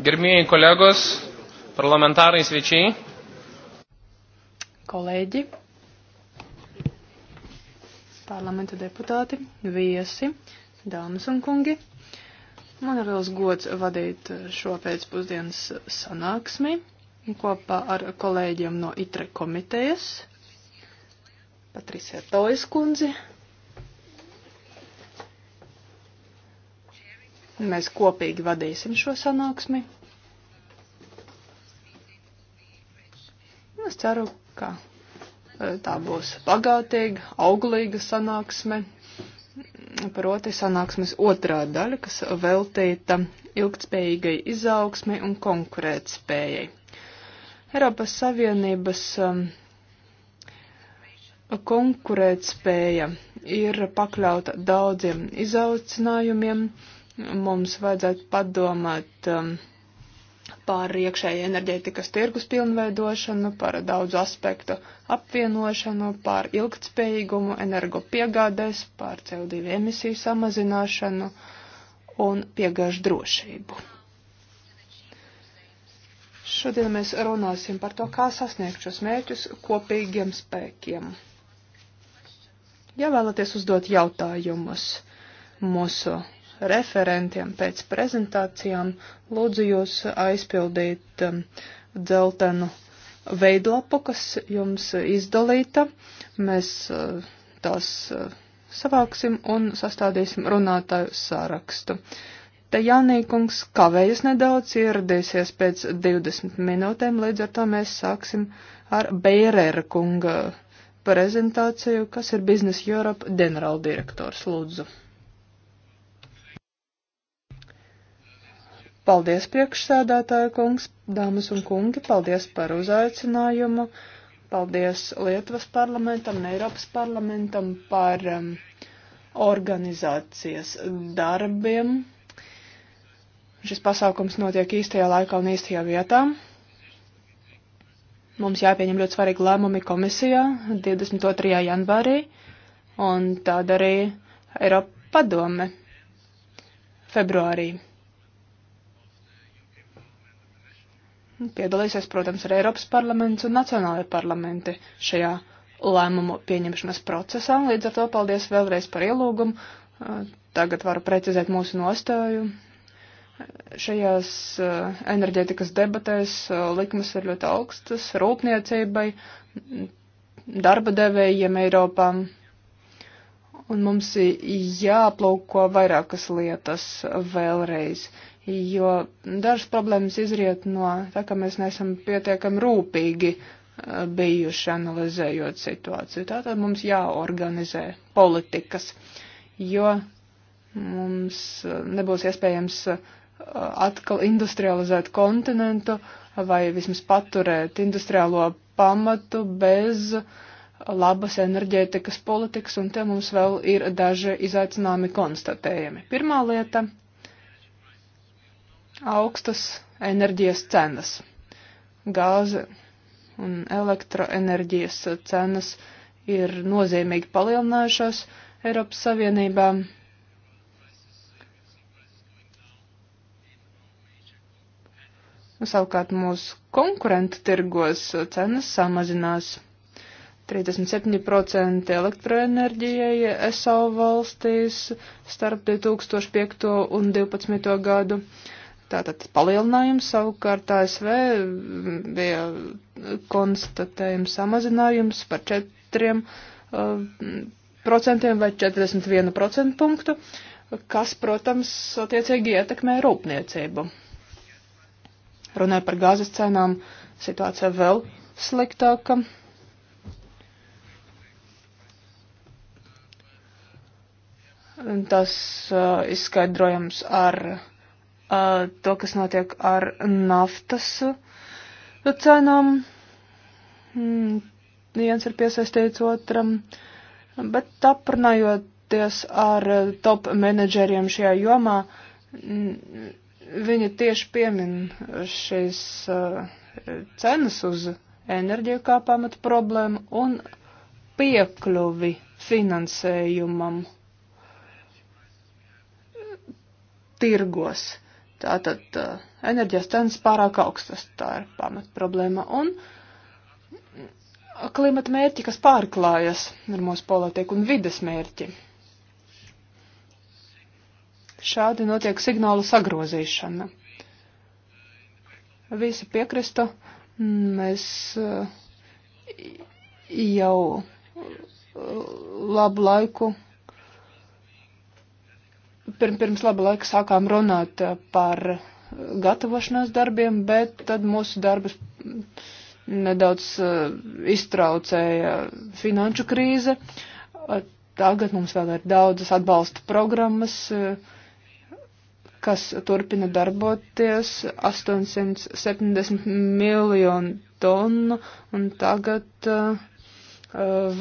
Gerbėjai kolegos, parlamentarai svečiai. Kolēģi, parlamenta deputāti, viesi, dāmas un kungi. Man ir liels gods vadīt šo pēcpusdienas sanāksmi kopā ar kolēģiem no ITRE komitejas. Patricija Tojas kundzi, Mēs kopīgi vadīsim šo sanāksmi. ceru, ka e, tā būs bagātīga, auglīga sanāksme, proti sanāksmes otrā daļa, kas veltīta ilgtspējīgai izaugsmai un konkurētspējai. Eiropas Savienības um, konkurētspēja ir pakļauta daudziem izaucinājumiem. Mums vajadzētu padomāt um, par iekšēju enerģētikas tirgus pilnveidošanu, par daudzu aspektu apvienošanu, par ilgtspējīgumu energopiegādēs, par CO2 emisiju samazināšanu un piegāžu drošību. Šodien mēs runāsim par to, kā sasniegt šos mērķus kopīgiem spēkiem. Ja vēlaties uzdot jautājumus mūsu referentiem pēc prezentācijām lūdzu jūs aizpildīt um, dzeltenu veidlapu, kas jums izdalīta. Mēs uh, tās uh, savāksim un sastādīsim runātāju sārakstu. Te Jānīkungs kavējas nedaudz ieradīsies pēc 20 minūtēm, līdz ar to mēs sāksim ar Beirera kunga prezentāciju, kas ir Business Europe ģenerāldirektors. Lūdzu. Paldies, priekšsēdētāja kungs, dāmas un kungi, paldies par uzaicinājumu, paldies Lietuvas parlamentam un Eiropas parlamentam par um, organizācijas darbiem. Šis pasākums notiek īstajā laikā un īstajā vietā. Mums jāpieņem ļoti svarīgi lēmumi komisijā 22. janvārī un tāda arī Eiropa padome februārī. Piedalīsies, protams, arī Eiropas parlaments un nacionālajie parlamenti šajā lēmumu pieņemšanas procesā. Līdz ar to paldies vēlreiz par ielūgumu. Eh, tagad varu precizēt mūsu nostāju. Šajās eh, enerģētikas debatēs eh, likmes ir ļoti augstas rūpniecībai, darba devējiem Eiropā. Un mums jāaplūko vairākas lietas vēlreiz. Uh, jo dažas problēmas izriet no tā, ka mēs nesam pietiekami rūpīgi eh, bijuši analizējot situāciju. Tātad mums jāorganizē politikas, jo mums eh, nebūs iespējams eh, atkal industrializēt kontinentu vai vismaz paturēt industriālo pamatu bez labas enerģētikas politikas, un te mums vēl ir daži izaicinājumi konstatējami. Pirmā lieta augstas enerģijas cenas. Gāze un elektroenerģijas cenas ir nozīmīgi palielinājušās Eiropas Savienībā. Savukārt mūsu konkurentu tirgos cenas samazinās. 37% elektroenerģijai SO valstīs starp 2005 un 2012 gadu. Tātad palielinājums savukārt ASV bija konstatējums samazinājums par 4 uh, procentiem vai 41 procentu punktu, kas, protams, attiecīgi ietekmē rūpniecību. Runāja par gāzes cenām, situācija vēl sliktāka. Tas uh, izskaidrojams ar Uh, to, kas notiek ar naftas cenām. Hmm, viens ir piesaistīts otram, bet aprunājoties ar top menedžeriem šajā jomā, mm, viņi tieši piemin šīs uh, cenas uz enerģiju kā pamata problēmu un piekļuvi finansējumam tirgos. Uh, Tātad enerģijas cenas pārāk augstas, tā ir pamat problēma. Un klimata mērķi, kas pārklājas ar mūsu politiku un vides mērķi. Šādi notiek signālu sagrozīšana. Visi piekrista, mēs jau labu laiku pirm, pirms laba laika sākām runāt eh, par eh, gatavošanās darbiem, bet tad mūsu darbus mm, nedaudz eh, iztraucēja finanšu krīze. Tagad mums vēl ir daudzas atbalsta programmas, kas turpina darboties 870 miljonu tonu, un tagad uh,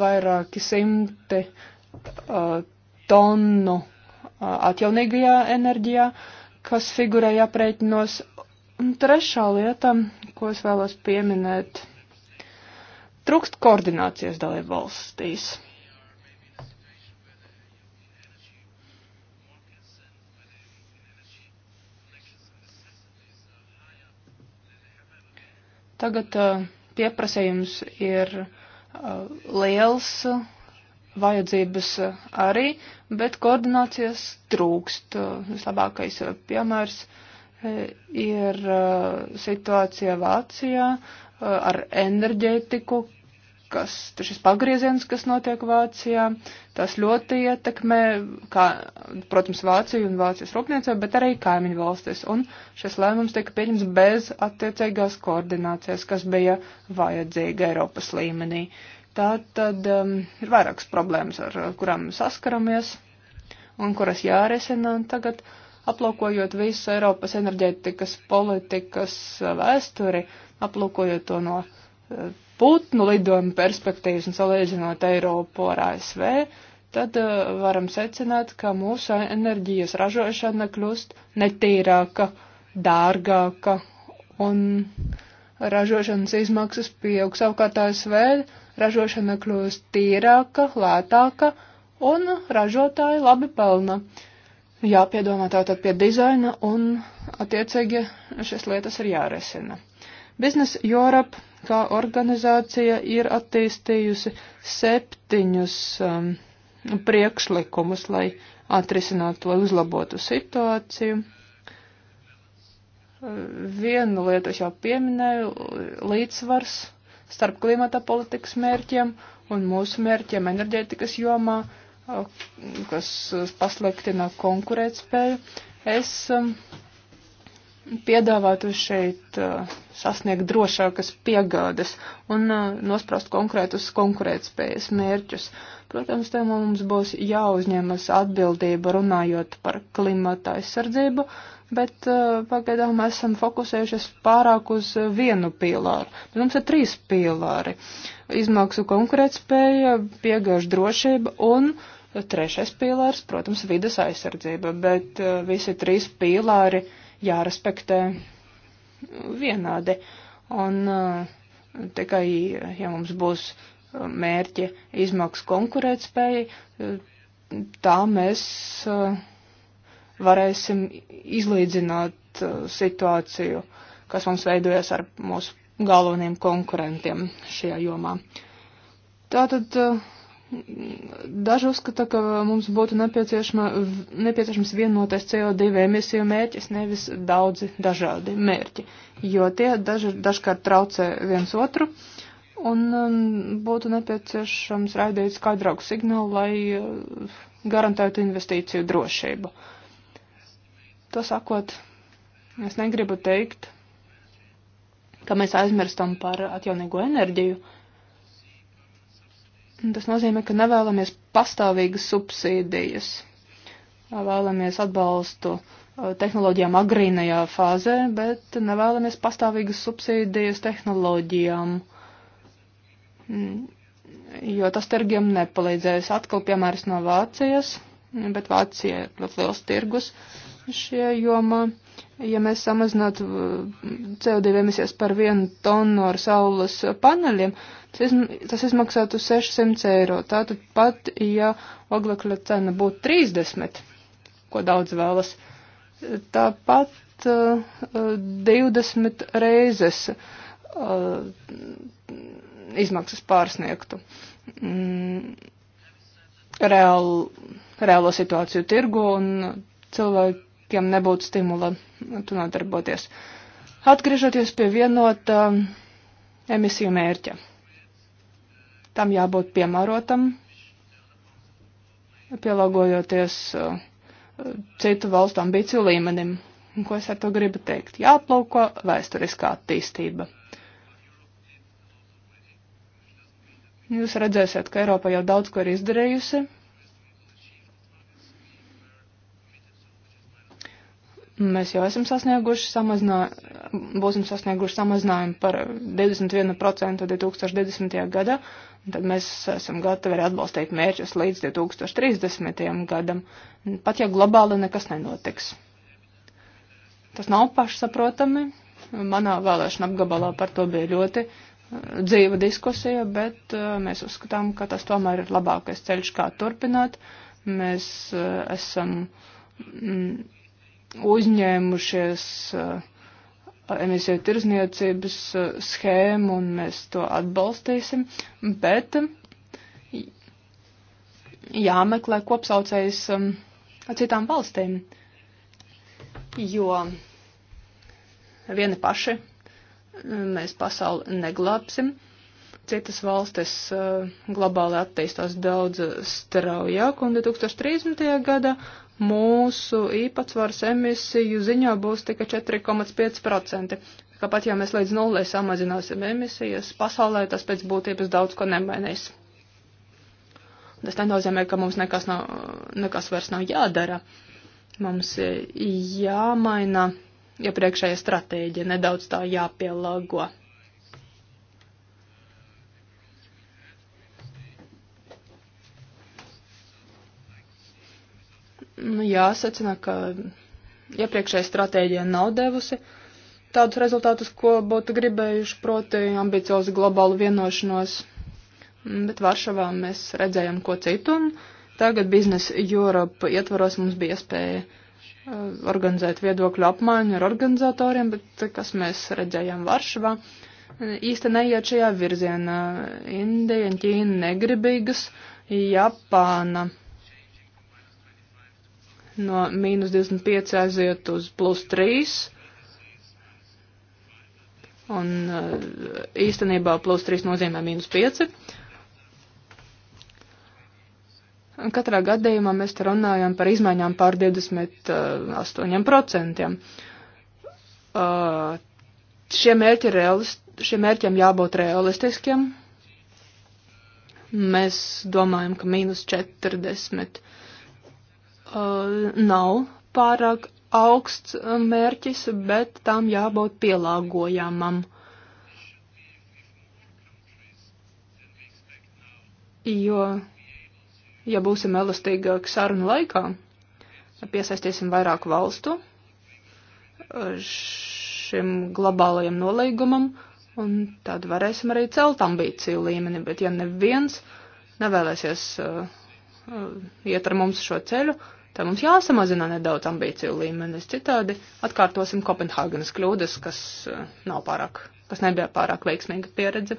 vairāki simti uh, tonu uh, atjaunīgajā enerģijā, kas figurēja aprēķinos. Un trešā lieta, ko es vēlos pieminēt, trūkst koordinācijas dalību valstīs. Tagad uh, pieprasījums ir uh, liels. Uh, vajadzības eh, arī, bet koordinācijas trūkst. Eh, vislabākais eh, piemērs ir situācija Vācijā ar enerģētiku, kas šis pagrieziens, kas notiek Vācijā, tas ļoti ietekmē, kā, protams, Vāciju un Vācijas rūpniecību, bet arī kaimiņu valstis. Un šis lēmums tika pieņems bez attiecīgās koordinācijas, kas bija vajadzīga Eiropas līmenī. Uh, Tā tad um, ir vairākas problēmas, ar kurām saskaramies un kuras jārisina tagad. Aplūkojot visu Eiropas enerģētikas politikas uh, vēsturi, aplūkojot to no uh, putnu lidojuma perspektīvas un salīdzinot Eiropu ar ASV, tad uh, varam secināt, ka mūsu enerģijas ražošana kļūst netīrāka, dārgāka un uh, ražošanas izmaksas pieaug. Savukārt ASV ražošana kļūst tīrāka, lētāka un ražotāji labi pelna. Jāpiedomā tātad pie dizaina un attiecīgi šīs lietas ir jāresina. Biznes Europe kā organizācija ir attīstījusi septiņus um, priekšlikumus, lai atrisinātu, lai uzlabotu situāciju. Viena lieta es jau pieminēju - līdzsvars starp klimata politikas mērķiem un mūsu mērķiem enerģētikas jomā, kas pasliktina konkurētspēju. Es um, piedāvātu šeit uh, sasniegt drošākas piegādes un uh, nosprast konkrētus konkurētspējas mērķus. Protams, te mums būs jāuzņemas atbildība runājot par klimata aizsardzību, bet uh, pagaidām mēs esam fokusējušies pārāk uz vienu pīlāru. Bet mums ir trīs pīlāri - izmaksu konkurētspēja, piegāžu drošība un trešais pīlārs, protams, vidas aizsardzība, bet uh, visi trīs pīlāri jārespektē vienādi. Un uh, tikai, ja mums būs uh, mērķi izmaksu konkurētspēja, uh, tā mēs. Uh, varēsim izlīdzināt uh, situāciju, kas mums veidojas ar mūsu galveniem konkurentiem šajā jomā. Tātad uh, daži uzskata, ka mums būtu nepieciešams vienotais CO2 emisiju mērķis, nevis daudzi dažādi mērķi, jo tie daž, dažkārt traucē viens otru. Un um, būtu nepieciešams raidīt skaidrāku signālu, lai uh, garantētu investīciju drošību. Uh, To sakot, es negribu teikt, ka mēs aizmirstam par atjaunīgo enerģiju. Tas nozīmē, ka nevēlamies pastāvīgas subsīdijas. Vēlamies atbalstu uh, tehnoloģijām agrīnajā fāzē, bet nevēlamies pastāvīgas subsīdijas tehnoloģijām, mm, jo tas tirgiem nepalīdzēs. Atkal piemērs no Vācijas, bet Vācija ir ļoti liels tirgus. Uh, šajā jomā. Ja mēs samazinātu uh, CO2 emisijas par vienu tonu ar saules paneļiem, tas izmaksātu 600 eiro. Tātad pat, ja oglekļa cena būtu 30, ko daudz vēlas, tāpat uh, 20 reizes uh, izmaksas pārsniegtu. Mm, reāl, reālo situāciju tirgu un cilvēku kam nebūtu stimula tu nodarboties. Atgriežoties pie vienota emisiju mērķa. Tam jābūt piemērotam, pielāgojoties uh, citu valstu ambīciju līmenim. Un ko es ar to gribu teikt? Jāplauko vēsturiskā attīstība. Jūs redzēsiet, ka Eiropa jau daudz ko ir izdarījusi, Mēs jau esam sasnieguši samazinājumu, būsim sasnieguši samazinājumu par 21% 2020. gadā, un tad mēs esam gatavi arī atbalstīt mērķus līdz 2030. gadam, pat ja globāli nekas nenotiks. Tas nav pašsaprotami. Manā vēlēšana apgabalā par to bija ļoti uh, dzīva diskusija, bet uh, mēs uzskatām, ka tas tomēr ir labākais ceļš, kā turpināt. Mēs uh, esam. Mm, uzņēmušies uh, emisiju tirzniecības uh, schēmu un mēs to atbalstīsim, bet um, jāmeklē kopsaucējs um, citām valstīm, jo vieni paši um, mēs pasauli neglābsim citas valstis eh, globāli attīstās daudz straujāk, un 2030. gadā mūsu īpatsvars emisiju ziņā būs tikai 4,5%. Kā pat ja mēs līdz nulē samazināsim emisijas, pasaulē tas pēc būtības daudz ko nemainīs. Tas nenozīmē, ka mums nekas, nav, nekas vairs nav jādara. Mums jāmaina iepriekšējā ja stratēģija, nedaudz tā jāpielāgo. Nu, jāsacina, ka iepriekšējā stratēģija nav devusi tādus rezultātus, ko būtu gribējuši, proti ambiciozu globālu vienošanos, bet Varšavā mēs redzējām ko citu, un tagad Business Europe ietvaros mums bija iespēja uh, organizēt viedokļu apmaiņu ar organizatoriem, bet kas mēs redzējām Varšavā, īsti neiet šajā virzienā. Indija un Ķīna negribīgas, Japāna no mīnus 25 aiziet uz plus 3. Un eh, īstenībā plus 3 nozīmē mīnus 5. Katrā gadījumā mēs te runājam par izmaiņām pār 28%. Uh, eh, eh, šie mērķi realist, šiem mērķiem jābūt realistiskiem. Mēs domājam, ka mīnus 40 Uh, nav pārāk augsts uh, mērķis, bet tam jābūt pielāgojamam. Jo, ja būsim elastīgāki sarunu laikā, piesaistīsim vairāk valstu uh, šim globālajam nolīgumam, un tad varēsim arī celt ambīciju līmeni, bet ja neviens nevēlēsies uh, uh, iet ar mums šo ceļu, uh, Tad mums jāsamazina nedaudz ambīciju līmenis, citādi atkārtosim Kopenhāgenes kļūdas, kas eh, nav pārāk, kas nebija pārāk veiksmīga pieredze.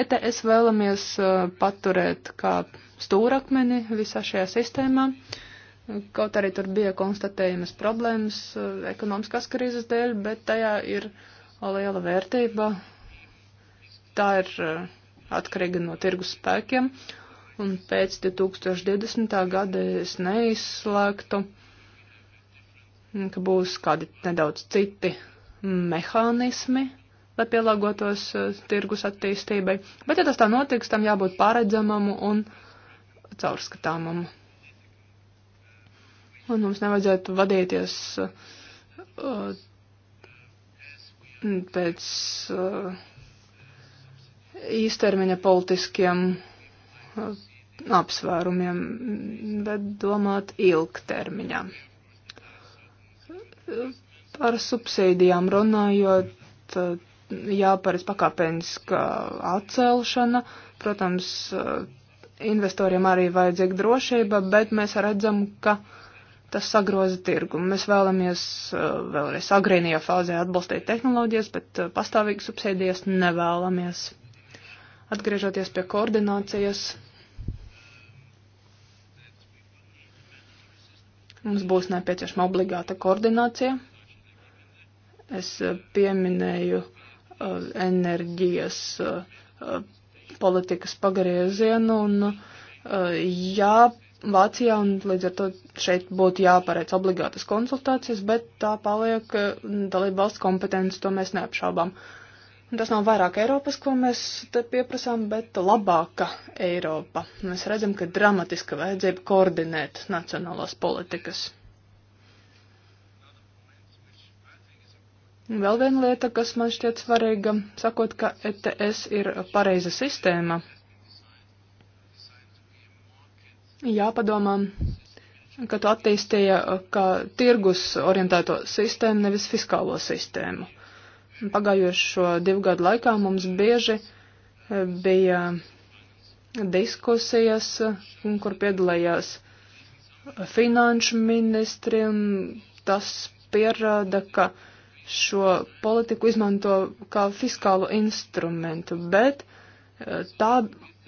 ETS vēlamies eh, paturēt kā stūrakmeni visā šajā sistēmā, kaut arī tur bija konstatējamas problēmas eh, ekonomiskās krīzes dēļ, bet tajā ir liela vērtība. Tā ir atkarīga no tirgus spēkiem. Uh, un pēc 2020. gada es neizslēgtu, ka būs kādi nedaudz citi mehānismi, lai pielāgotos uh, tirgus attīstībai. Bet, ja tas tā notiks, tam jābūt paredzamam un caurskatāmam. Un mums nevajadzētu vadīties uh, pēc uh, īstermiņa politiskiem uh, apsvērumiem, bet domāt ilgtermiņā. Par subsīdijām runājot, jāparedz pakāpeniska atcelšana. Protams, investoriem arī vajadzīga drošība, bet mēs redzam, ka tas sagroza tirgu. Mēs vēlamies uh, vēlreiz agrīnajā fāzē atbalstīt tehnoloģijas, bet uh, pastāvīgi subsīdijas nevēlamies. Atgriežoties pie koordinācijas Mums būs nepieciešama obligāta koordinācija. Es eh, pieminēju eh, enerģijas eh, politikas pagriezienu un jā, Vācijā un līdz ar to šeit būtu jāpareic obligātas konsultācijas, bet tā paliek dalība valsts kompetence, to mēs neapšaubām. Uh, Tas nav vairāk Eiropas, ko mēs te pieprasām, bet labāka Eiropa. Mēs redzam, ka dramatiska vajadzība koordinēt nacionālās politikas. Vēl viena lieta, kas man šķiet svarīga, sakot, ka ETS ir pareiza sistēma. Jāpadomā, ka tu attīstīja kā tirgus orientēto sistēmu, nevis fiskālo sistēmu. Pagājušo divu gadu laikā mums bieži e, bija diskusijas, kur piedalījās finanšu ministriem. Tas pierāda, ka šo politiku izmanto kā fiskālu instrumentu, bet e, tā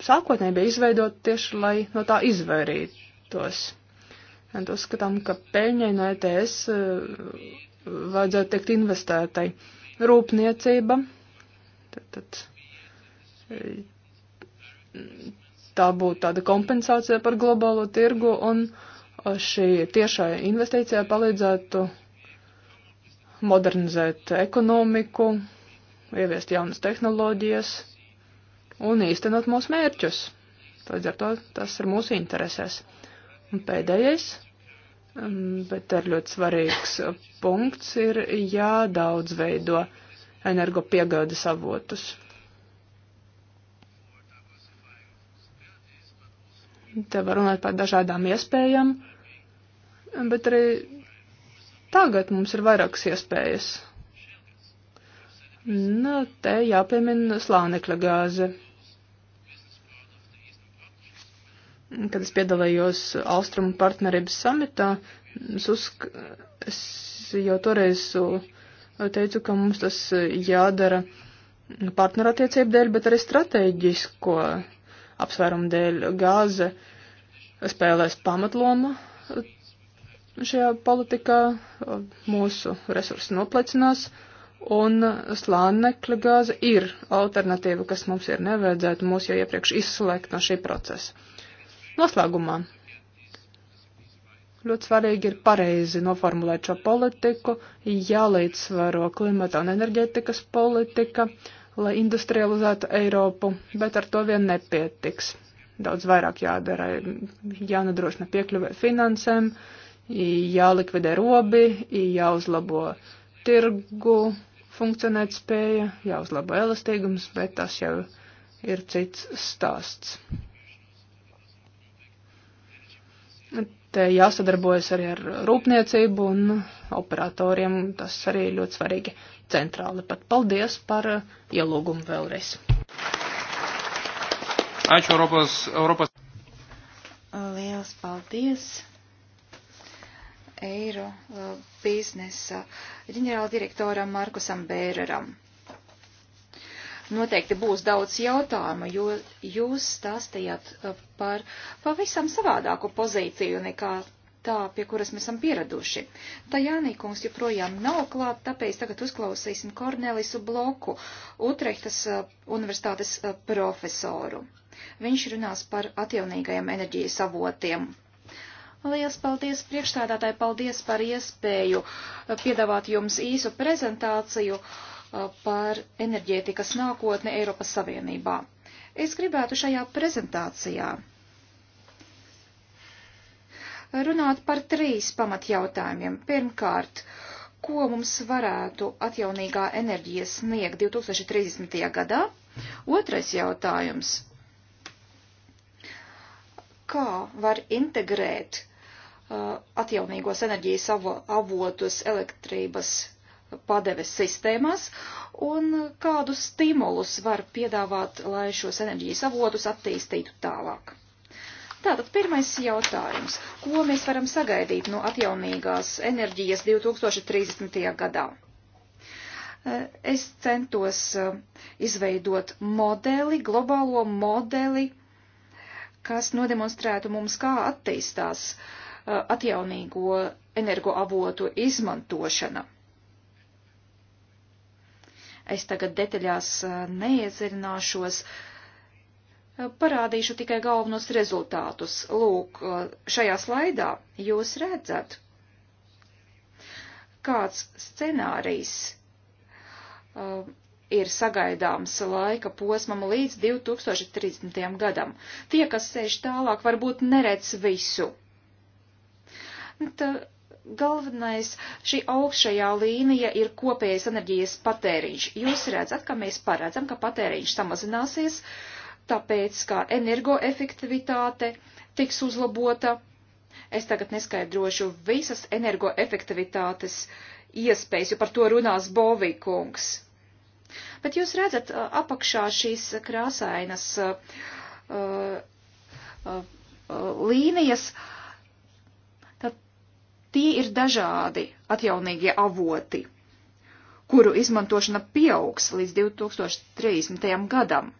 sākotnēji bija izveidota tieši, lai no tā izvairītos. Un uzskatām, ka peļņai no ETS e, vajadzētu tikt investētai rūpniecība. Tad, tad, e, tā būtu tāda kompensācija par globālo tirgu un e, šī tiešā investīcija palīdzētu modernizēt ekonomiku, ieviest jaunas tehnoloģijas un īstenot mūsu mērķus. Līdz ar to tas ir mūsu interesēs. Un pēdējais Um, bet ar ļoti svarīgs punkts ir jādaudzveido energopiegādes avotus. Te var runāt par dažādām iespējām, bet arī tagad mums ir vairākas iespējas. Nu, te jāpiemina slānekļa gāze. kad es piedalījos Austrumu partnerības samitā, es, uzk... es jau toreiz teicu, ka mums tas jādara partnerattiecību dēļ, bet arī strateģisko apsvērumu dēļ. Gāze spēlēs pamatlomu šajā politikā, mūsu resursi noplecinās, un slānekļa gāze ir alternatīva, kas mums ir nevajadzētu mūs jau iepriekš izslēgt no šī procesa. Noslēgumā. Ļoti svarīgi ir pareizi noformulēt šo politiku, jālīdzsvaro klimata un enerģētikas politika, lai industrializētu Eiropu, bet ar to vien nepietiks. Daudz vairāk jādara, jānodrošina piekļuvē finansēm, jālikvidē robi, jāuzlabo tirgu funkcionēt spēja, jāuzlabo elastīgums, bet tas jau ir cits stāsts. Te jāsadarbojas arī ar rūpniecību un operatoriem. Tas arī ļoti svarīgi centrāli. Pat paldies par uh, ielūgumu vēlreiz. Ačiū Eiropas. Eiropas. Liels paldies. Eiro uh, biznesa ģenerāldirektoram Markusam Bēreram noteikti būs daudz jautājumu, jo jūs stāstījāt uh, par pavisam savādāku pozīciju nekā tā, pie kuras mēs esam pieraduši. Tā Jānīkungs joprojām nav klāt, tāpēc tagad uzklausīsim Kornelisu Bloku, Utrehtas uh, universitātes uh, profesoru. Viņš runās par atjaunīgajiem enerģijas avotiem. Lielas paldies priekšstādātāji, paldies par iespēju piedāvāt jums īsu prezentāciju. Uh, Uh, par enerģētikas nākotni Eiropas Savienībā. Es gribētu šajā prezentācijā runāt par trīs pamatjautājumiem. Pirmkārt, ko mums varētu atjaunīgā enerģija sniegt 2030. gadā? Otrais jautājums kā var integrēt uh, atjaunīgos enerģijas avo, avotus elektrības padeves sistēmās un kādus stimulus var piedāvāt, lai šos enerģijas avotus attīstītu tālāk. Tātad pirmais jautājums. Ko mēs varam sagaidīt no atjaunīgās enerģijas 2030. gadā? Eh, es centos eh, izveidot modeli, globālo modeli, kas nodemonstrētu mums, kā attīstās eh, atjaunīgo energoavotu izmantošana. Es tagad detaļās neiedzirināšos, parādīšu tikai galvenos rezultātus. Lūk, šajā slaidā jūs redzat, kāds scenārijs uh, ir sagaidāms laika posmam līdz 2030. gadam. Tie, kas sēž tālāk, varbūt neredz visu. Nu, tā, galvenais šī augšējā līnija ir kopējais enerģijas patēriņš. Jūs redzat, ka mēs paredzam, ka patēriņš samazināsies, tāpēc, ka energoefektivitāte tiks uzlabota. Es tagad neskaidrošu visas energoefektivitātes iespējas, jo par to runās Bovīkungs. Bet jūs redzat apakšā šīs krāsainas uh, uh, uh, līnijas, uh, Tie ir dažādi atjaunīgie avoti, kuru izmantošana pieaugs līdz 2030. gadam.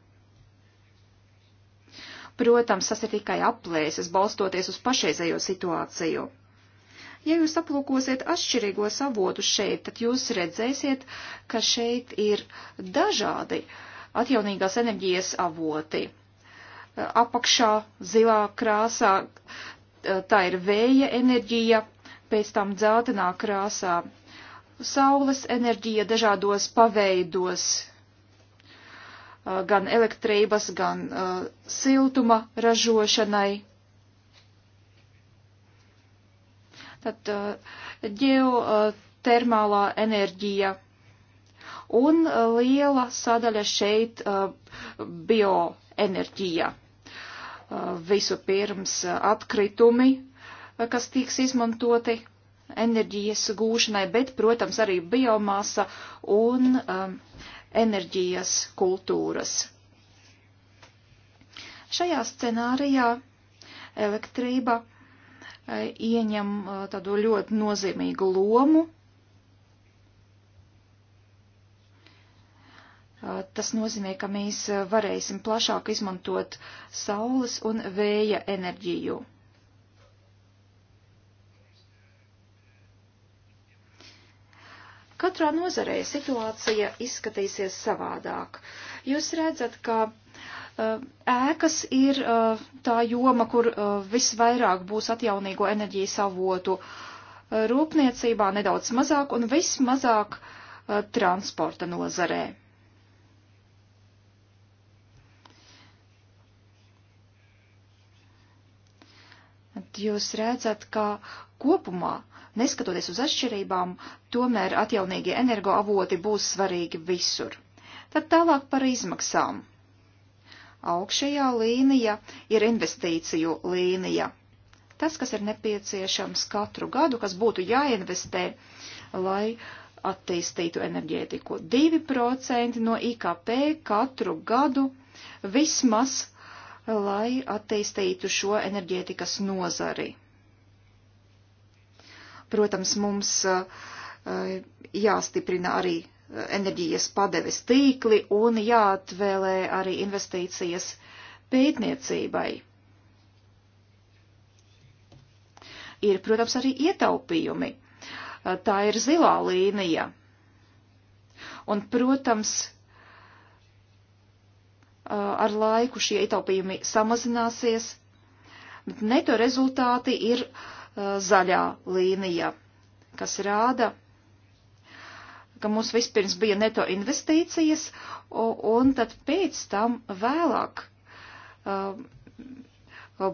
Protams, tas ir tikai aplēses balstoties uz pašreizējo situāciju. Ja jūs aplūkosiet atšķirīgos avotus šeit, tad jūs redzēsiet, ka šeit ir dažādi atjaunīgās enerģijas avoti. Apakšā zilā krāsā tā ir vēja enerģija, pēc tam dzeltenā krāsā. Saules enerģija dažādos paveidos, uh, gan elektrības, gan uh, siltuma ražošanai. Tad uh, ģeotermālā enerģija un uh, liela sadaļa šeit uh, bioenerģija. Visu pirms atkritumi kas tiks izmantoti enerģijas gūšanai, bet, protams, arī biomasa un um, enerģijas kultūras. Šajā scenārijā elektrība e, ieņem e, tādu ļoti nozīmīgu lomu. E, tas nozīmē, ka mēs varēsim plašāk izmantot saules un vēja enerģiju. Katrā nozarē situācija izskatīsies savādāk. Jūs redzat, ka uh, ēkas ir uh, tā joma, kur uh, visvairāk būs atjaunīgo enerģijas avotu rūpniecībā, nedaudz mazāk un vismazāk transporta nozarē. Jūs redzat, ka kopumā, neskatoties uz atšķirībām, tomēr atjaunīgie energoavoti būs svarīgi visur. Tad tālāk par izmaksām. Augšējā līnija ir investīciju līnija. Tas, kas ir nepieciešams katru gadu, kas būtu jāinvestē, lai attīstītu enerģētiku. 2% no IKP katru gadu vismaz lai attīstītu šo enerģētikas nozari. Protams, mums eh, jāstiprina arī eh, enerģijas padeves tīkli un jāatvēlē arī investīcijas pētniecībai. Ir, protams, arī ietaupījumi. Eh, tā ir zilā līnija. Un, protams, ar laiku šie ietaupījumi samazināsies, bet neto rezultāti ir uh, zaļā līnija, kas rāda, ka mums vispirms bija neto investīcijas, un tad pēc tam vēlāk uh,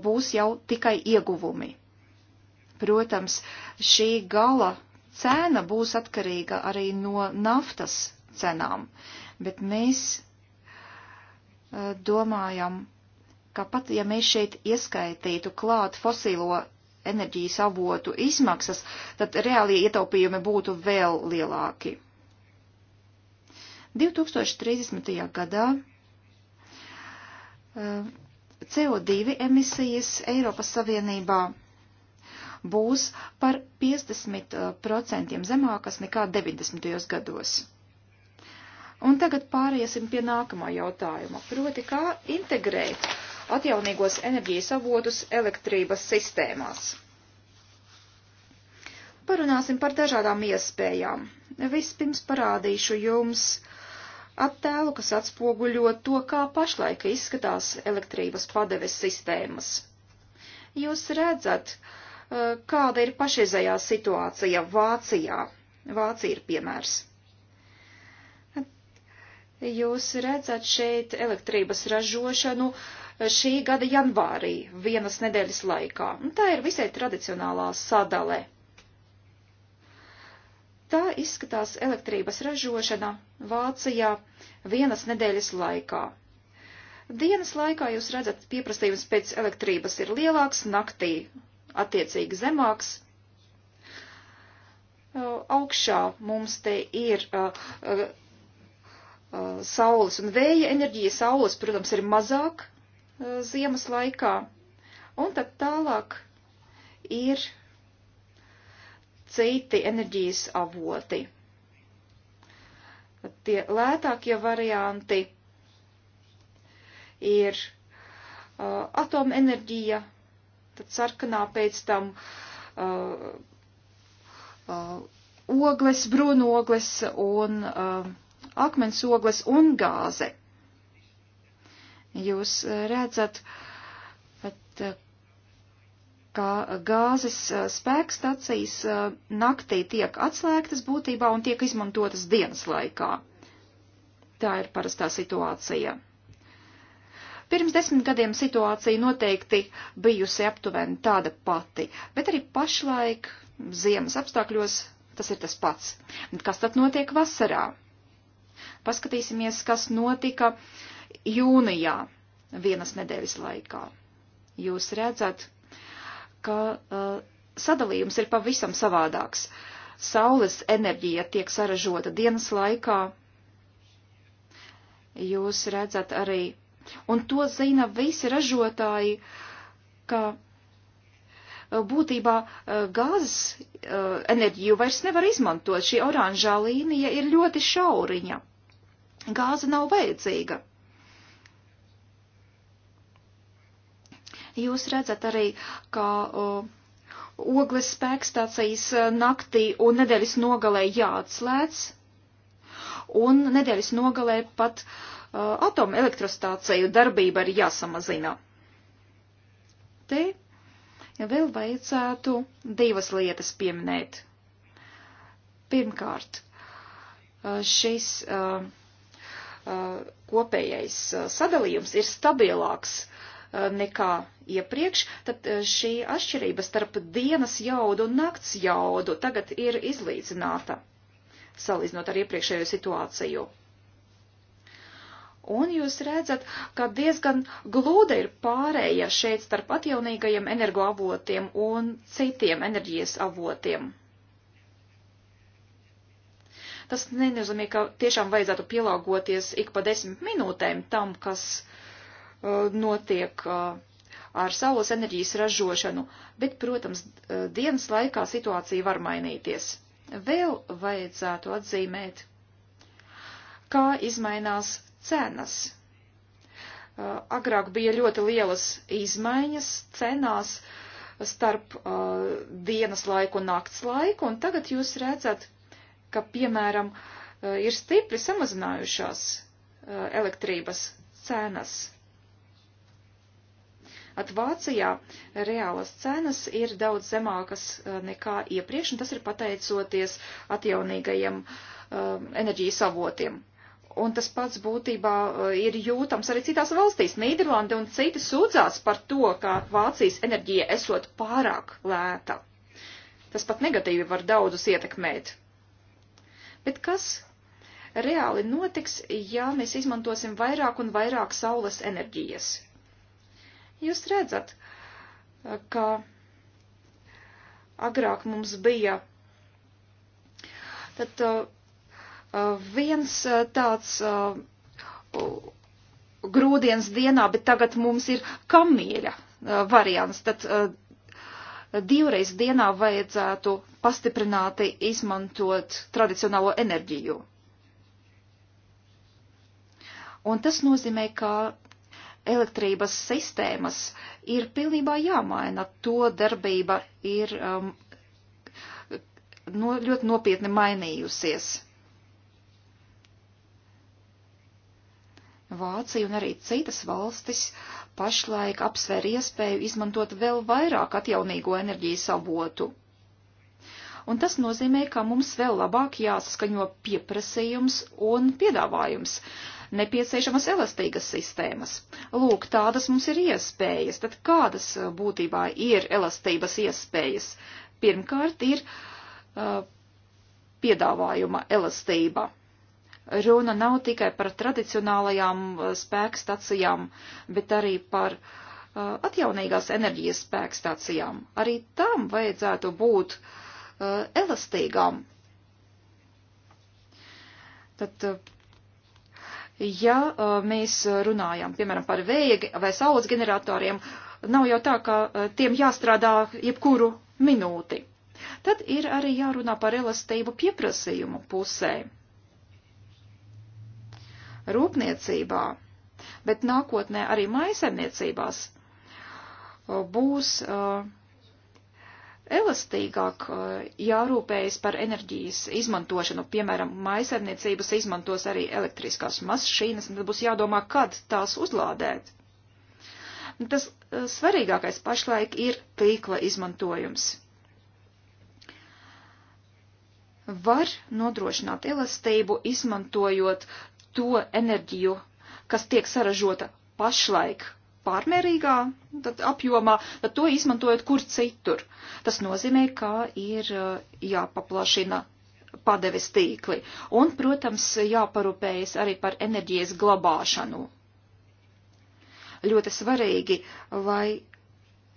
būs jau tikai ieguvumi. Protams, šī gala cena būs atkarīga arī no naftas cenām, bet mēs domājam, ka pat ja mēs šeit ieskaitītu klāt fosīlo enerģijas avotu izmaksas, tad reālie ietaupījumi būtu vēl lielāki. 2030. gadā eh, CO2 emisijas Eiropas Savienībā būs par 50% eh, zemākas nekā 90. gados. Un tagad pāriesim pie nākamā jautājuma, proti kā integrēt atjaunīgos enerģijas avotus elektrības sistēmās. Parunāsim par dažādām iespējām. Vispirms parādīšu jums attēlu, kas atspoguļo to, kā pašlaik izskatās elektrības padeves sistēmas. Jūs redzat, eh, kāda ir pašreizējā situācija Vācijā. Vācija ir piemērs. Jūs redzat šeit elektrības ražošanu šī gada janvārī, vienas nedēļas laikā. Un tā ir visai tradicionālā sadale. Tā izskatās elektrības ražošana Vācijā vienas nedēļas laikā. Dienas laikā jūs redzat, pieprasījums pēc elektrības ir lielāks, naktī attiecīgi zemāks, augšā mums te ir uh, uh, Uh, saules un vēja enerģija. Saules, protams, ir mazāk uh, ziemas laikā. Un tad tālāk ir citi enerģijas avoti. Tie lētākie varianti ir uh, atomenerģija, tad sarkanā pēc tam uh, uh, ogles, brūnogles un uh, akmensogles un gāze. Jūs e, redzat, bet, e, ka gāzes e, spēks stacijas naktī tiek atslēgtas būtībā un tiek izmantotas dienas laikā. Tā ir parastā situācija. Pirms desmit gadiem situācija noteikti bijusi aptuveni tāda pati, bet arī pašlaik ziemas apstākļos tas ir tas pats. Kas tad notiek vasarā? Paskatīsimies, kas notika jūnijā vienas nedēļas laikā. Jūs redzat, ka uh, sadalījums ir pavisam savādāks. Saules enerģija tiek saražota dienas laikā. Jūs redzat arī, un to zina visi ražotāji, ka uh, būtībā uh, gāzes uh, enerģiju vairs nevar izmantot. Šī oranžā līnija ir ļoti šauriņa. Gāze nav vajadzīga. Jūs redzat arī, ka o, uh, ogles spēkstācijas uh, naktī un nedēļas nogalē jāatslēdz, un nedēļas nogalē pat uh, atomelektrostāciju darbība ir jāsamazina. Te vēl vajadzētu divas lietas pieminēt. Pirmkārt, uh, šis uh, Uh, kopējais uh, sadalījums ir stabilāks uh, nekā iepriekš, tad šī atšķirība starp dienas jaudu un nakts jaudu tagad ir izlīdzināta, salīdzinot ar iepriekšējo situāciju. Un jūs redzat, ka diezgan glūda ir pārēja šeit starp atjaunīgajiem energoavotiem un citiem enerģijas avotiem. Tas nenozīmē, ka tiešām vajadzētu pielāgoties ik pa desmit minūtēm tam, kas uh, notiek uh, ar saules enerģijas ražošanu, bet, protams, uh, dienas laikā situācija var mainīties. Vēl vajadzētu atzīmēt, kā izmainās cenas. Uh, agrāk bija ļoti lielas izmaiņas cenās starp uh, dienas laiku un nakts laiku, un tagad jūs redzat, ka, piemēram, eh, ir stipri samazinājušās eh, elektrības cenas. At Vācijā reālas cenas ir daudz zemākas eh, nekā iepriekš, un tas ir pateicoties atjaunīgajiem um, enerģijas avotiem. Un tas pats būtībā ir jūtams arī citās valstīs. Nīderlanda un citi sūdzās par to, ka Vācijas enerģija esot pārāk lēta. Tas pat negatīvi var daudzus ietekmēt. Bet kas reāli notiks, ja mēs izmantosim vairāk un vairāk saules enerģijas? Jūs redzat, ka agrāk mums bija tad uh, uh, viens uh, tāds grūdienas dienā, bet tagad mums ir kamieļa variants. Tad divreiz dienā vajadzētu pastiprināti izmantot tradicionālo enerģiju. Un tas nozīmē, ka elektrības sistēmas ir pilnībā jāmaina. To darbība ir um, no, ļoti nopietni mainījusies. Vācija un arī citas valstis pašlaik apsver iespēju izmantot vēl vairāk atjaunīgo enerģijas avotu. Un tas nozīmē, ka mums vēl labāk jāsaskaņo pieprasījums un piedāvājums, nepieciešamas elastīgas sistēmas. Lūk, tādas mums ir iespējas. Tad kādas uh, būtībā ir elastības iespējas? Pirmkārt ir uh, piedāvājuma elastība. Runa nav tikai par tradicionālajām uh, spēkstacijām, bet arī par uh, atjaunīgās enerģijas spēkstacijām. Arī tam vajadzētu būt uh, elastīgām. Tad, ja mēs runājam, piemēram, par vēja vai saules generatoriem, nav jau tā, ka tiem jāstrādā jebkuru minūti. Tad ir arī jārunā par elastību pieprasījumu pusē rūpniecībā, bet nākotnē arī maisaimniecībās būs elastīgāk jārūpējas par enerģijas izmantošanu. Piemēram, maisaimniecības izmantos arī elektriskās mašīnas, un tad būs jādomā, kad tās uzlādēt. Nu, tas svarīgākais pašlaik ir tīkla izmantojums. Var nodrošināt elastību, izmantojot to enerģiju, kas tiek saražota pašlaik pārmērīgā tad apjomā, tad to izmantojot kur citur. Tas nozīmē, ka ir uh, jāpaplašina padeves tīkli. Un, protams, jāparūpējas arī par enerģijas glabāšanu. Ļoti svarīgi, lai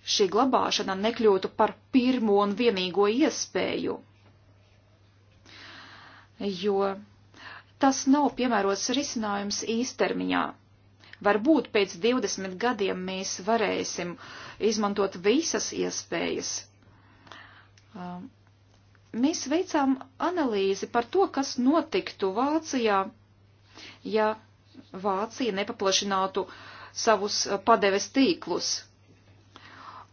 šī glabāšana nekļūtu par pirmo un vienīgo iespēju, jo Tas nav piemērots risinājums īstermiņā. Varbūt pēc 20 gadiem mēs varēsim izmantot visas iespējas. Um, mēs veicām analīzi par to, kas notiktu Vācijā, ja Vācija nepaplašinātu savus uh, padeves tīklus.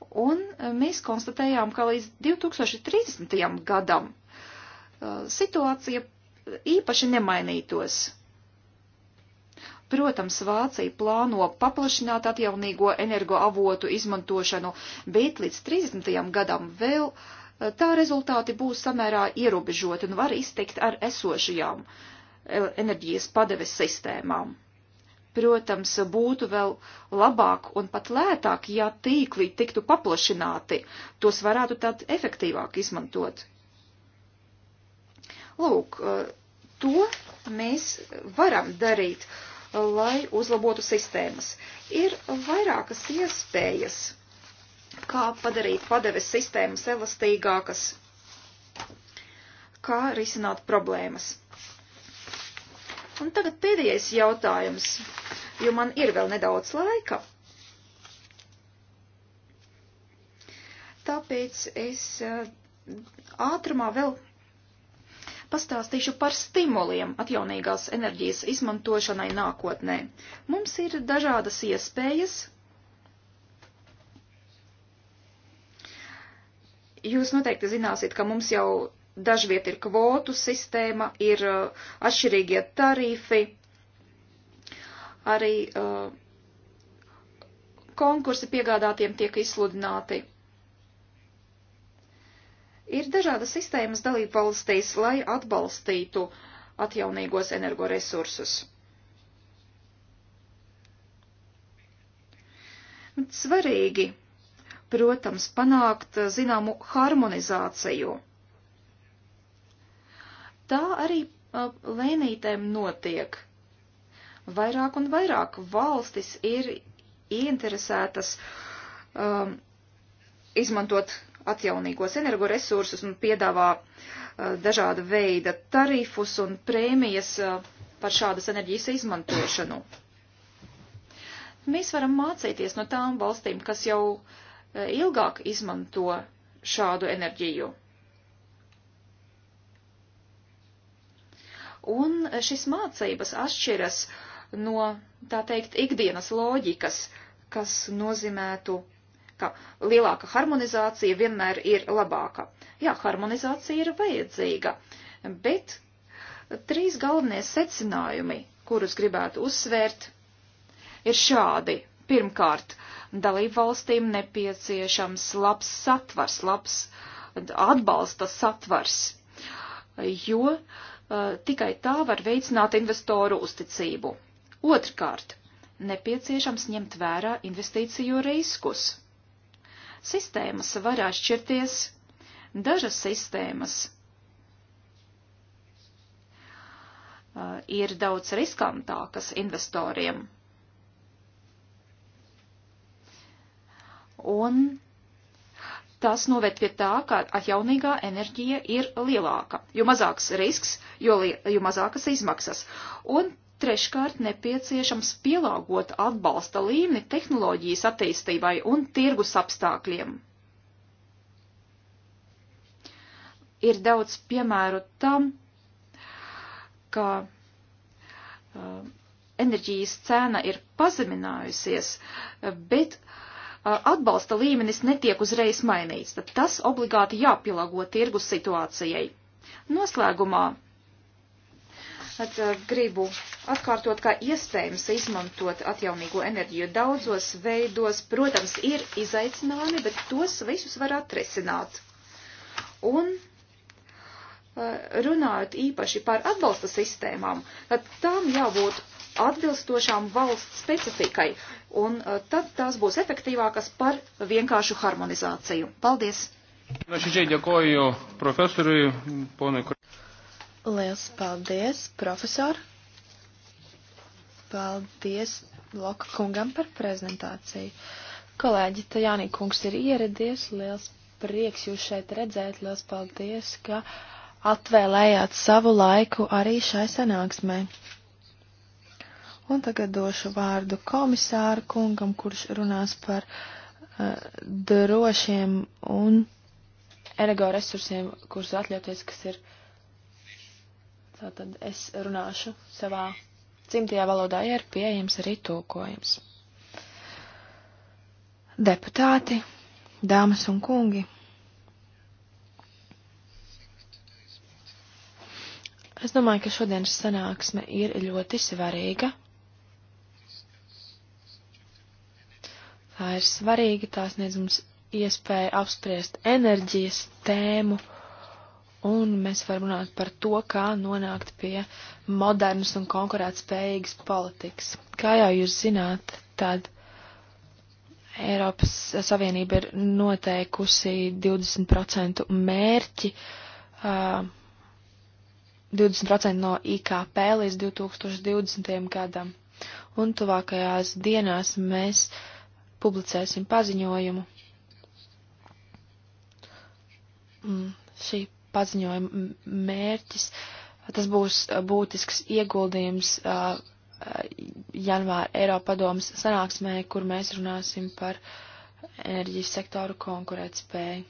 Un uh, mēs konstatējām, ka līdz 2030. gadam uh, situācija īpaši nemainītos. Protams, Vācija plāno paplašināt atjaunīgo energoavotu izmantošanu, bet līdz 30. gadam vēl eh, tā rezultāti būs samērā ierobežoti un var iztikt ar esošajām eh, enerģijas padeves sistēmām. Protams, būtu vēl labāk un pat lētāk, ja tīkli tiktu paplašināti, tos varētu tad efektīvāk izmantot, Lūk, to mēs varam darīt, lai uzlabotu sistēmas. Ir vairākas iespējas, kā padarīt padeves sistēmas elastīgākas, kā risināt problēmas. Un tagad pēdējais jautājums, jo man ir vēl nedaudz laika. Tāpēc es ātrumā vēl Pastāstīšu par stimuliem atjaunīgās enerģijas izmantošanai nākotnē. Mums ir dažādas iespējas. Jūs noteikti zināsiet, ka mums jau dažviet ir kvotu sistēma, ir uh, atšķirīgie tarifi, arī uh, konkursi piegādātiem tiek izsludināti Ir dažādas sistēmas dalība valstīs, lai atbalstītu atjaunīgos energoresursus. Bet svarīgi, protams, panākt zināmu harmonizāciju. Tā arī lēnītēm notiek. Vairāk un vairāk valstis ir ieinteresētas um, izmantot atjaunīgos energoresursus un piedāvā uh, dažāda veida tarifus un prēmijas uh, par šādas enerģijas izmantošanu. Mēs varam mācīties no tām valstīm, kas jau uh, ilgāk izmanto šādu enerģiju. Un šis mācības atšķiras no, tā teikt, ikdienas loģikas, kas nozīmētu ka lielāka harmonizācija vienmēr ir labāka. Jā, harmonizācija ir vajadzīga, bet trīs galvenie secinājumi, kurus gribētu uzsvērt, ir šādi. Pirmkārt, dalību valstīm nepieciešams labs satvars, labs atbalsta satvars, jo uh, tikai tā var veicināt investoru uzticību. Otrkārt, nepieciešams ņemt vērā investīciju riskus. Sistēmas var atšķirties, dažas sistēmas ir daudz riskantākas investoriem. Un tas noved pie tā, ka atjaunīgā enerģija ir lielāka. Jo mazāks risks, jo, li, jo mazākas izmaksas. Un Treškārt nepieciešams pielāgot atbalsta līmeni tehnoloģijas attīstībai un tirgus apstākļiem. Ir daudz piemēru tam, ka uh, enerģijas cena ir pazeminājusies, uh, bet uh, atbalsta līmenis netiek uzreiz mainīts, tad tas obligāti jāpielāgo tirgus situācijai. Noslēgumā tad, uh, gribu atkārtot, ka iespējams izmantot atjaunīgo enerģiju daudzos veidos. Protams, ir izaicinājumi, bet tos visus var atrisināt. Un eh, runājot īpaši par atbalsta sistēmām, tad tām jābūt atbilstošām valsts specifikai, un eh, tad tās būs efektīvākas par vienkāršu harmonizāciju. Paldies! Nuoširdžiai dėkoju profesoriui, ponui. Lielas paldies, profesori! Paldies Loka kungam par prezentāciju. Kolēģi, Tajānī kungs ir ieradies, liels prieks jūs šeit redzēt, liels paldies, ka atvēlējāt savu laiku arī šai sanāksmē. Un tagad došu vārdu komisāru kungam, kurš runās par uh, drošiem un energoresursiem, kurus atļauties, kas ir. Tātad es runāšu savā dzimtajā valodā ir pieejams arī tulkojums. Deputāti, dāmas un kungi! Es domāju, ka šodienas sanāksme ir ļoti svarīga. Tā ir svarīga, tā sniedz mums iespēju apspriest enerģijas tēmu Un mēs varam runāt par to, kā nonākt pie modernas un konkurētspējīgas politikas. Kā jau jūs zināt, tad Eiropas Savienība ir noteikusi 20% mērķi, uh, 20% no IKP līdz 2020. gadam. Un tuvākajās dienās mēs publicēsim paziņojumu. Mm, šī paziņojuma mērķis. Tas būs būtisks ieguldījums uh, janvāra Eiropadomas sanāksmē, kur mēs runāsim par enerģijas sektoru konkurētspēju.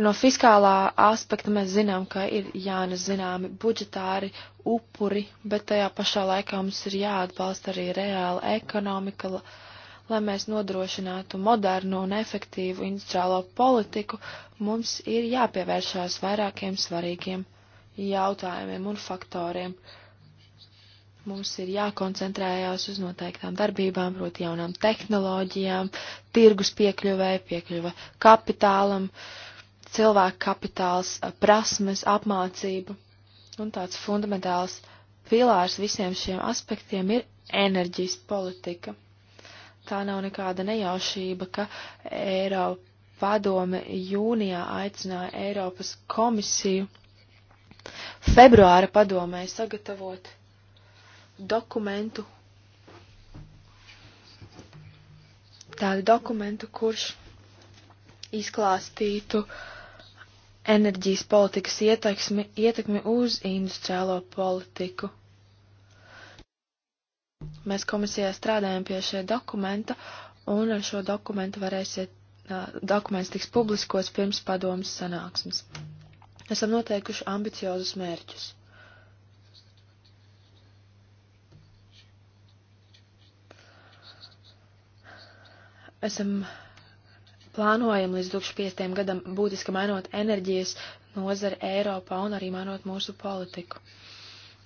No fiskālā aspekta mēs zinām, ka ir jānes zināmi budžetāri upuri, bet tajā pašā laikā mums ir jāatbalsta arī reāla ekonomika, uh, lai mēs nodrošinātu modernu un efektīvu industriālo politiku, mums ir jāpievēršās vairākiem svarīgiem jautājumiem un faktoriem. Mums ir jākoncentrējās uz noteiktām darbībām, proti jaunām tehnoloģijām, tirgus piekļuvēja, piekļuva kapitālam, cilvēku kapitāls, prasmes, apmācība. Un tāds fundamentāls pilārs visiem šiem aspektiem ir enerģijas politika tā nav nekāda nejaušība, ka Eiropa padome jūnijā aicināja Eiropas komisiju februāra padomē sagatavot dokumentu, tādu dokumentu, kurš izklāstītu enerģijas politikas ietekmi, ietekmi uz industriālo politiku. Mēs komisijā strādājam pie šie dokumenta, un ar šo dokumentu varēsiet, dokuments tiks publiskos pirms padomas sanāksmes. Esam noteikuši ambiciozus mērķus. Esam plānojam līdz 2005. gadam būtiski mainot enerģijas nozari Eiropā un arī mainot mūsu politiku. Uh,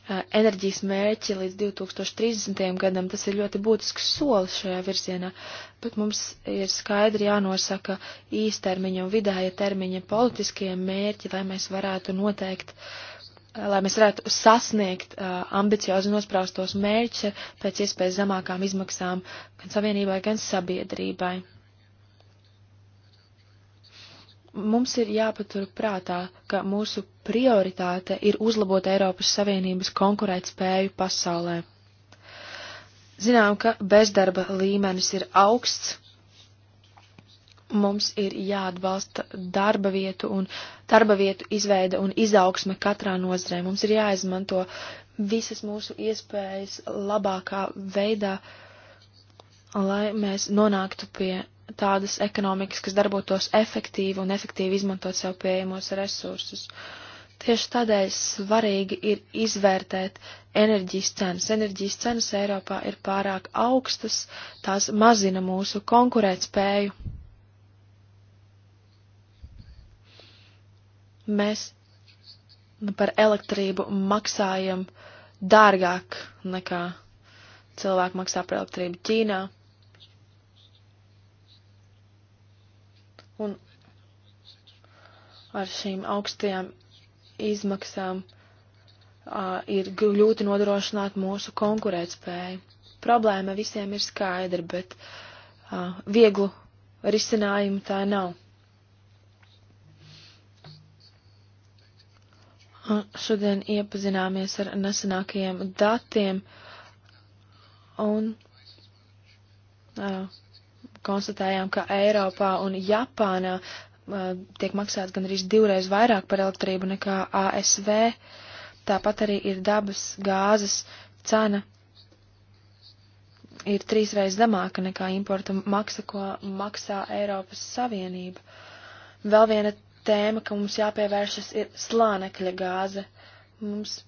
enerģijas mērķi līdz 2030. gadam, tas ir ļoti būtisks solis šajā virzienā, bet mums ir skaidri jānosaka īstermiņa un vidēja termiņa politiskie mērķi, lai mēs varētu noteikt, lai mēs varētu sasniegt ambiciozi nospraustos mērķus pēc iespējas zemākām izmaksām gan savienībai, gan sabiedrībai mums ir jāpatur prātā, ka mūsu prioritāte ir uzlabot Eiropas Savienības konkurētspēju pasaulē. Zinām, ka bezdarba līmenis ir augsts. Mums ir jāatbalsta darba vietu un darba vietu izveida un izaugsme katrā nozarē. Mums ir jāizmanto visas mūsu iespējas labākā veidā, lai mēs nonāktu pie tādas ekonomikas, kas darbotos efektīvi un efektīvi izmantot sev pieejamos resursus. Tieši tādēļ svarīgi ir izvērtēt enerģijas cenas. Enerģijas cenas Eiropā ir pārāk augstas, tās mazina mūsu konkurētspēju. Mēs par elektrību maksājam dārgāk nekā cilvēki maksā par elektrību Ķīnā Un ar šīm augstajām izmaksām uh, ir grūti nodrošināt mūsu konkurētspēju. Problēma visiem ir skaidra, bet uh, vieglu risinājumu tā nav. Uh, šodien iepazināmies ar nesenākajiem datiem un uh, konstatējām, ka Eiropā un Japānā uh, tiek maksāts gan arī divreiz vairāk par elektrību nekā ASV. Tāpat arī ir dabas gāzes cena ir trīsreiz zemāka nekā importa maksa, ko maksā Eiropas Savienība. Vēl viena tēma, ka mums jāpievēršas, ir slānekļa gāze. Mums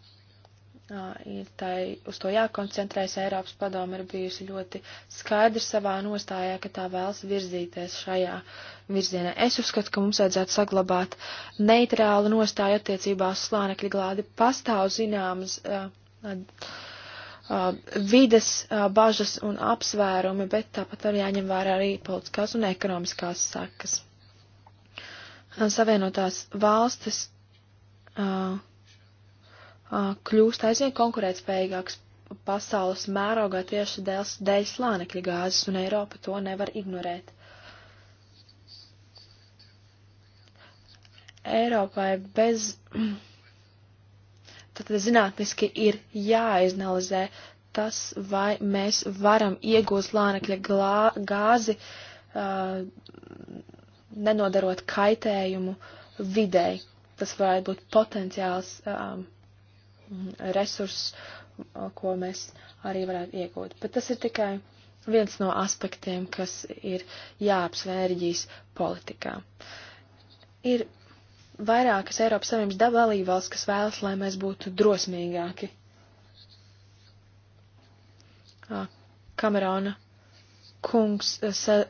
ir tai, uz to jākoncentrēs. Eiropas padoma ir bijusi ļoti skaidra savā nostājā, ka tā vēlas virzīties šajā virzienā. Es uzskatu, ka mums vajadzētu saglabāt neitrālu nostāju attiecībās slānekļa glādi. Pastāv zināmas uh, uh, vides uh, bažas un apsvērumi, bet tāpat arī jāņem vērā arī politiskās un ekonomiskās sakas. Savienotās valstis. Uh, kļūst aizvien konkurētspējīgāks pasaules mērogā tieši dēļ, dēļ slānekļa gāzes, un Eiropa to nevar ignorēt. Eiropai bez. Tad zinātniski ir jāizanalizē tas, vai mēs varam iegūt slānekļa glā, gāzi, uh, nenodarot kaitējumu videi. Tas varētu būt potenciāls. Um, uh, Mm, resursus, ko mēs arī varētu iegūt. Bet tas ir tikai viens no aspektiem, kas ir jāapsver enerģijas politikā. Ir vairākas Eiropas Savienības dalībvalsts, kas vēlas, lai mēs būtu drosmīgāki. Kamerona kungs sa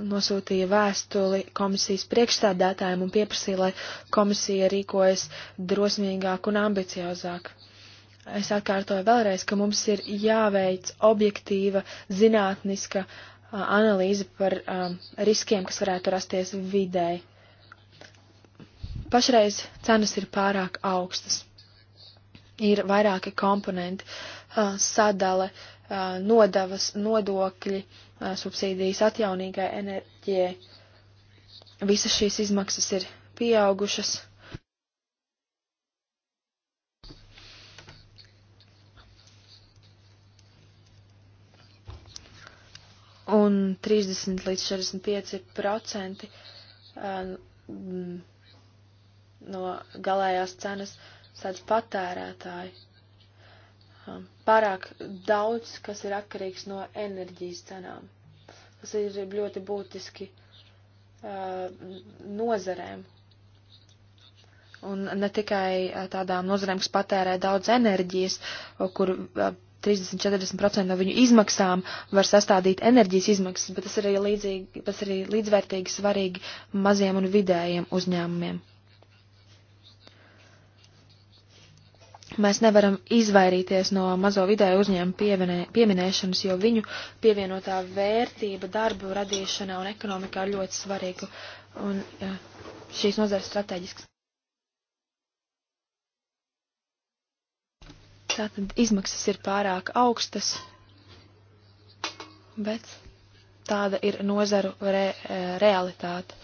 nosūtīja vēstuli komisijas priekšstādātājiem un pieprasīja, lai komisija rīkojas drosmīgāk un ambiciozāk. Es atkārtoju vēlreiz, ka mums ir jāveic objektīva, zinātniska analīze par um, riskiem, kas varētu rasties vidēji. Pašreiz cenas ir pārāk augstas. Ir vairāki komponenti uh, - sadale, uh, nodavas, nodokļi, uh, Eh, subsīdijas atjaunīgai enerģijai. Visas šīs izmaksas ir pieaugušas. Un 30 līdz 45 procenti eh, mm, no galējās cenas sēdz patērētāji pārāk daudz, kas ir atkarīgs no enerģijas cenām. Tas ir ļoti būtiski uh, nozarēm. Un ne tikai uh, tādām nozarēm, kas patērē daudz enerģijas, kur uh, 30-40% no viņu izmaksām var sastādīt enerģijas izmaksas, bet tas ir arī, līdzīgi, tas ir arī līdzvērtīgi svarīgi maziem un vidējiem uzņēmumiem. Mēs nevaram izvairīties no mazo vidēju uzņēmumu pieminēšanas, jo viņu pievienotā vērtība darbu radīšanā un ekonomikā ir ļoti svarīga un jā, šīs nozares strateģisks. Tātad izmaksas ir pārāk augstas, bet tāda ir nozaru re, e, realitāte.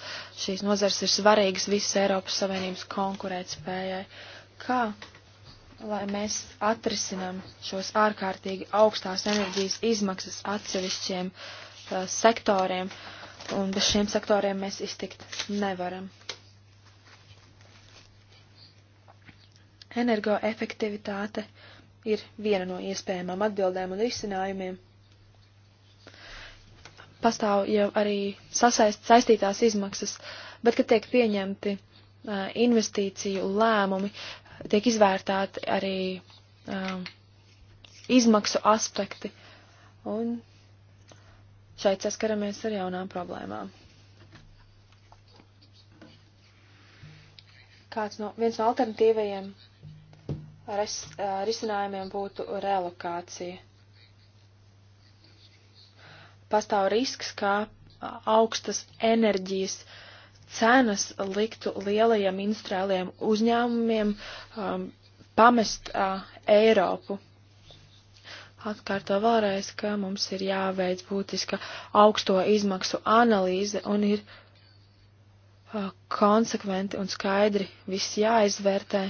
Šīs nozars ir svarīgas visas Eiropas Savienības konkurētspējai. Kā? lai mēs atrisinām šos ārkārtīgi augstās enerģijas izmaksas atsevišķiem uh, sektoriem, un bez šiem sektoriem mēs iztikt nevaram. Energoefektivitāte ir viena no iespējamām atbildēm un risinājumiem. Pastāv jau arī sasaist, saistītās izmaksas, bet, kad tiek pieņemti uh, investīciju lēmumi, tiek izvērtēti arī um, izmaksu aspekti, un šeit saskaramies ar jaunām problēmām. Kāds no, viens no alternatīvajiem res, uh, risinājumiem būtu relokācija. Pastāv risks, ka augstas enerģijas uh, cenas liktu lielajiem industriālajiem uzņēmumiem um, pamest uh, Eiropu. Atkārto vēlreiz, ka mums ir jāveic būtiska augsto izmaksu analīze un ir uh, konsekventi un skaidri viss jāizvērtē.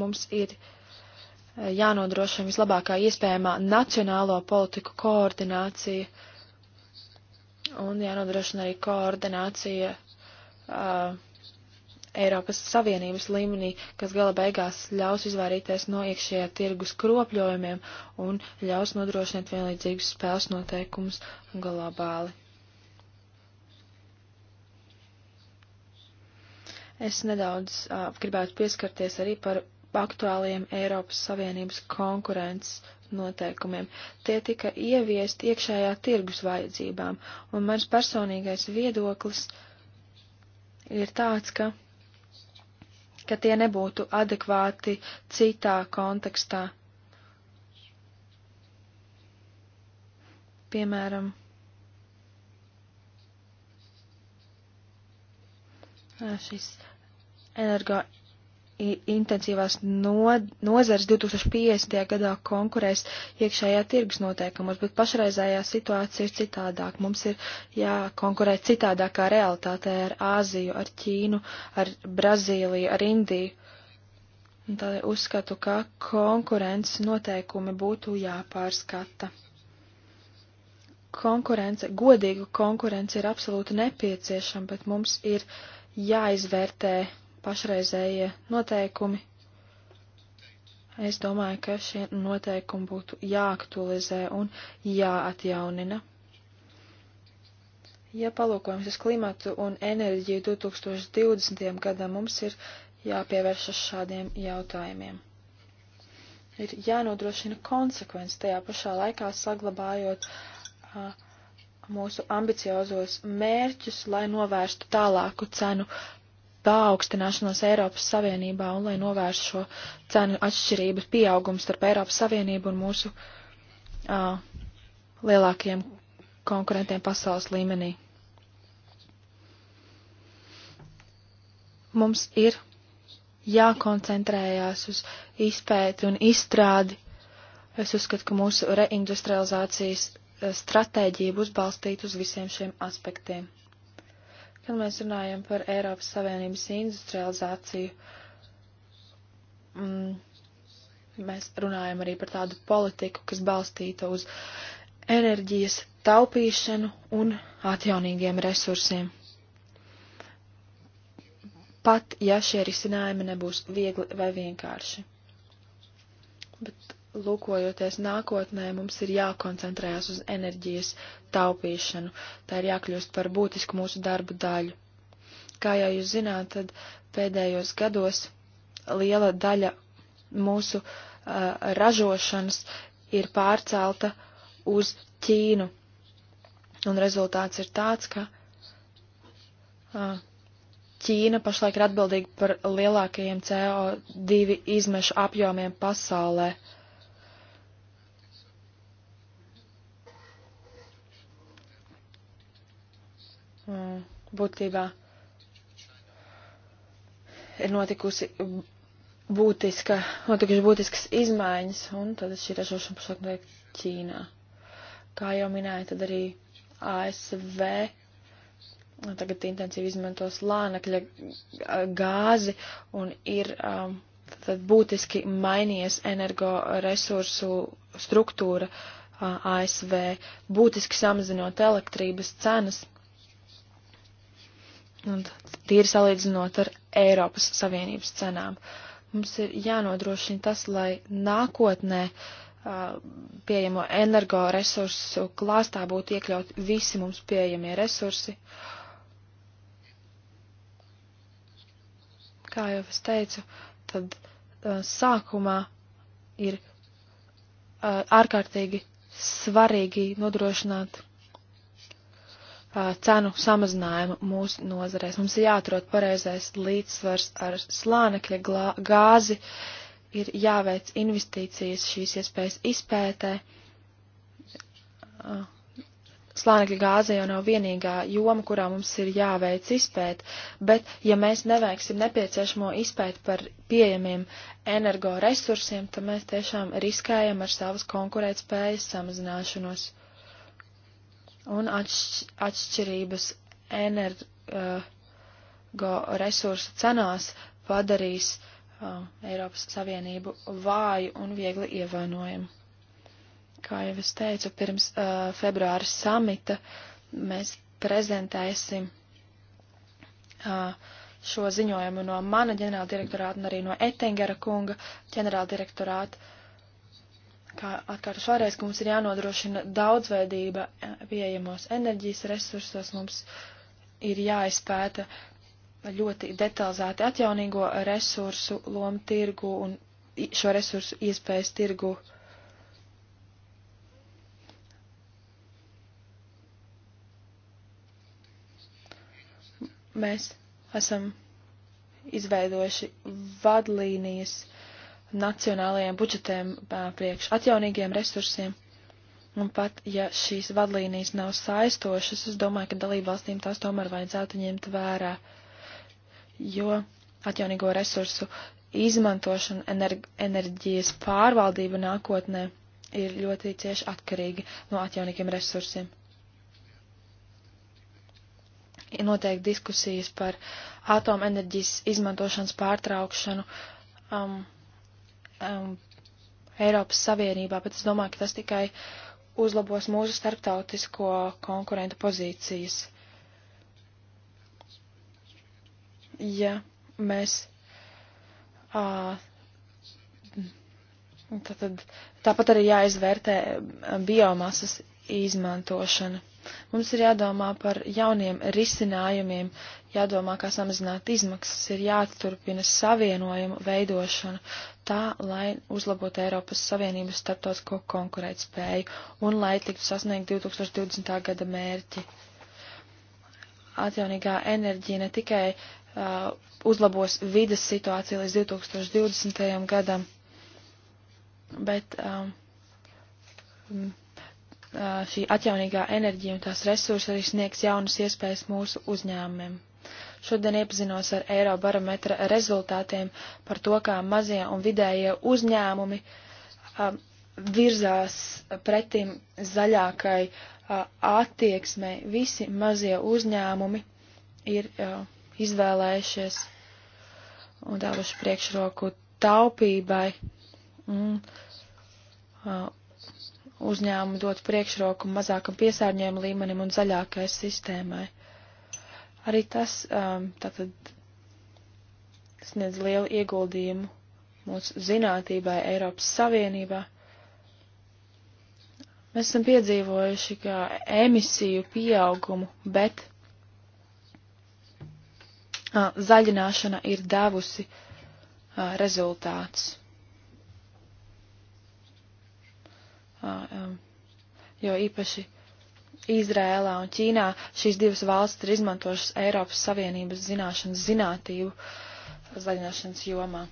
Mums ir uh, jānodrošina vislabākā iespējamā nacionālo politiku koordinācija un jānodrošina arī koordinācija uh, Eiropas Savienības līmenī, kas gala beigās ļaus izvairīties no iekšējā tirgus kropļojumiem un ļaus nodrošināt vienlīdzīgus spēles noteikumus globāli. Es nedaudz uh, gribētu pieskarties arī par aktuāliem Eiropas Savienības konkurences noteikumiem. Tie tika ieviest iekšējā tirgus vajadzībām, un mans personīgais viedoklis uh, ir tāds, ka, ka tie nebūtu adekvāti citā kontekstā. Piemēram, šis energo intensīvās no, nozars 2050. gadā konkurēs iekšējā tirgus noteikumos, bet pašreizējā situācija ir citādāk. Mums ir jākonkurē citādākā realitātē ar Āziju, ar Ķīnu, ar Brazīliju, ar Indiju. Tādēļ uzskatu, ka konkurences noteikumi būtu jāpārskata. Konkurence, godīga konkurence ir absolūti nepieciešama, bet mums ir jāizvērtē pašreizējie noteikumi. Es domāju, ka šie noteikumi būtu jāaktualizē un jāatjaunina. Ja palūkojums uz klimatu un enerģiju 2020. gadam, mums ir jāpievēršas šādiem jautājumiem. Ir jānodrošina konsekvence tajā pašā laikā saglabājot a, mūsu ambiciozos mērķus, lai novērstu tālāku cenu paaugstināšanos Eiropas Savienībā un lai novērstu šo cenu atšķirības pieaugumu starp Eiropas Savienību un mūsu uh, lielākajiem konkurentiem pasaules līmenī. Mums ir jākoncentrējās uz izpēti un izstrādi. Es uzskatu, ka mūsu reindustrializācijas stratēģija būs balstīta uz visiem šiem aspektiem. Kad mēs runājam par Eiropas Savienības industrializāciju, mm, mēs runājam arī par tādu politiku, kas balstīta uz enerģijas taupīšanu un atjaunīgiem resursiem. Pat ja šie risinājumi nebūs viegli vai vienkārši. Bet lūkojoties nākotnē, mums ir jākoncentrējas uz enerģijas taupīšanu. Tā ir jākļūst par būtisku mūsu darbu daļu. Kā jau jūs zināt, tad pēdējos gados liela daļa mūsu uh, ražošanas ir pārcelta uz Ķīnu. Un rezultāts ir tāds, ka uh, Ķīna pašlaik ir atbildīga par lielākajiem CO2 izmešu apjomiem pasaulē. Uh, Eh, būtībā ir notikusi būtiska, notikuši būtiskas izmaiņas, un tad šī ražošana pašlaik notiek Ķīnā. Kā jau minēja, tad arī ASV tagad intensīvi izmantos lānekļa gāzi un ir um, tad būtiski mainījies energoresursu struktūra uh, ASV, būtiski samazinot elektrības cenas tīri salīdzinot ar Eiropas Savienības cenām. Mums ir jānodrošina tas, lai nākotnē uh, pieejamo energoresursu klāstā būtu iekļaut visi mums pieejamie resursi. Kā jau es teicu, tad uh, sākumā ir uh, ārkārtīgi svarīgi nodrošināt cenu samazinājumu mūsu nozarēs. Mums ir jāatrod pareizais līdzsvars ar slānekļa gāzi, ir jāveic investīcijas šīs iespējas izpētē. Slānekļa gāze jau nav vienīgā joma, kurā mums ir jāveic izpēt, bet ja mēs neveiksim nepieciešamo izpēt par pieejamiem energoresursiem, tad mēs tiešām riskējam ar savas konkurētspējas samazināšanos un atšķ, atšķirības energo resursu cenās padarīs uh, Eiropas Savienību vāju un viegli ievainojumu. Kā jau es teicu, pirms uh, februāra samita mēs prezentēsim uh, šo ziņojumu no mana ģenerāla direktorāta un arī no Ettingera kunga ģenerāla direktorāta. Uh, kā atkārtošu vēlreiz, ka mums ir jānodrošina daudzveidība eh, pieejamos enerģijas resursos, mums ir jāizpēta ļoti detalizēti atjaunīgo resursu lomu tirgu un šo resursu iespējas tirgu. Mēs esam izveidojuši vadlīnijas nacionālajiem budžetiem priekš atjaunīgiem resursiem. Un pat, ja šīs vadlīnijas nav saistošas, es domāju, ka dalībvalstīm tās tomēr vajadzētu ņemt vērā, jo atjaunīgo resursu izmantošana, energ enerģijas pārvaldība nākotnē ir ļoti cieši atkarīga no atjaunīgiem resursiem. Ir noteikti diskusijas par atomenerģijas izmantošanas pārtraukšanu. Um, um, Eiropas Savienībā, bet es domāju, ka tas tikai uzlabos mūsu starptautisko konkurentu pozīcijas. Ja mēs uh, Tātad, tāpat arī jāizvērtē biomasas izmantošana. Mums ir jādomā par jauniem risinājumiem, jādomā, kā samazināt izmaksas, ir jāturpina savienojumu veidošana tā, lai uzlabotu Eiropas Savienības starptautisko konkurētspēju un lai tiktu sasniegt 2020. gada mērķi. Atjaunīgā enerģija ne tikai uh, uzlabos vidas situāciju līdz 2020. gadam, bet um, Eh, šī atjaunīgā enerģija un tās resursi arī sniegs jaunas iespējas mūsu uzņēmumiem. Šodien iepazinos ar Eirobarometra rezultātiem par to, kā mazie un vidējie uzņēmumi a, eh, virzās pretim zaļākai a, eh, attieksmei. Visi mazie uzņēmumi ir a, izvēlējušies un devuši priekšroku taupībai. Mm, uzņēmumu dot priekšroku mazākam piesārņojuma līmenim un zaļākai sistēmai. Arī tas um, tātad sniedz lielu ieguldījumu mūsu zinātībai Eiropas Savienībā. Mēs esam piedzīvojuši kā emisiju pieaugumu, bet a, zaļināšana ir devusi a, rezultāts. Um, jo īpaši Izrēlā un Ķīnā šīs divas valstis ir izmantojušas Eiropas Savienības zināšanas zinātību zaļināšanas jomā.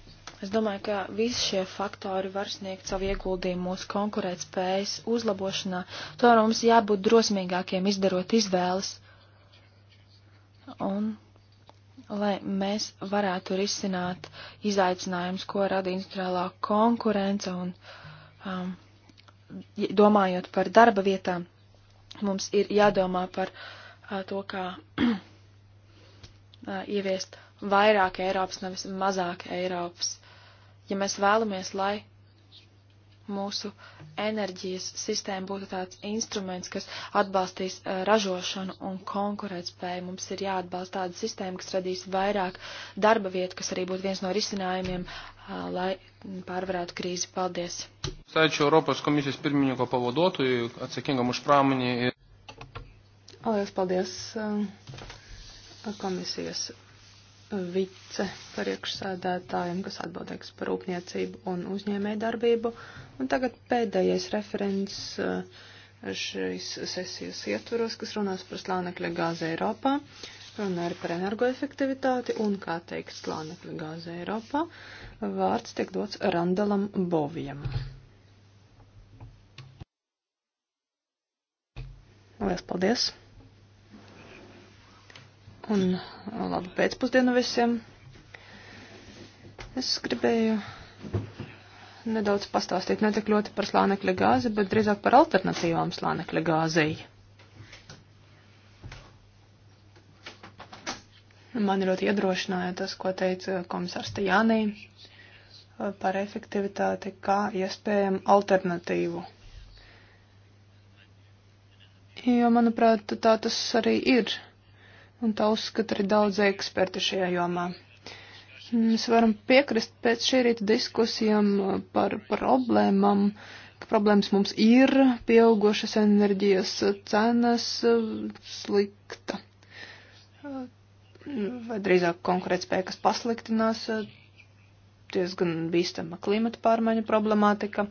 Es domāju, ka visi šie faktori var sniegt savu ieguldījumu mūsu konkurētspējas uzlabošanā. Tomēr mums jābūt drosmīgākiem izdarot izvēles. Un lai mēs varētu risināt izaicinājumus, ko rada industriālā konkurence un um, domājot par darba vietām, mums ir jādomā par a, to, kā a, ieviest vairāk Eiropas, nevis mazāk Eiropas. Ja mēs vēlamies, lai mūsu enerģijas sistēma būtu tāds instruments, kas atbalstīs a, ražošanu un konkurētspēju, mums ir jāatbalsta tāda sistēma, kas radīs vairāk darba vietu, kas arī būtu viens no risinājumiem, lai pārvarētu krīzi. Paldies! Saiču Eiropas komisijas pirmininko pavadotoju atsakingam uz pramonį. Lielas paldies um, komisijas vice priekšsēdētājiem, kas atbildīgs par rūpniecību un uzņēmēju darbību. Un tagad pēdējais referents uh, šīs sesijas ietvaros, kas runās par slānekļa gāzi Eiropā. Uh, Runā arī par energoefektivitāti un, kā teikt, slānekļa gāze Eiropā. Vārds tiek dots Randalam Bovijam. Lielas paldies! Un labu pēcpusdienu visiem! Es gribēju nedaudz pastāstīt ne tik ļoti par slānekļa gāzi, bet drīzāk par alternatīvām slānekļa gāzei. Man ļoti iedrošināja tas, ko teica komisārs Tajānī eh, par efektivitāti kā iespējamu alternatīvu. Jo, manuprāt, tā tas arī ir, un tā uzskata arī daudz eksperti šajā jomā. Mēs varam piekrist pēc šī rīta diskusijām eh, par problēmām, ka problēmas mums ir pieaugušas enerģijas cenas eh, slikta vai drīzāk konkurētspēja, kas pasliktinās, eh, diezgan bīstama klimata pārmaiņu problemātika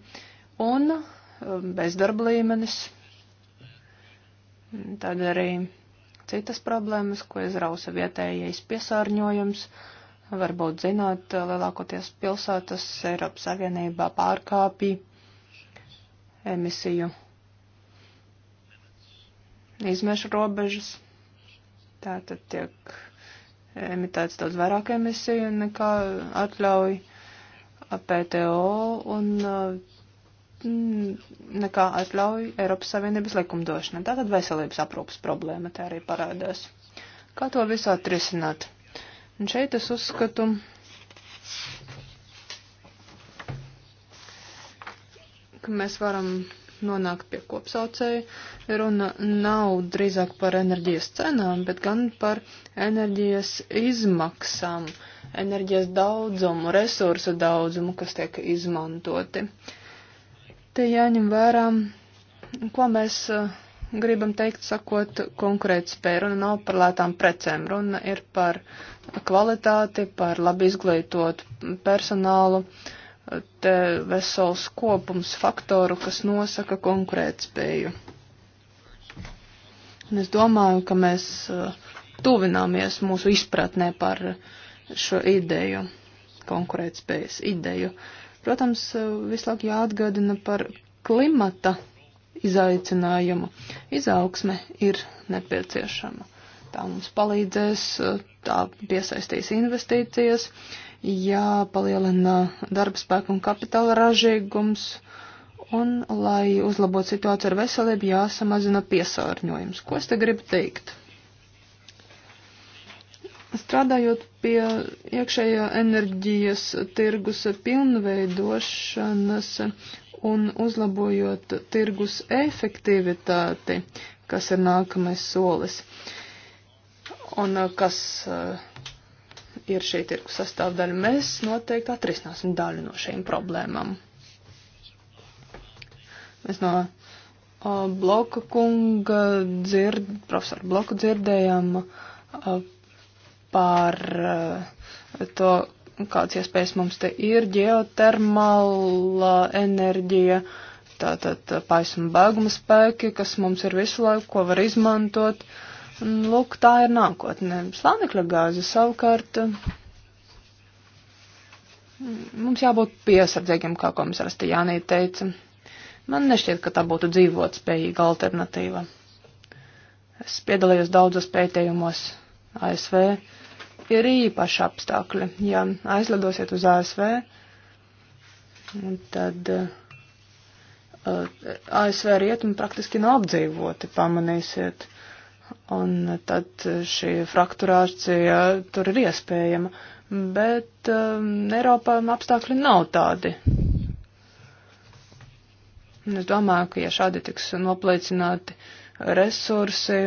un eh, bezdarba līmenis. Tad arī citas problēmas, ko izrausa vietējais piesārņojums. Varbūt zināt, eh, lielākoties pilsētas Eiropas Savienībā pārkāpī emisiju izmešu robežas. Tātad tiek emitēts daudz vairāk emisiju nekā atļauj PTO un uh, nekā atļauj Eiropas Savienības likumdošana. Tātad veselības aprūpas problēma te arī parādās. Kā to visu atrisināt? Un šeit es uzskatu, ka mēs varam nonākt pie kopsaucēja. Runa nav drīzāk par enerģijas cenām, bet gan par enerģijas izmaksām, enerģijas daudzumu, resursu daudzumu, kas tiek izmantoti. Te jāņem vērā, ko mēs eh, gribam teikt, sakot konkrēt spēju. Runa nav par lētām precēm, runa ir par kvalitāti, par labi izglītotu personālu. Uh, te vesels kopums faktoru, kas nosaka konkurētspēju. Un es domāju, ka mēs uh, tuvināmies mūsu izpratnē par šo ideju, konkurētspējas ideju. Protams, uh, vislāk jāatgādina par klimata izaicinājumu. Izaugsme ir nepieciešama. Tā mums palīdzēs, uh, tā piesaistīs investīcijas. Uh, jāpalielina darba spēka un kapitāla ražīgums, un, lai uzlabotu situāciju ar veselību, jāsamazina piesārņojums. Ko es te gribu teikt? Strādājot pie iekšējā enerģijas tirgus pilnveidošanas un uzlabojot tirgus efektivitāti, kas ir nākamais solis un kas uh, ir šī tirgus sastāvdaļa, mēs noteikti atrisināsim daļu no šīm problēmām. Mēs no uh, Bloka kunga dzird, profesora Bloka dzirdējām uh, par uh, to, kāds iespējas mums te ir ģeotermāla enerģija, tātad paisuma bēguma spēki, kas mums ir visu laiku, ko var izmantot. Uh, Mm, lūk, tā ir nākotne. Slānekļa gāze savukārt mm, mums jābūt piesardzīgiem, kā komisārs Tajānī teica. Man nešķiet, ka tā būtu dzīvot spējīga alternatīva. Es piedalījos daudzos pētījumos ASV. Ir īpaši apstākļi. Ja aizlidosiet uz ASV, tad uh, eh, ASV rietumi praktiski nav apdzīvoti, pamanīsiet. Un tad šī frakturācija tur ir iespējama, bet um, Eiropā apstākļi nav tādi. Un es domāju, ka ja šādi tiks nopliecināti resursi,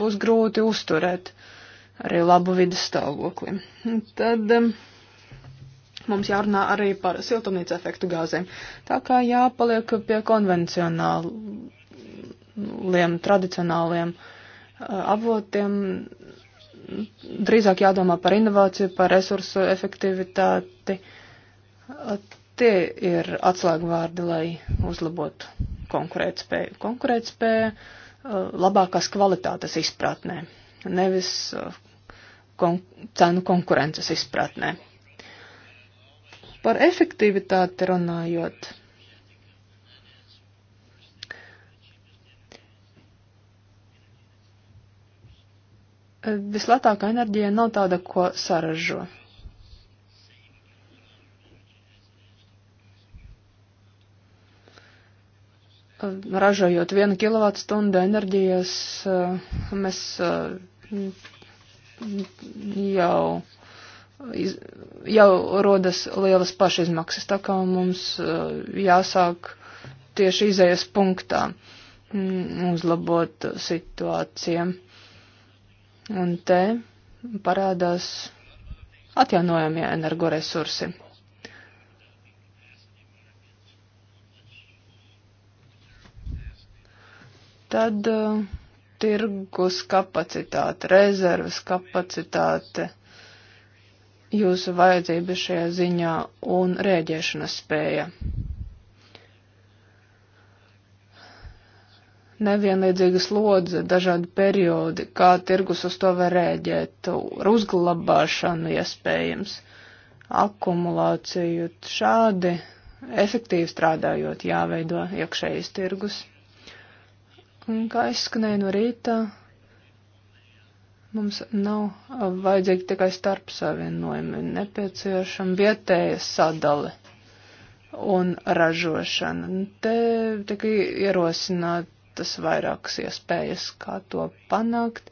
būs grūti uzturēt arī labu vidas stāvokli. Tad um, mums jārunā arī par siltumnīca efektu gāzēm. Tā kā jāpaliek pie konvencionālu liem tradicionāliem uh, avotiem. Drīzāk jādomā par inovāciju, par resursu efektivitāti. Uh, tie ir atslēgvārdi, lai uzlabotu konkurētspēju. Konkurētspēja uh, labākās kvalitātes izpratnē, nevis kon cenu konkurences izpratnē. Par efektivitāti runājot vislētākā enerģija nav tāda, ko saražo. Ražojot vienu kilovatu stundu enerģijas, eh, mēs eh, jau, jau rodas lielas pašizmaksas, tā kā mums eh, jāsāk tieši izējas punktā mm, uzlabot situāciju. Un te parādās atjaunojamie energoresursi. Tad uh, tirgus kapacitāte, rezerves kapacitāte, jūsu vajadzības šajā ziņā un rēģēšanas spēja. nevienlīdzīga slodze, dažādi periodi, kā tirgus uz to var rēģēt, ar uzglabāšanu iespējams, akumulāciju. Šādi efektīvi strādājot jāveido iekšējais tirgus. Un kā izskanēja no rīta, mums nav vajadzīgi tikai starpsavienojumi, nepieciešama vietēja sadale un ražošana. Te tikai ierosināt atvērtas vairākas iespējas, kā to panākt.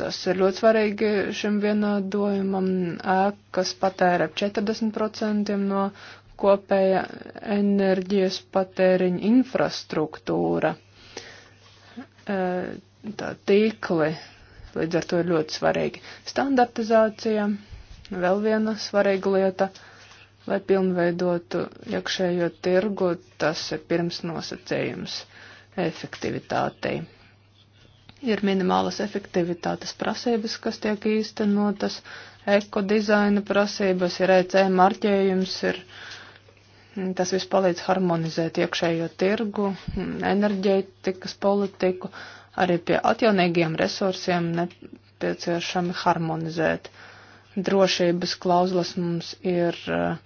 Tas ir ļoti svarīgi šim vienādojumam. Ēkas patēra 40% no kopēja enerģijas patēriņa infrastruktūra. Tā tīkli līdz ar to ir ļoti svarīgi. Standartizācija, vēl viena svarīga lieta, lai pilnveidotu iekšējo tirgu, tas ir pirms nosacījums efektivitātei. Ir minimālas efektivitātes prasības, kas tiek īstenotas, ekodizaina prasības, ir EC marķējums, ir tas viss palīdz harmonizēt iekšējo tirgu, enerģētikas politiku, arī pie atjaunīgiem resursiem nepieciešami harmonizēt. Drošības klauzlas mums ir uh,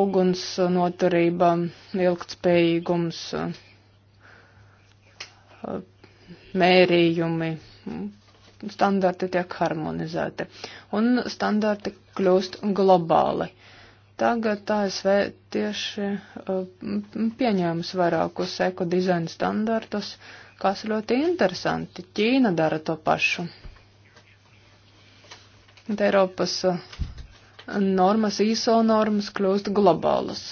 uguns noturība, ilgtspējīgums, uh, mērījumi, standarti tiek harmonizēti un standarti kļūst globāli. Tagad ASV tieši uh, pieņēmis vairākus ekodizaina standartus, kas ļoti interesanti. Ķīna dara to pašu. Un Eiropas uh, normas, ISO normas kļūst globālas.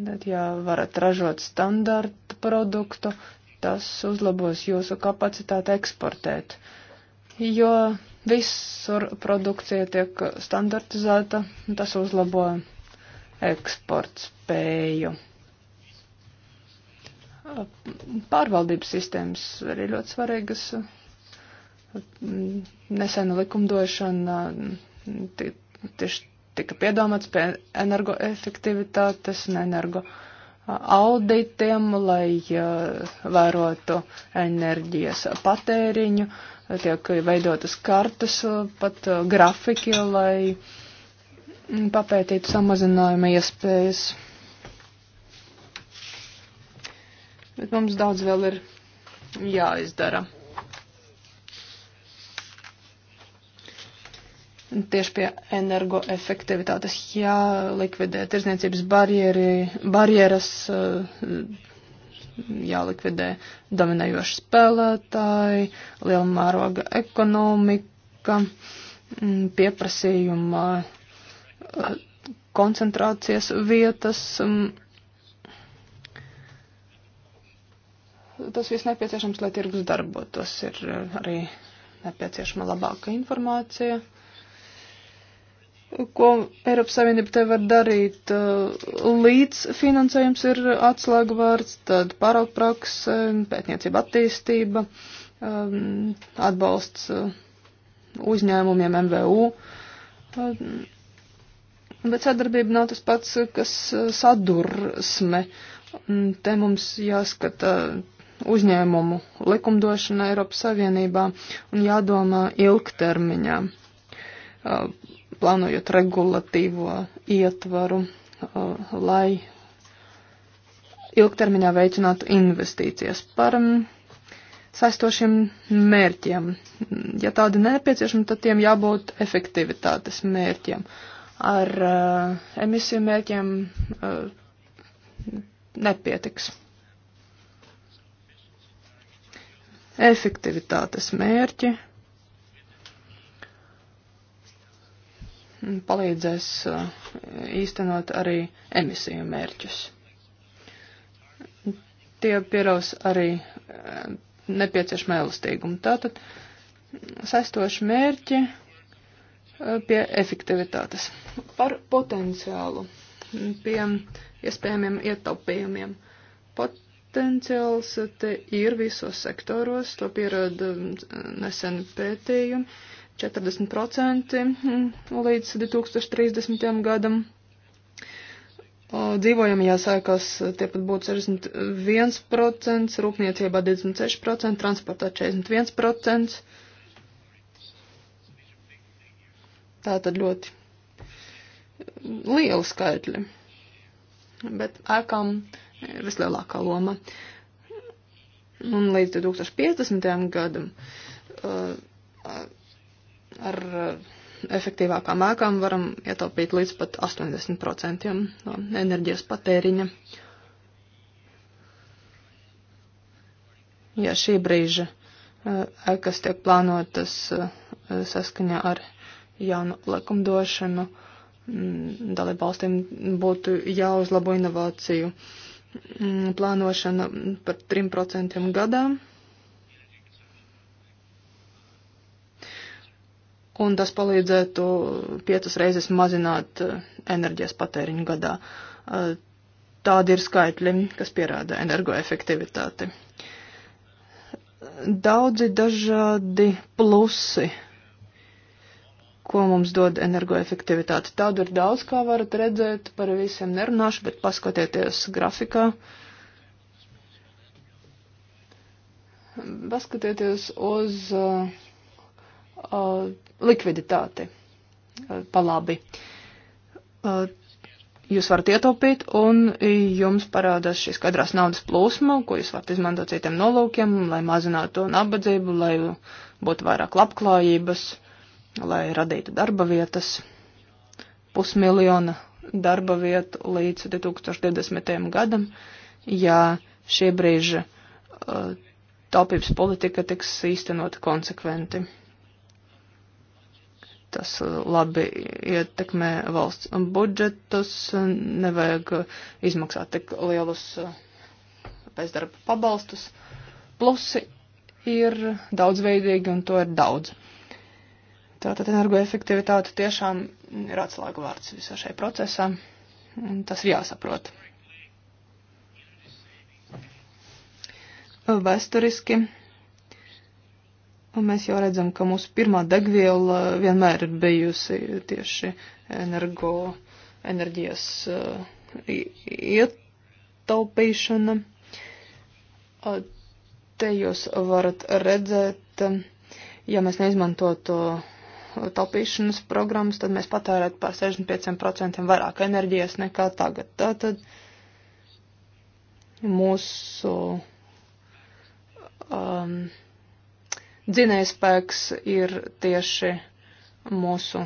Tad, ja varat ražot standarta produktu, tas uzlabos jūsu kapacitāti eksportēt, jo visur produkcija tiek standartizēta, un tas uzlabo eksportspēju. Pārvaldības sistēmas arī ļoti svarīgas. Nesena likumdošana tieši tika piedomāts pie energoefektivitātes un energo. Efektivitātes, auditiem, lai vērotu enerģijas patēriņu, tiek veidotas kartas, pat grafiki, lai papētītu samazinājuma iespējas. Bet mums daudz vēl ir jāizdara. tieši pie energoefektivitātes jālikvidē tirzniecības barjeri, barjeras, eh, jālikvidē dominējoši spēlētāji, liela mēroga ekonomika, mm, pieprasījuma eh, koncentrācijas vietas. Mm. Tas viss nepieciešams, lai tirgus darbotos, ir eh, arī nepieciešama labāka informācija ko Eiropas Savienība te var darīt. Uh, Līdzfinansējums ir atslēgvārds, tad paraugprakse, pētniecība attīstība, um, atbalsts uh, uzņēmumiem MVU. Uh, bet sadarbība nav tas pats, kas sadursme. Mm, te mums jāskata uzņēmumu likumdošana Eiropas Savienībā un jādomā ilgtermiņā plānojot regulatīvo ietvaru, uh, lai ilgtermiņā veicinātu investīcijas par um, saistošiem mērķiem. Ja tādi nepieciešami, tad tiem jābūt efektivitātes mērķiem. Ar uh, emisiju mērķiem uh, nepietiks. Efektivitātes mērķi palīdzēs eh, īstenot arī emisiju mērķus. Tie pieraus arī eh, nepieciešama elastīguma. Tātad sestoši mērķi eh, pie efektivitātes. Par potenciālu, pie iespējamiem ietaupījumiem. Potenciāls te ir visos sektoros, to pierāda mm, nesen pētījumi 40% mm, līdz 2030. gadam. Dzīvojamajās ēkās tie pat būtu 61%, rūpniecībā 26%, transportā 41%. Tā tad ļoti liela skaitļa. Bet ēkām ir vislielākā loma. Un līdz 2050. gadam uh, ar eh, efektīvākām ēkām varam ietaupīt līdz pat 80% no enerģijas patēriņa. Ja šī brīža eh, ēkas tiek plānotas eh, saskaņā ar jaunu likumdošanu, mm, dalībvalstīm būtu jāuzlabo inovāciju mm, plānošana par 3% gadā un tas palīdzētu piecas reizes mazināt eh, enerģijas patēriņu gadā. Eh, tādi ir skaitļi, kas pierāda energoefektivitāti. Daudzi dažādi plusi, ko mums dod energoefektivitāte. Tādu ir daudz, kā varat redzēt, par visiem nerunāšu, bet paskatieties grafikā. Paskatieties uz uh, Uh, likviditāti uh, pa labi. Uh, jūs varat ietaupīt un jums parādās šī skaidrās naudas plūsma, ko jūs varat izmantot citiem nolūkiem, lai mazinātu to nabadzību, lai būtu vairāk labklājības, lai radītu darba vietas. Pusmiljona darba vietu līdz 2020. gadam, ja šie brīži uh, taupības politika tiks īstenota konsekventi tas uh, labi ietekmē valsts budžetus, uh, nevajag uh, izmaksāt tik lielus bezdarba pabalstus. Plusi ir daudzveidīgi un to ir daudz. Tātad energoefektivitāte tiešām ir atslēga vārds visā šajā procesā. Tas ir jāsaprot. Vēsturiski Un mēs jau redzam, ka mūsu pirmā degviela vienmēr ir bijusi tieši energo, enerģijas uh, ietaupīšana. Uh, te jūs varat redzēt, um, ja mēs neizmantotu taupīšanas programmas, tad mēs patērētu par 65% vairāk enerģijas nekā tagad. Tātad mūsu um, dzinējspēks ir tieši mūsu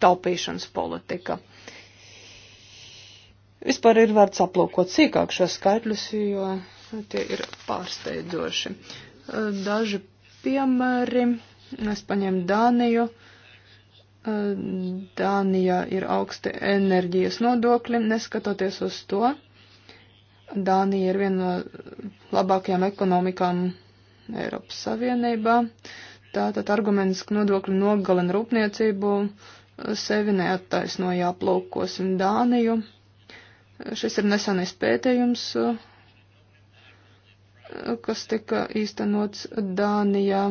taupīšanas politika. Vispār ir vērts aplūkot sīkāk šos skaitļus, jo tie ir pārsteidzoši. Daži piemēri. Es paņēmu Dāniju. Dānijā ir augsti enerģijas nodokļi, neskatoties uz to. Dānija ir viena no labākajām ekonomikām Eiropas Savienībā. Tātad arguments, ka nodokļu nogalina rūpniecību, uh, sevi neattaisnoja aplūkosim Dāniju. Uh, šis ir nesenais pētījums, uh, kas tika īstenots Dānijā.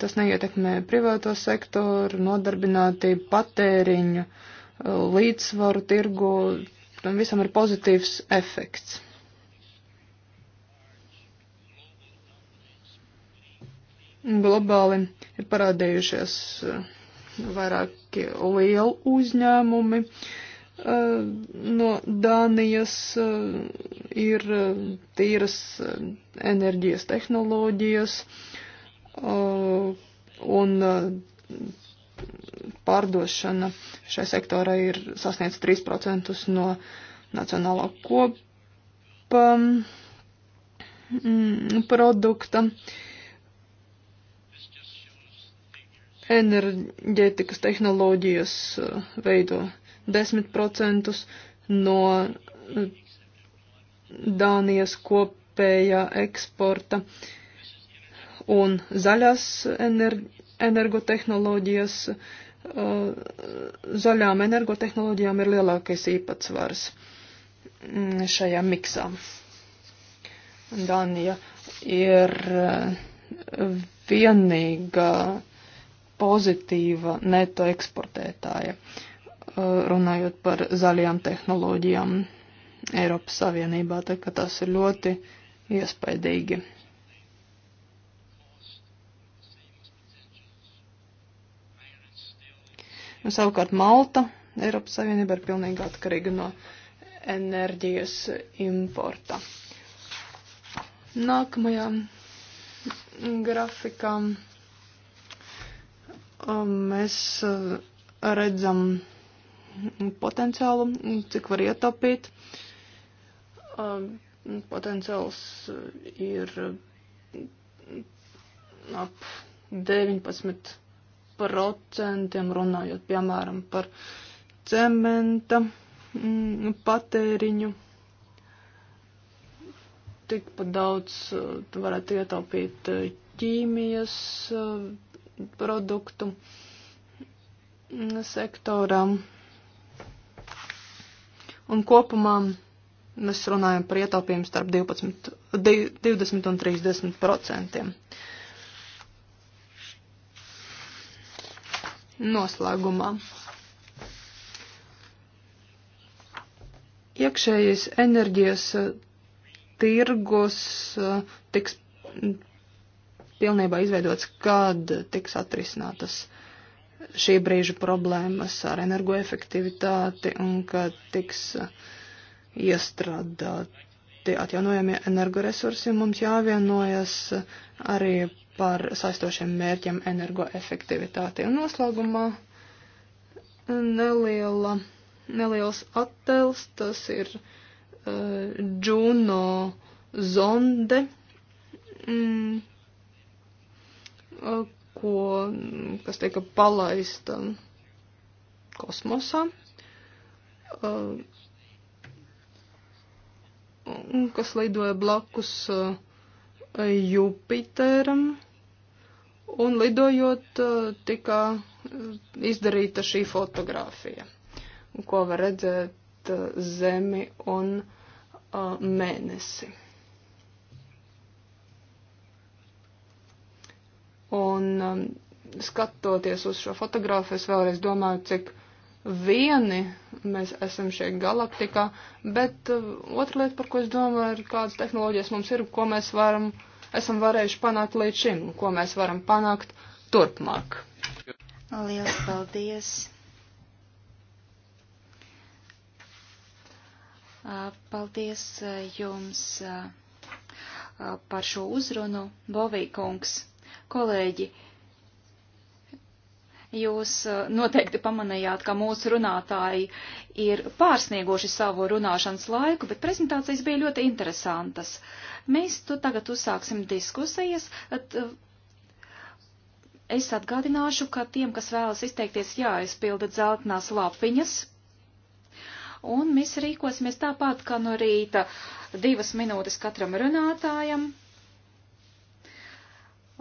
Tas neietekmē privāto sektoru, nodarbinātību, patēriņu, līdzsvaru tirgu. Tam visam ir pozitīvs efekts. globāli ir parādījušies eh, vairāki lieli uzņēmumi. Eh, no Dānijas eh, ir tīras enerģijas tehnoloģijas un pārdošana šai sektorai ir sasniedz 3% no nacionālā kopa mm, produkta. Uh, enerģētikas tehnoloģijas eh, veido 10% no eh, Dānijas kopējā eksporta un zaļās ener energotehnoloģijas. Eh, zaļām energotehnoloģijām ir lielākais īpatsvars mm, šajā miksā. Dānija ir vienīgā pozitīva neto eksportētāja, uh, runājot par zaļajām tehnoloģijām Eiropas Savienībā, tā ka tas ir ļoti iespaidīgi. Un nu, savukārt Malta Eiropas Savienība ir pilnīgi atkarīga no enerģijas importa. Nākamajā grafikā Um, mēs uh, redzam potenciālu, cik var ietaupīt. Um, potenciāls uh, ir uh, ap 19% runājot, piemēram, par cementa mm, patēriņu. Tikpat daudz varētu ietaupīt ķīmijas produktu sektoram. Un kopumā mēs runājam par ietaupījumu starp 12, 20 un 30 procentiem. Noslēgumā. Iekšējais enerģijas tirgus eh, tiks pilnībā izveidots, kad tiks atrisinātas šī brīža problēmas ar energoefektivitāti un kad tiks iestrādāti atjaunojamie energoresursi. Mums jāvienojas arī par saistošiem mērķiem energoefektivitāti. Un noslēgumā neliela, neliels attēls, tas ir uh, Juno zonde. Mm ko, kas tika palaista kosmosā, kas lidoja blakus e, Jupiteram, un lidojot e, tika e, izdarīta šī fotografija, ko var redzēt Zemi un mēnesi. Un um, skatoties uz šo fotogrāfu, es vēlreiz domāju, cik vieni mēs esam šeit galaktikā, bet uh, otra lieta, par ko es domāju, ir kādas tehnoloģijas mums ir, ko mēs varam, esam varējuši panākt līdz šim, ko mēs varam panākt turpmāk. Lielas paldies! Uh, paldies uh, jums uh, par šo uzrunu, Bovīkungs. Kolēģi, jūs uh, noteikti pamanījāt, ka mūsu runātāji ir pārsnieguši savu runāšanas laiku, bet prezentācijas bija ļoti interesantas. Mēs tu tagad uzsāksim diskusijas. At, uh, es atgādināšu, ka tiem, kas vēlas izteikties, jāizpilda dzeltenās lapiņas. Un mēs rīkosimies tāpat, kā no rīta divas minūtes katram runātājam.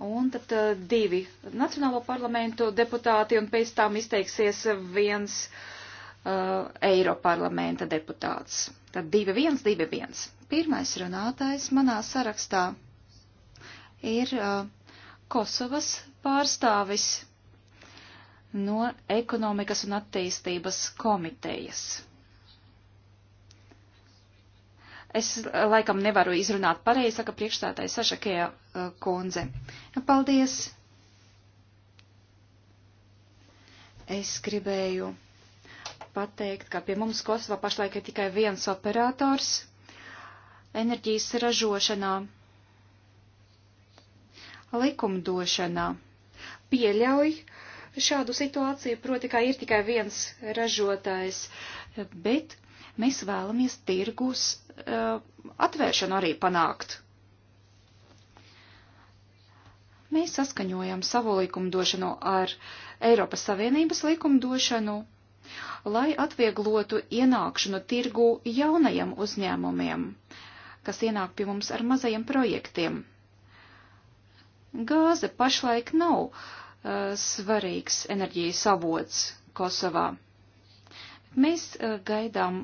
Un tad uh, divi Nacionālo parlamentu deputāti un pēc tam izteiksies viens uh, Eiroparlamenta deputāts. Tad divi viens, divi viens. Pirmais runātājs manā sarakstā ir uh, Kosovas pārstāvis no ekonomikas un attīstības komitejas. Es laikam nevaru izrunāt pareizi, saka priekšstādāja Sašakēja uh, kundze. Nu, paldies! Es gribēju pateikt, ka pie mums Kosovā pašlaik ir tikai viens operators enerģijas ražošanā, likumdošanā. Pieļauj šādu situāciju, proti, kā ir tikai viens ražotājs, bet Mēs vēlamies tirgus uh, atvēršanu arī panākt. Mēs saskaņojam savu likumdošanu ar Eiropas Savienības likumdošanu, lai atvieglotu ienākšanu tirgu jaunajiem uzņēmumiem, kas ienāk pie mums ar mazajiem projektiem. Gāze pašlaik nav uh, svarīgs enerģijas avots Kosovā. Mēs eh, gaidām,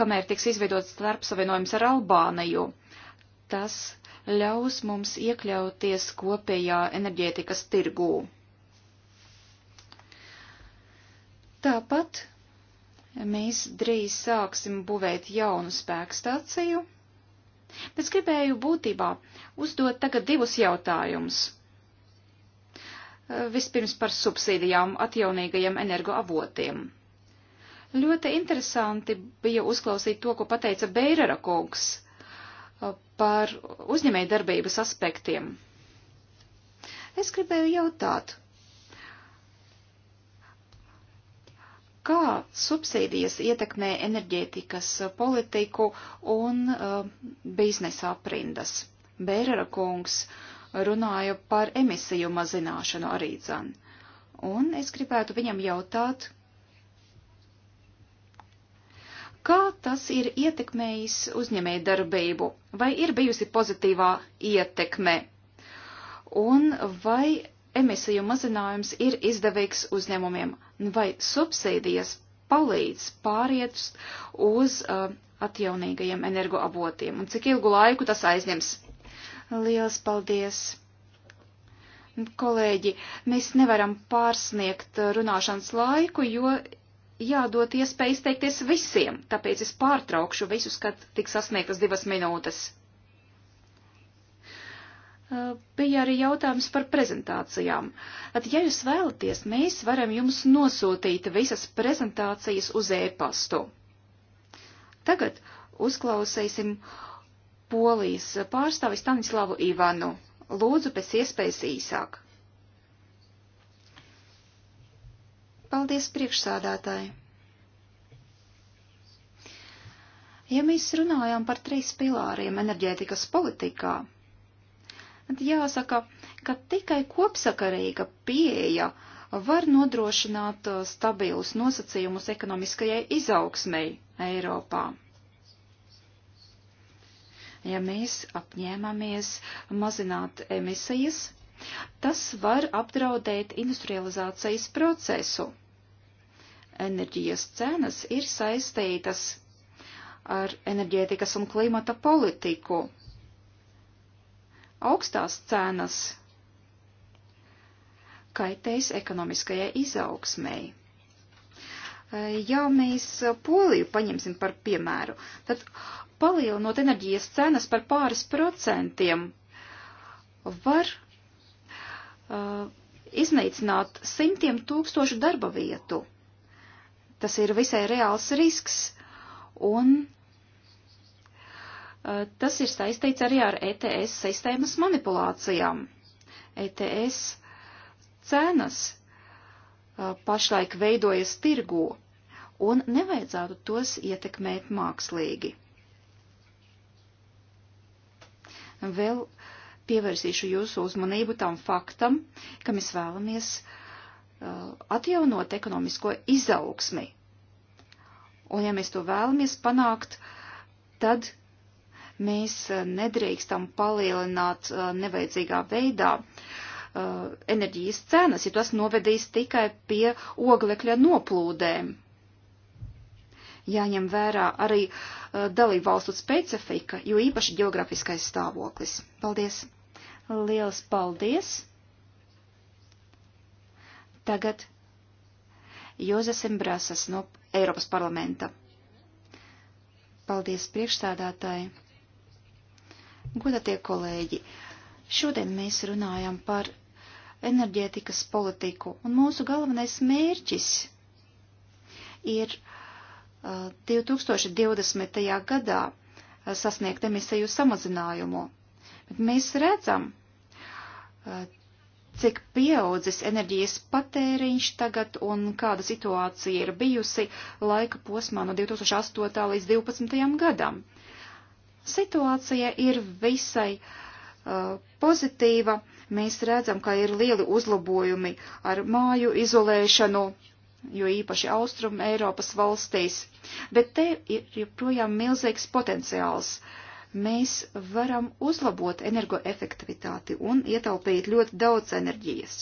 kamēr tiks izveidots starpsavienojums ar Albāniju. Tas ļaus mums iekļauties kopējā enerģētikas tirgū. Tāpat mēs drīz sāksim būvēt jaunu spēkstāciju, bet gribēju būtībā uzdot tagad divus jautājumus. Eh, vispirms par subsīdijām atjaunīgajiem energoavotiem. avotiem Ļoti interesanti bija uzklausīt to, ko pateica Beirera kungs uh, par uzņēmēju darbības aspektiem. Es gribēju jautāt, kā subsīdijas ietekmē enerģētikas politiku un uh, biznesa aprindas? Beirera kungs runāja par emisiju mazināšanu arī dzan. Un es gribētu viņam jautāt, Kā tas ir ietekmējis uzņēmēju darbību? Vai ir bijusi pozitīvā ietekme? Un vai emisiju mazinājums ir izdevīgs uzņēmumiem? Vai subsīdijas palīdz pāriet uz uh, atjaunīgajiem energoavotiem? Un cik ilgu laiku tas aizņems? Lielas paldies! Kolēģi, mēs nevaram pārsniegt runāšanas laiku, jo jādod iespēja izteikties visiem, tāpēc es pārtraukšu visus, kad tik sasniegtas divas minūtes. Bija arī jautājums par prezentācijām. At, ja jūs vēlaties, mēs varam jums nosūtīt visas prezentācijas uz e-pastu. Tagad uzklausīsim Polijas pārstāvi Stanislavu Ivanu. Lūdzu, pēc iespējas īsāk. Paldies priekšsādātāji! Ja mēs runājam par trīs pilāriem enerģētikas politikā, tad jāsaka, ka tikai kopsakarīga pieeja var nodrošināt uh, stabilus nosacījumus ekonomiskajai izaugsmei Eiropā. Ja mēs apņēmamies mazināt emisijas, tas var apdraudēt industrializācijas procesu enerģijas cenas ir saistītas ar enerģētikas un klimata politiku. Augstās cenas kaitēs ekonomiskajai izaugsmēji. Ja mēs Poliju paņemsim par piemēru, tad palielinot enerģijas cenas par pāris procentiem var uh, iznīcināt simtiem tūkstošu darba vietu. Tas ir visai reāls risks, un eh, tas ir saistīts arī ar ETS sistēmas manipulācijām. ETS cenas eh, pašlaik veidojas tirgū, un nevajadzētu tos ietekmēt mākslīgi. Vēl pievērsīšu jūsu uzmanību tam faktam, ka mēs vēlamies uh, Uh, atjaunot ekonomisko izaugsmi. Un ja mēs to vēlamies panākt, tad mēs uh, nedrīkstam palielināt uh, nevajadzīgā veidā enerģijas cenas, ja tas novedīs tikai pie oglekļa noplūdēm. Jāņem vērā arī dalību valstu specifika, jo īpaši geografiskais stāvoklis. Paldies! Liels paldies! Tagad Jozes Embrasas no Eiropas parlamenta. Paldies priekšstādātāji. Godatie kolēģi, šodien mēs runājam par enerģētikas politiku, un mūsu galvenais mērķis ir uh, 2020. gadā sasniegt emisiju samazinājumu. Bet mēs redzam, uh, cik pieaudzis enerģijas patēriņš tagad un kāda situācija ir bijusi laika posmā no 2008. līdz 2012. gadam. Situācija ir visai uh, pozitīva. Mēs redzam, ka ir lieli uzlabojumi ar māju izolēšanu, jo īpaši Austrum Eiropas valstīs, bet te ir joprojām milzīgs potenciāls. Uh, mēs varam uzlabot energoefektivitāti un ietaupīt ļoti daudz enerģijas.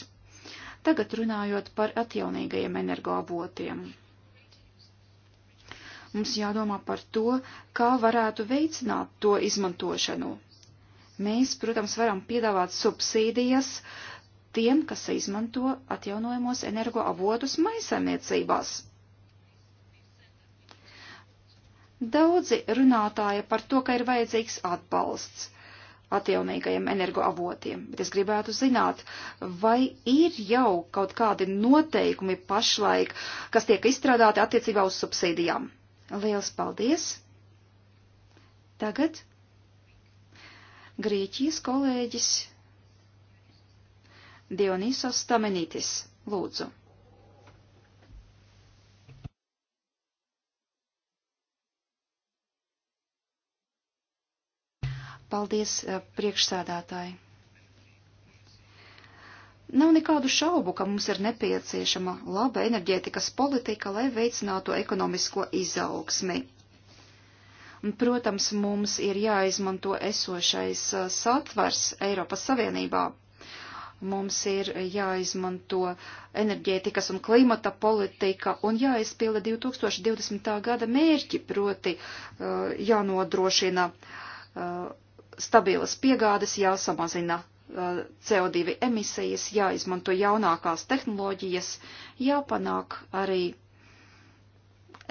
Tagad runājot par atjaunīgajiem energoavotiem. Mums jādomā par to, kā varētu veicināt to izmantošanu. Mēs, protams, varam piedāvāt subsīdijas tiem, kas izmanto atjaunojamos energoavotus maisaimniecībās Daudzi runātāja par to, ka ir vajadzīgs atbalsts atjaunīgajiem energoavotiem, bet es gribētu zināt, vai ir jau kaut kādi noteikumi pašlaik, kas tiek izstrādāti attiecībā uz subsīdijām. Liels paldies! Tagad Grieķijas kolēģis Dionisos Stamenītis, lūdzu. Paldies, eh, priekšsēdētāji! Nav nekādu šaubu, ka mums ir nepieciešama laba enerģētikas politika, lai veicinātu ekonomisko izaugsmi. Un, protams, mums ir jāizmanto esošais eh, satvers Eiropas Savienībā. Mums ir jāizmanto enerģētikas un klimata politika un jāizpilda 2020. gada mērķi, proti eh, jānodrošina stabilas piegādes, jāsamazina uh, CO2 emisijas, jāizmanto jaunākās tehnoloģijas, jāpanāk arī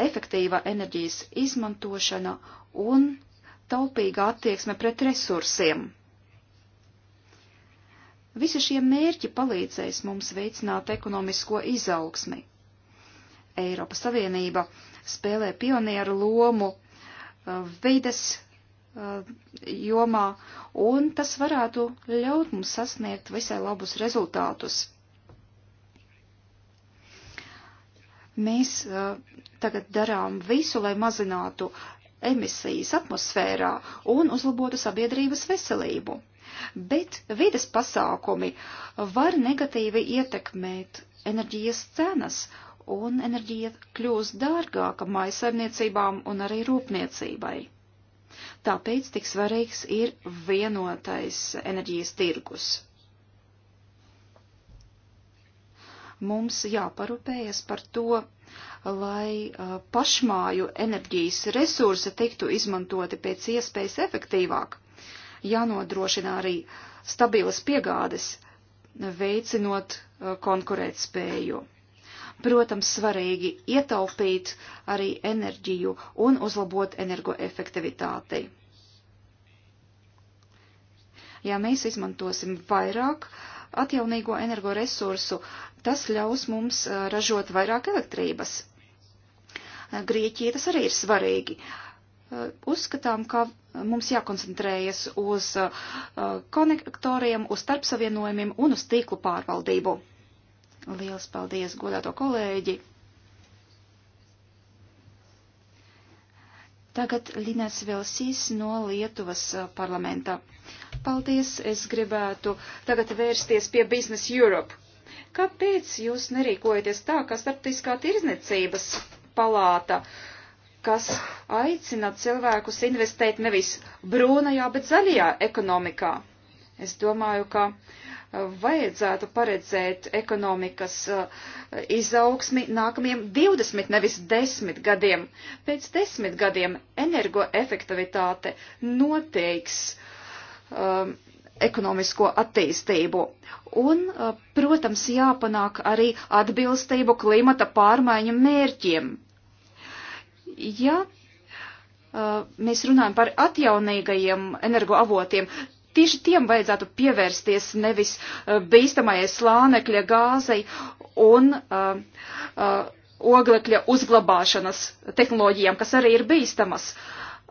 efektīva enerģijas izmantošana un taupīga attieksme pret resursiem. Visi šie mērķi palīdzēs mums veicināt ekonomisko izaugsmi. Eiropas Savienība spēlē pionieru lomu uh, vides Uh, jomā, un tas varētu ļaut mums sasniegt visai labus rezultātus. Mēs uh, tagad darām visu, lai mazinātu emisijas atmosfērā un uzlabotu sabiedrības veselību. Bet vides pasākumi var negatīvi ietekmēt enerģijas cenas, un enerģija kļūst dārgāka maisaimniecībām un arī rūpniecībai. Tāpēc tik svarīgs ir vienotais enerģijas tirgus. Mums jāparūpējas par to, lai pašmāju enerģijas resursi tiktu izmantoti pēc iespējas efektīvāk. Jānodrošina arī stabilas piegādes, veicinot konkurētspēju. spēju Protams, svarīgi ietaupīt arī enerģiju un uzlabot energoefektivitāti. Ja mēs izmantosim vairāk atjaunīgo energoresursu, tas ļaus mums ražot vairāk elektrības. Grieķija tas arī ir svarīgi. Uzskatām, ka mums jākoncentrējas uz konektoriem, uz starpsavienojumiem un uz tīklu pārvaldību Liels paldies, godāto kolēģi! Tagad Linas Velsīs no Lietuvas uh, parlamenta. Paldies, es gribētu tagad vērsties pie Business Europe. Kāpēc jūs nerīkojaties tā, ka starptiskā tirzniecības palāta, kas aicina cilvēkus investēt nevis brūnajā, bet zaļajā ekonomikā? Es domāju, ka uh, vajadzētu paredzēt ekonomikas uh, izaugsmi nākamajiem 20, nevis 10 gadiem. Pēc 10 gadiem energoefektivitāte noteiks um, ekonomisko attīstību. Un, uh, protams, jāpanāk arī atbilstību klimata pārmaiņu mērķiem. Ja uh, mēs runājam par atjaunīgajiem energoavotiem, tieši tiem vajadzētu pievērsties nevis uh, bīstamajai slānekļa gāzei un uh, uh, oglekļa uzglabāšanas tehnoloģijām, kas arī ir bīstamas.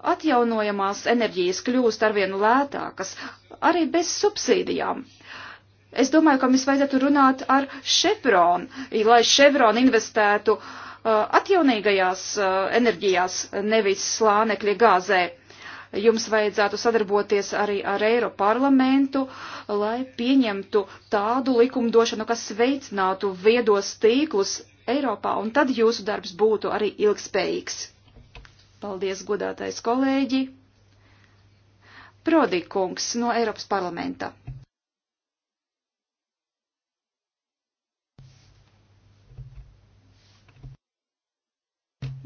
Atjaunojamās enerģijas kļūst arvien lētākas, arī bez subsīdijām. Es domāju, ka mums vajadzētu runāt ar Chevron, lai Chevron investētu uh, atjaunīgajās uh, enerģijās, nevis slānekļa gāzē jums vajadzētu sadarboties arī ar Eiroparlamentu, lai pieņemtu tādu likumdošanu, kas veicinātu viedos tīklus Eiropā, un tad jūsu darbs būtu arī ilgspējīgs. Paldies, godātais kolēģi! Prodikungs no Eiropas parlamenta.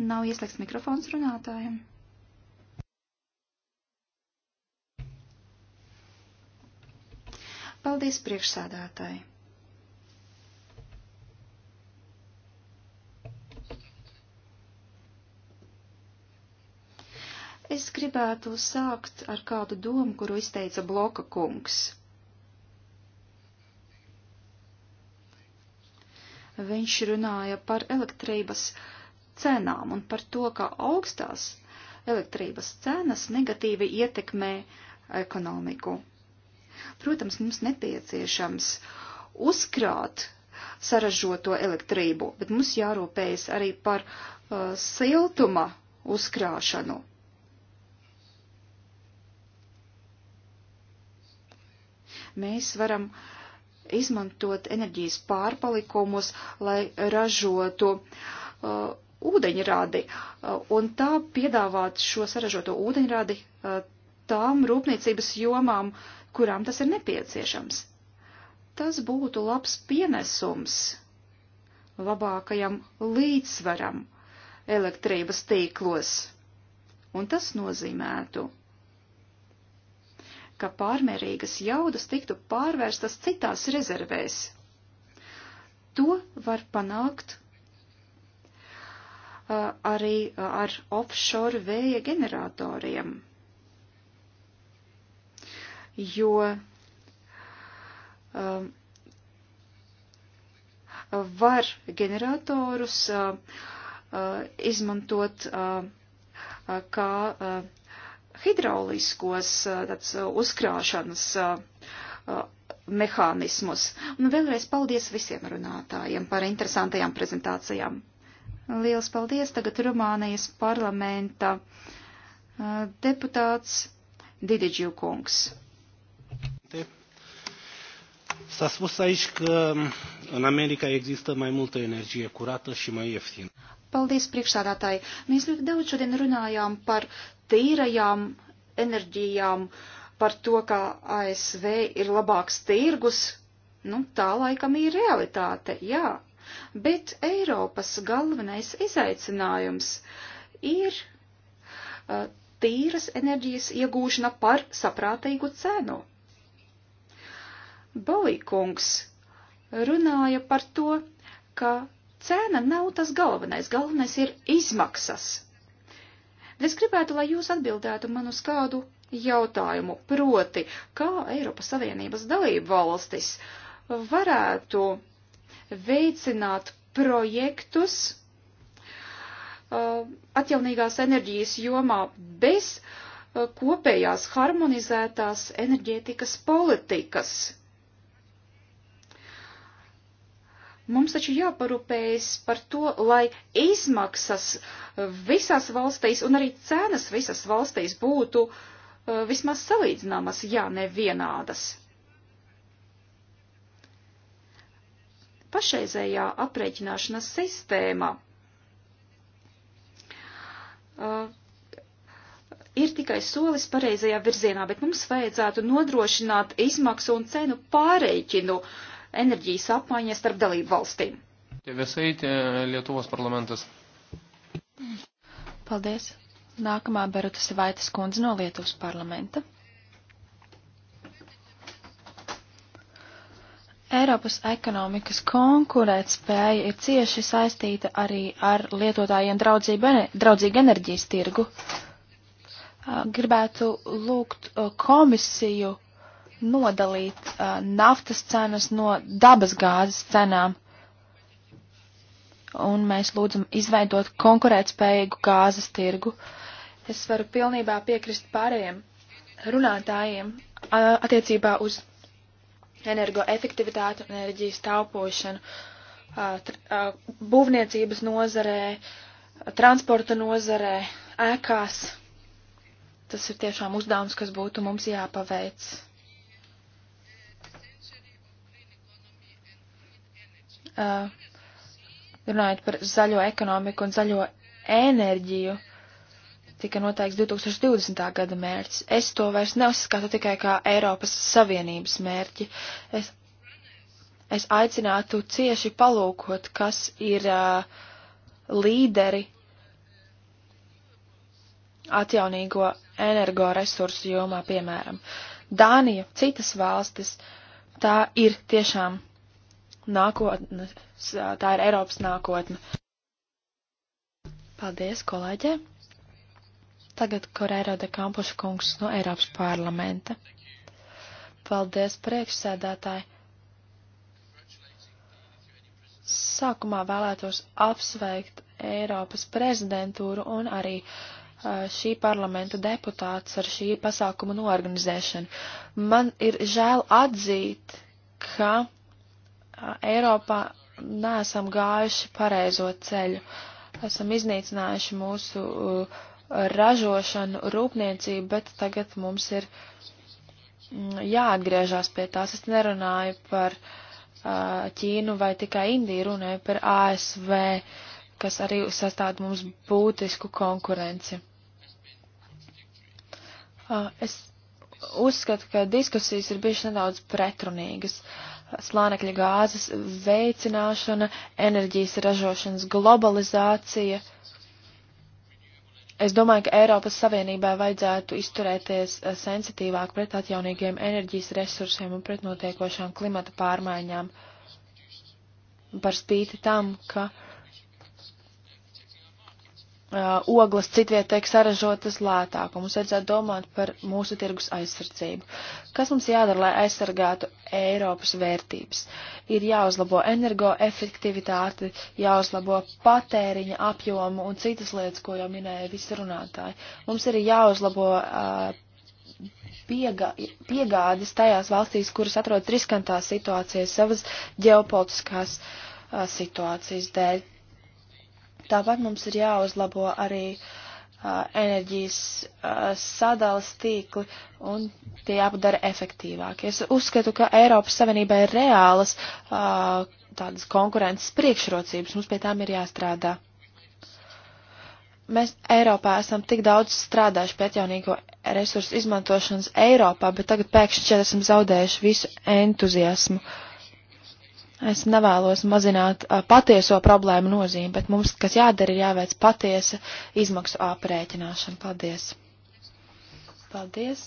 Nav ieslēgts mikrofons runātājiem. Paldies priekšsādātāji! Es gribētu sākt ar kādu domu, kuru izteica Bloka kungs. Viņš runāja par elektrības cenām un par to, ka augstās elektrības cenas negatīvi ietekmē ekonomiku. Protams, mums nepieciešams uzkrāt saražoto elektrību, bet mums jārūpējas arī par uh, siltuma uzkrāšanu. Mēs varam izmantot enerģijas pārpalikumus, lai ražotu uh, ūdeņradi, uh, un tā piedāvāt šo saražoto ūdeņradi uh, tām rūpniecības jomām, kurām tas ir nepieciešams. Tas būtu labs pienesums labākajam līdzsvaram elektrības tīklos, un tas nozīmētu, ka pārmērīgas jaudas tiktu pārvērstas citās rezervēs. To var panākt uh, arī uh, ar offshore vēja ģeneratoriem jo um, var ģeneratorus uh, uh, izmantot uh, uh kā uh, hidrauliskos uh, tāds, uzkrāšanas mehānismus. Un vēlreiz paldies visiem runātājiem par interesantajām prezentācijām. Liels paldies tagad Rumānijas parlamenta deputāts Dididžu kungs. S-a spus aici ka mm, în Amerikā există mai multă energie curată și mai ieftină. Paldies, priekšsādātāji! Mēs ļoti daudz šodien runājām par tīrajām enerģijām, par to, ka ASV ir labāks tirgus. Nu, tā laikam ir realitāte, jā. Bet Eiropas galvenais izaicinājums ir uh, tīras enerģijas iegūšana par saprātīgu cenu Balīkungs runāja par to, ka cena nav tas galvenais, galvenais ir izmaksas. Es gribētu, lai jūs atbildētu man uz kādu jautājumu, proti, kā Eiropas Savienības dalību valstis varētu veicināt projektus uh, atjaunīgās enerģijas jomā bez uh, kopējās harmonizētās enerģētikas politikas Mums taču jāparūpējas par to, lai izmaksas visās valstīs un arī cenas visās valstīs būtu uh, vismaz salīdzināmas, ja ne vienādas. Pašreizējā aprēķināšanas sistēma uh, ir tikai solis pareizajā virzienā, bet mums vajadzētu nodrošināt izmaksu un cenu pārreikinu uh, enerģijas apmaiņai starp dalību valstīm. Tieviesait, e, Lietuvos parlamentas. Paldies. Nākamā Beruta Savaitas kundze no Lietuvas parlamenta. Eiropas ekonomikas konkurētspēja ir cieši saistīta arī ar lietotājiem draudzīgu enerģijas tirgu. Gribētu lūgt komisiju nodalīt uh, naftas cenas no dabas gāzes cenām. Un mēs lūdzam izveidot konkurētspējīgu gāzes tirgu. Es varu pilnībā piekrist pārējiem runātājiem uh, attiecībā uz energoefektivitāti un enerģijas taupošanu uh, uh, būvniecības nozarē, transporta nozarē, ēkās. Tas ir tiešām uzdevums, kas būtu mums jāpaveic. Uh, runājot par zaļo ekonomiku un zaļo enerģiju, tika noteikts 2020. gada mērķis. Es to vairs neuzskatu tikai kā Eiropas Savienības mērķi. Es, es aicinātu cieši palūkot, kas ir uh, līderi atjaunīgo energoresursu jomā, piemēram. Dānija, citas valstis, tā ir tiešām nākotne, tā ir Eiropas nākotne. Paldies, kolēģe! Tagad Korēro de Kampuša kungs no Eiropas parlamenta. Paldies, priekšsēdētāji! Sākumā vēlētos apsveikt Eiropas prezidentūru un arī šī parlamenta deputāts ar šī pasākuma noorganizēšanu. Man ir žēl atzīt, ka Eiropā neesam gājuši pareizo ceļu. Esam iznīcinājuši mūsu uh, ražošanu, rūpniecību, bet tagad mums ir mm, jāatgriežās pie tās. Es nerunāju par uh, Ķīnu vai tikai Indiju, runāju par ASV, kas arī sastāda mums būtisku konkurenci. Uh, es uzskatu, ka diskusijas ir bijušas nedaudz pretrunīgas. Uh, slānekļa gāzes veicināšana, enerģijas ražošanas globalizācija. Es domāju, ka Eiropas Savienībai vajadzētu izturēties eh, sensitīvāk pret atjaunīgiem enerģijas resursiem un pret notiekošām klimata pārmaiņām. Par spīti tam, ka uh, uh, oglas citviet tiek saražotas lētāk, un mums vajadzētu domāt par mūsu tirgus aizsardzību. Kas mums jādara, lai aizsargātu Eiropas vērtības? Ir jāuzlabo energoefektivitāti, jāuzlabo patēriņa apjomu un citas lietas, ko jau minēja visi runātāji. Mums ir jāuzlabo uh, piegā, piegādes tajās valstīs, kuras atrodas riskantās situācijas savas ģeopolitiskās uh, situācijas dēļ Tāpat mums ir jāuzlabo arī uh, enerģijas uh, sadales tīkli un tie jāpadara efektīvāki. Es uzskatu, ka Eiropas Savienībā ir reālas uh, tādas konkurences priekšrocības, mums pie tām ir jāstrādā. Mēs Eiropā esam tik daudz strādājuši pie atjaunīgo resursu izmantošanas Eiropā, bet tagad pēkšņi šeit esam zaudējuši visu entuziasmu. Uh, Es nevēlos mazināt a, patieso problēmu nozīmi, bet mums, kas jādara, ir jāveic patiesa izmaksu aprēķināšana. Paldies! Paldies!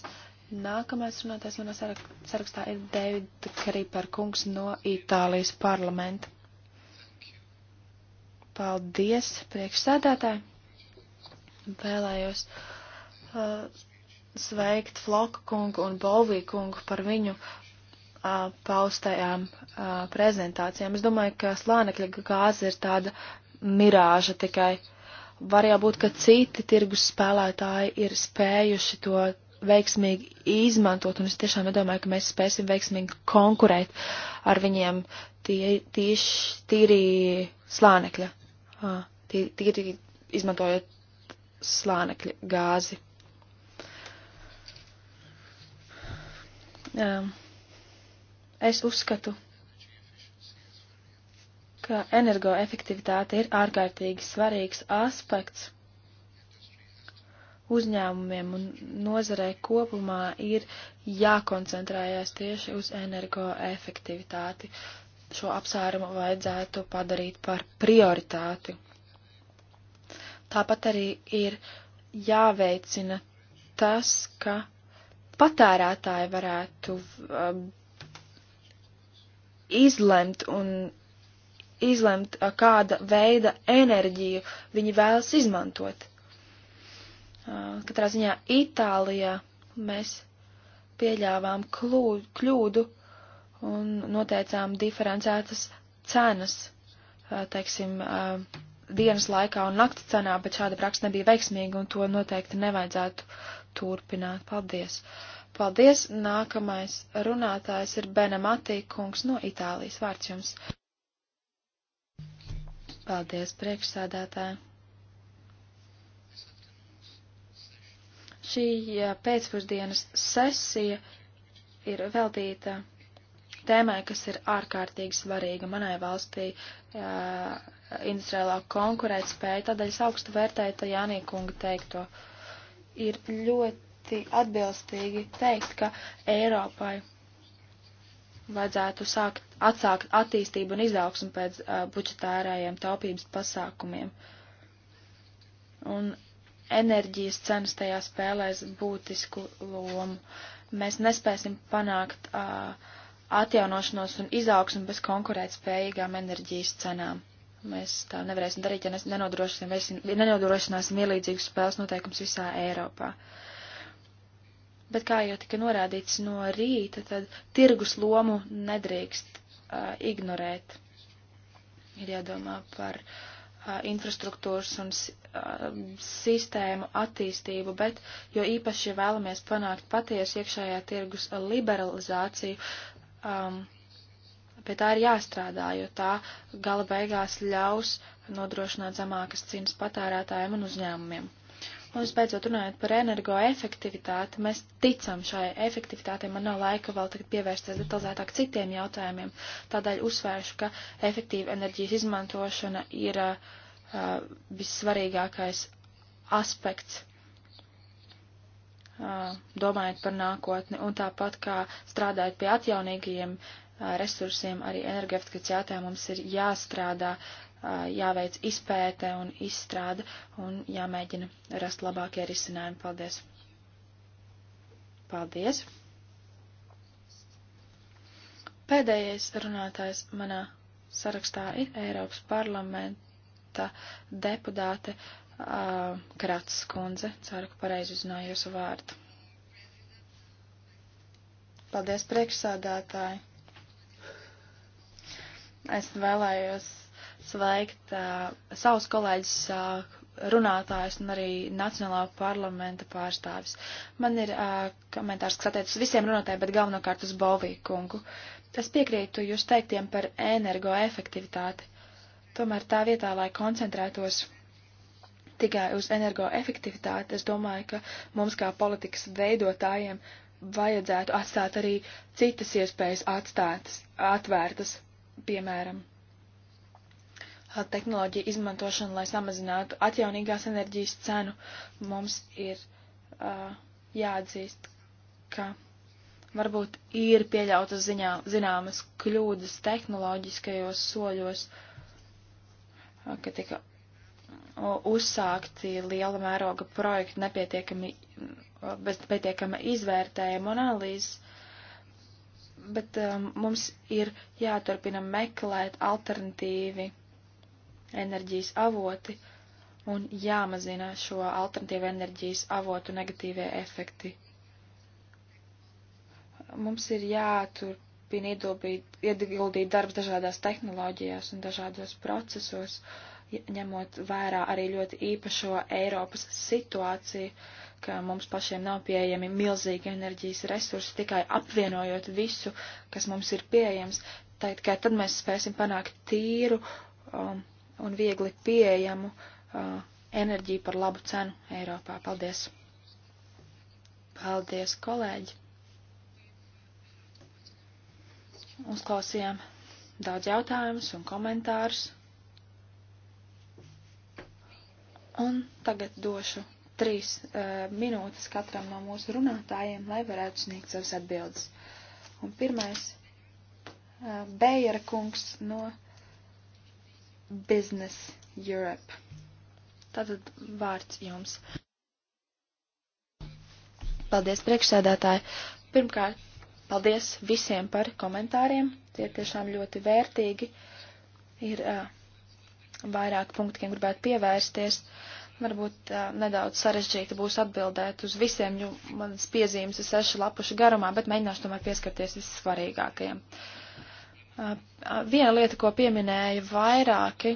Nākamais runātājs manā sarakstā ir Davida Kriperkungs no Itālijas parlamenta. Paldies, priekšsēdētāji! Vēlējos uh, sveikt Floka kungu un Bolvī kungu par viņu paustajām prezentācijām. Es domāju, ka slānekļa gāze ir tāda mirāža tikai. Var jau būt, ka citi tirgus spēlētāji ir spējuši to veiksmīgi izmantot, un es tiešām nedomāju, ka mēs spēsim veiksmīgi konkurēt ar viņiem tie, tieši tīri slānekļa, tīri, tīri izmantojot slānekļa gāzi. Um es uzskatu, ka energoefektivitāte ir ārkārtīgi svarīgs aspekts uzņēmumiem un nozarei kopumā ir jākoncentrējās tieši uz energoefektivitāti. Šo apsvērumu vajadzētu padarīt par prioritāti. Tāpat arī ir jāveicina tas, ka patērētāji varētu um, izlemt un izlemt, kāda veida enerģiju viņi vēlas izmantot. Katrā ziņā Itālijā mēs pieļāvām kļūdu un noteicām diferencētas cenas, teiksim, dienas laikā un naktas cenā, bet šāda praksa nebija veiksmīga un to noteikti nevajadzētu turpināt. Paldies! Uh, Paldies! Nākamais runātājs ir Benamatī kungs no Itālijas. Vārds jums! Paldies, priekšsādātāji! Šī pēcpusdienas sesija ir veltīta tēmai, kas ir ārkārtīgi svarīga manai valstī uh, industriālā konkurētspēja, tādēļ es augstu vērtēju Tajānī kunga teikto. Ir ļoti īsti atbilstīgi teikt, ka Eiropai vajadzētu sākt, atsākt attīstību un izaugsmu pēc uh, budžetārajiem taupības pasākumiem. Un enerģijas cenas tajā spēlēs būtisku lomu. Mēs nespēsim panākt uh, atjaunošanos un izaugsmu bez konkurētspējīgām enerģijas cenām. Mēs tā nevarēsim darīt, ja nenodrošināsim, nenodrošināsim ielīdzīgus spēles noteikums visā Eiropā. Uh, bet kā jau tika norādīts no rīta, tad tirgus lomu nedrīkst uh, ignorēt. Ir jādomā par uh, infrastruktūras un uh, sistēmu attīstību, bet jo īpaši vēlamies panākt patiesu iekšējā tirgus liberalizāciju, um, pie tā ir jāstrādā, jo tā gala beigās ļaus nodrošināt zemākas cenas patērētājiem un uzņēmumiem. Un visbeidzot, runājot par energoefektivitāti, mēs ticam šai efektivitātei. Man nav laika vēl tagad pievērsties detalizētāk citiem jautājumiem. Tādēļ uzsvēršu, ka efektīva enerģijas izmantošana ir uh, vissvarīgākais aspekts, uh, domājot par nākotni. Un tāpat kā strādājot pie atjaunīgajiem uh, resursiem, arī energoefektivitātē mums ir jāstrādā uh, jāveic izpēte un izstrāde un jāmēģina rast labākie risinājumi. Paldies! Paldies! Pēdējais runātājs manā sarakstā ir Eiropas parlamenta deputāte uh, Krats Kundze. Ceru, ka pareizi uzzināju jūsu vārdu. Paldies priekšsādātāji! Es vēlējos sveikt uh, savus kolēģus uh, runātājus un arī Nacionālā parlamenta pārstāvis. Man ir uh, komentārs, kas attiecas uz visiem runātājiem, bet galvenokārt uz Bovīku kungu. Es piekrītu jūs teiktiem par energoefektivitāti. Tomēr tā vietā, lai koncentrētos tikai uz energoefektivitāti, es domāju, ka mums kā politikas veidotājiem vajadzētu atstāt arī citas iespējas atstātas, atvērtas, piemēram, tehnoloģiju izmantošanu, lai samazinātu atjaunīgās enerģijas cenu, mums ir uh, jāatzīst, ka varbūt ir pieļautas ziņā, zināmas kļūdas tehnoloģiskajos soļos, uh, ka tika uzsākti liela mēroga projekti nepietiekami, bez pietiekama izvērtējuma un analīzes, bet um, mums ir jāturpina meklēt alternatīvi enerģijas avoti un jāmazina šo alternatīvu enerģijas avotu negatīvie efekti. Mums ir jāturpina ieguldīt darbs dažādās tehnoloģijās un dažādos procesos, ņemot vērā arī ļoti īpašo Eiropas situāciju, ka mums pašiem nav pieejami milzīgi enerģijas resursi, tikai apvienojot visu, kas mums ir pieejams, tad, tad mēs spēsim panākt tīru um, un viegli pieejamu uh, enerģiju par labu cenu Eiropā. Paldies! Paldies, kolēģi! Uzklausījām daudz jautājumus un komentārus. Un tagad došu trīs uh, minūtes katram no mūsu runātājiem, lai varētu sniegt savas atbildes. Un pirmais uh, - Bējera kungs no Business Europe. Tātad vārds jums. Paldies, priekšsēdētāji. Pirmkārt, paldies visiem par komentāriem. Tie ir tiešām ļoti vērtīgi. Ir uh, vairāk punkti, kuriem gribētu pievērsties. Varbūt uh, nedaudz sarežģīti būs atbildēt uz visiem, jo manas piezīmes ir sešu lapušu garumā, bet mēģināšu tomēr pieskarties vissvarīgākajiem. Uh, Viena lieta, ko pieminēja vairāki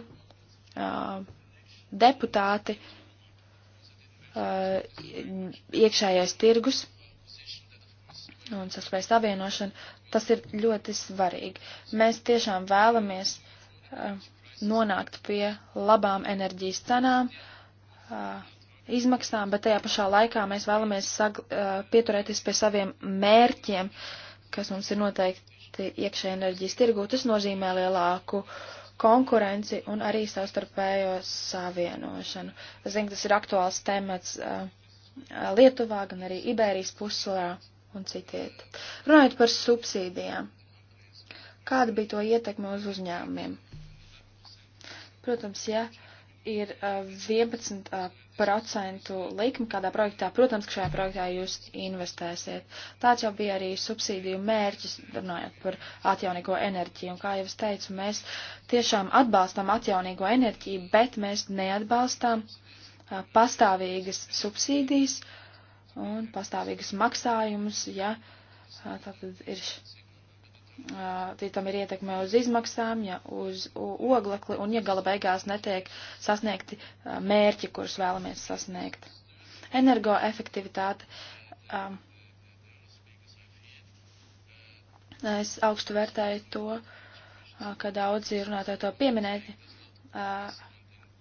deputāti, iekšējais tirgus un saspējas savienošana, tas ir ļoti svarīgi. Mēs tiešām vēlamies nonākt pie labām enerģijas cenām, izmaksām, bet tajā pašā laikā mēs vēlamies sag, pieturēties pie saviem mērķiem, kas mums ir noteikti iekšē enerģijas tirgū, tas nozīmē lielāku konkurenci un arī savstarpējo savienošanu. Es zinu, tas ir aktuāls temats uh, Lietuvā, gan arī Iberijas puslā un citiet. Runājot par subsīdijām, kāda bija to ietekme uz uzņēmumiem? Protams, ja ir uh, eh, 11 procentu likmi kādā projektā, protams, ka šajā projektā jūs investēsiet. Tāds jau bija arī subsīdiju mērķis, runājot par atjaunīgo enerģiju. Un kā jau es teicu, mēs tiešām atbalstam atjaunīgo enerģiju, bet mēs neatbalstam a, pastāvīgas subsīdijas un pastāvīgas maksājumus, ja a, tātad ir. Š tam ir ietekme uz izmaksām, ja uz oglekli un ja gala beigās netiek sasniegti mērķi, kurus vēlamies sasniegt. Energoefektivitāte. Es augstu vērtēju to, ka daudzi runātāji to pieminēti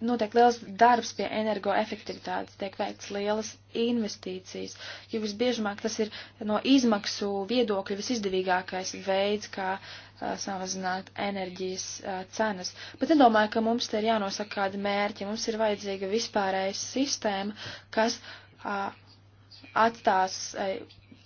notiek liels darbs pie energoefektivitātes, tiek veikts lielas investīcijas, jo visbiežamāk tas ir no izmaksu viedokļa visizdevīgākais veids, kā uh, samazināt enerģijas uh, cenas. Bet nedomāju, ka mums te ir jānosaka kādi mērķi, mums ir vajadzīga vispārēja sistēma, kas uh, atstās uh,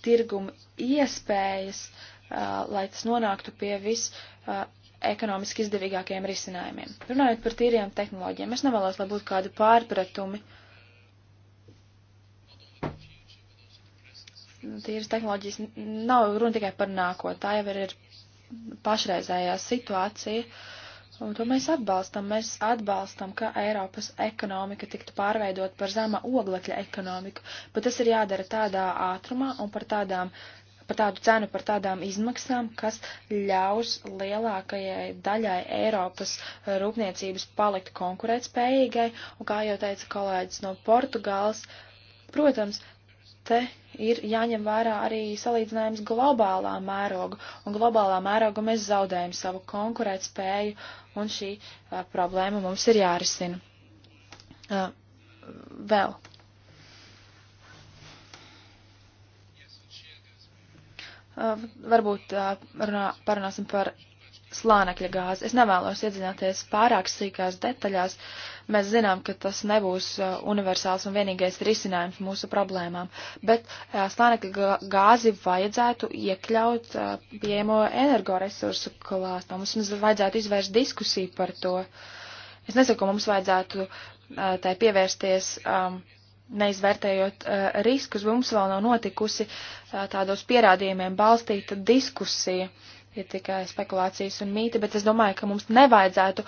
tirgumu iespējas, uh, lai tas nonāktu pie vis. Uh, ekonomiski izdevīgākajiem risinājumiem. Runājot par tīriem tehnoloģiem, es nevēlos, lai būtu kādi pārpratumi. Tīras tehnoloģijas nav runa tikai par nākotnē, tā jau ir pašreizējā situācija. Un to mēs atbalstam. Mēs atbalstam, ka Eiropas ekonomika tiktu pārveidot par zemā oglekļa ekonomiku, bet tas ir jādara tādā ātrumā un par tādām par tādu cenu, par tādām izmaksām, kas ļaus lielākajai daļai Eiropas rūpniecības palikt konkurētspējīgai, un kā jau teica kolēģis no Portugāles, protams, te ir jāņem vērā arī salīdzinājums globālā mēroga, un globālā mēroga mēs zaudējam savu konkurētspēju, un šī uh, problēma mums ir jārisina. Uh, vēl Uh, varbūt uh, runā, parunāsim par slānekļa gāzi. Es nevēlos iedzināties pārāk sīkās detaļās. Mēs zinām, ka tas nebūs uh, universāls un vienīgais risinājums mūsu problēmām, bet slānekļa gāzi vajadzētu iekļaut pieejamo energoresursu klāstā. Mums vajadzētu izvērst diskusiju par to. Es nesaku, ka mums vajadzētu tai pievērsties. Um, neizvērtējot uh, riskus, mums vēl nav notikusi uh, tādos pierādījumiem balstīta diskusija, ir tikai spekulācijas un mīti, bet es domāju, ka mums nevajadzētu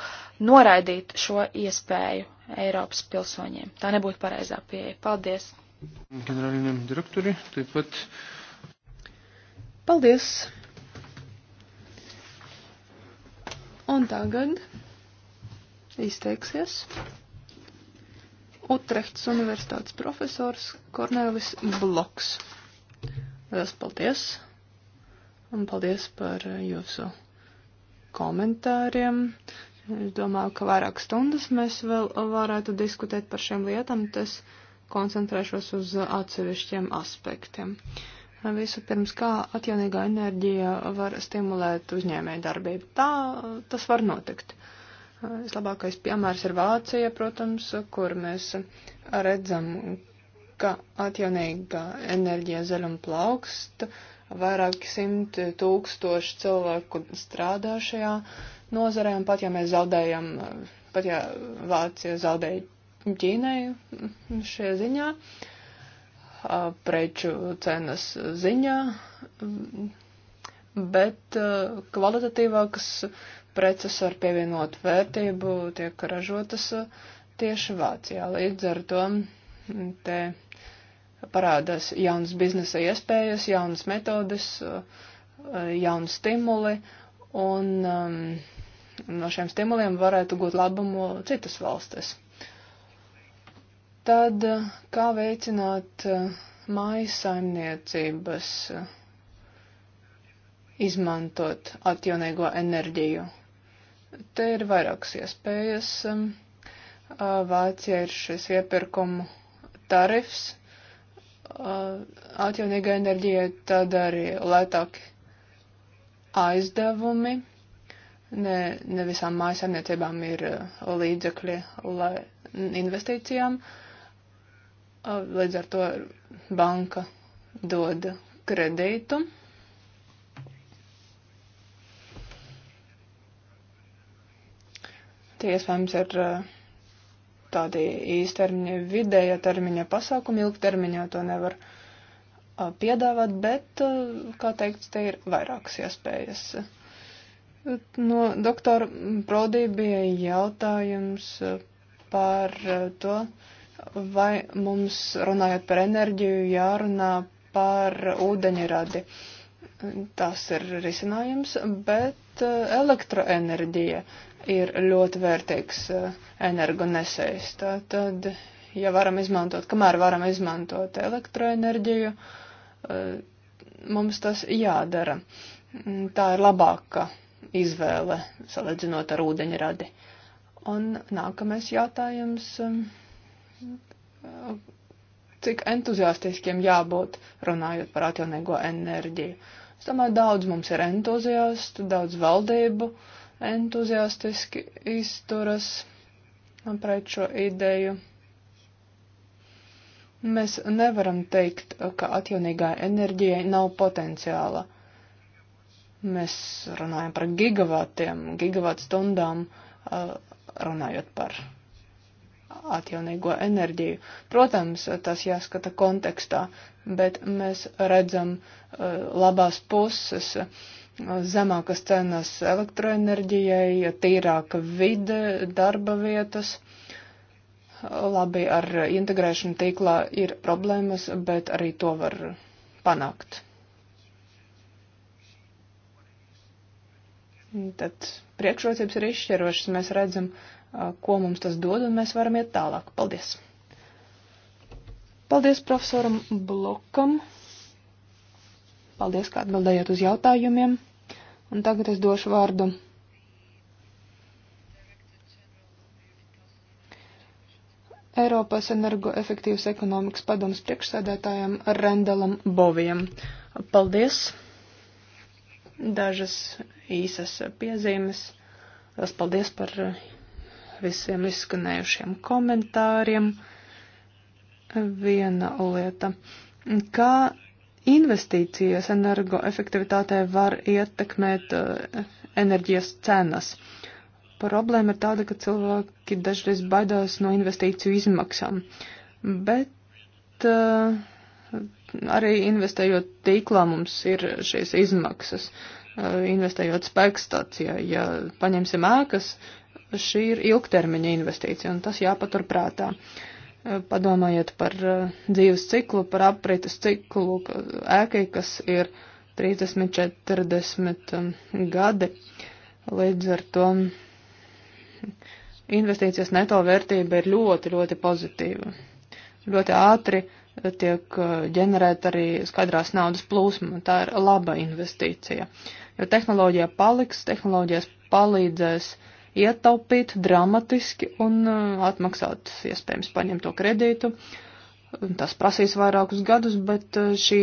noraidīt šo iespēju Eiropas pilsoņiem. Tā nebūtu pareizā pieeja. Paldies! Ģenerāliem direktori, taip pat. Paldies! Un tagad izteiksies. Utrehts universitātes profesors Kornelis Bloks. Lielas paldies! Un paldies par eh, jūsu komentāriem. Es domāju, ka vairāk stundas mēs vēl varētu diskutēt par šiem lietām, tas koncentrēšos uz atsevišķiem aspektiem. Vispirms, kā atjaunīgā enerģija var stimulēt uzņēmēju darbību? Tā tas var notikt. Uh, Vislabākais piemērs ir Vācija, protams, kur mēs redzam, ka atjaunīga enerģija zaļuma plaukst, vairāki simti tūkstoši cilvēku strādā šajā nozarē, un pat ja mēs zaudējam, pat ja Vācija zaudēja Ķīnai šajā ziņā, preču cenas ziņā, bet kvalitatīvākas uh, preces ar pievienot vērtību tiek ražotas uh, tieši Vācijā. Līdz ar to mm, te parādās jaunas biznesa iespējas, jaunas metodes, uh, uh, jauni stimuli, un um, no šiem stimuliem varētu gūt labumu citas valstis. Tad kā veicināt mājas saimniecības, izmantot atjaunīgo enerģiju Te ir vairākas iespējas. Um, Vācija ir šis iepirkumu tarifs atjaunīgai enerģijai, tad arī lētāki aizdevumi. Ne, ne visām mājasemniecībām ir līdzekļi lai, investīcijām. Līdz ar to banka dod kredītu. Tie iespējams ir eh, tādi īstermiņa, vidēja termiņa pasākumi, ilgtermiņā to nevar eh, piedāvāt, bet, eh, kā teikts, te ir vairākas iespējas. No doktora Prodī bija jautājums par to, vai mums runājot par enerģiju jārunā par ūdeņradi. Uh, tas ir risinājums, bet eh, elektroenerģija ir ļoti vērtīgs eh, energonesējs. Tātad, ja varam izmantot, kamēr varam izmantot elektroenerģiju, eh, mums tas jādara. Tā ir labāka izvēle, salīdzinot ar ūdeņradi. Un nākamais jātājums cik entuziastiskiem jābūt runājot par atjaunīgo enerģiju. Es domāju, daudz mums ir entuziastu, daudz valdību entuziastiski izturas pret šo ideju. Mēs nevaram teikt, ka atjaunīgai enerģijai nav potenciāla. Mēs runājam par gigavatiem, gigavat stundām, uh, runājot par atjaunīgo enerģiju. Protams, tas jāskata kontekstā, bet mēs redzam uh, labās puses zemākas cenas elektroenerģijai, tīrāka vide, darba vietas. Labi, ar integrēšanu tīklā ir problēmas, bet arī to var panākt. Tad priekšrocības ir izšķirošas. Mēs redzam, uh, ko mums tas dod, un mēs varam iet tālāk. Paldies! Paldies profesoram Blokam! Paldies, ka atbildējāt uz jautājumiem, un tagad es došu vārdu. Eiropas energoefektīvas ekonomikas padomas priekšsēdētājam Rendelam Boviem. Paldies! Dažas īsas piezīmes. Lielas paldies par visiem izskanējušiem komentāriem. Viena lieta. Kā investīcijas energoefektivitātē var ietekmēt eh, enerģijas cenas? Problēma ir tāda, ka cilvēki dažreiz baidās no investīciju izmaksām, bet uh, arī investējot tīklā mums ir šīs izmaksas. Eh, investējot spēkstācijā, ja paņemsim ēkas, šī ir ilgtermiņa investīcija, un tas jāpatur prātā. Eh, padomājiet par eh, dzīves ciklu, par aprites ciklu ēkai, kas ir 30, 40 um, gadi. Līdz ar to investīcijas neto vērtība ir ļoti, ļoti pozitīva. Ļoti ātri eh, tiek ģenerēta arī skaidrās naudas plūsma. Tā ir laba investīcija. Jo tehnoloģija paliks, tehnoloģijas palīdzēs ietaupīt dramatiski un uh, atmaksāt iespējams paņemto kredītu. Tas prasīs vairākus gadus, bet uh, šī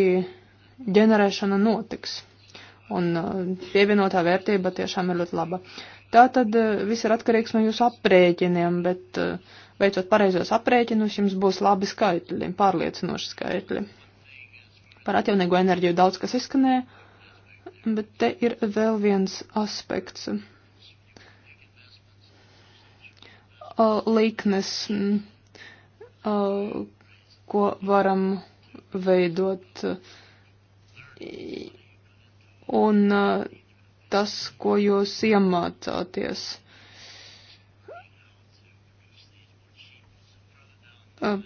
ģenerēšana notiks. Un uh, pievienotā vērtība tiešām ir ļoti laba. Tā tad viss ir atkarīgs no jūsu aprēķiniem, bet veicot pareizos aprēķinus, jums būs labi skaitļi, pārliecinoši skaitļi. Par atjaunīgo enerģiju daudz kas izskanēja, bet te ir vēl viens aspekts Uh, liknes, mm, uh, ko varam veidot. Un uh, tas, ko jūs iemācāties.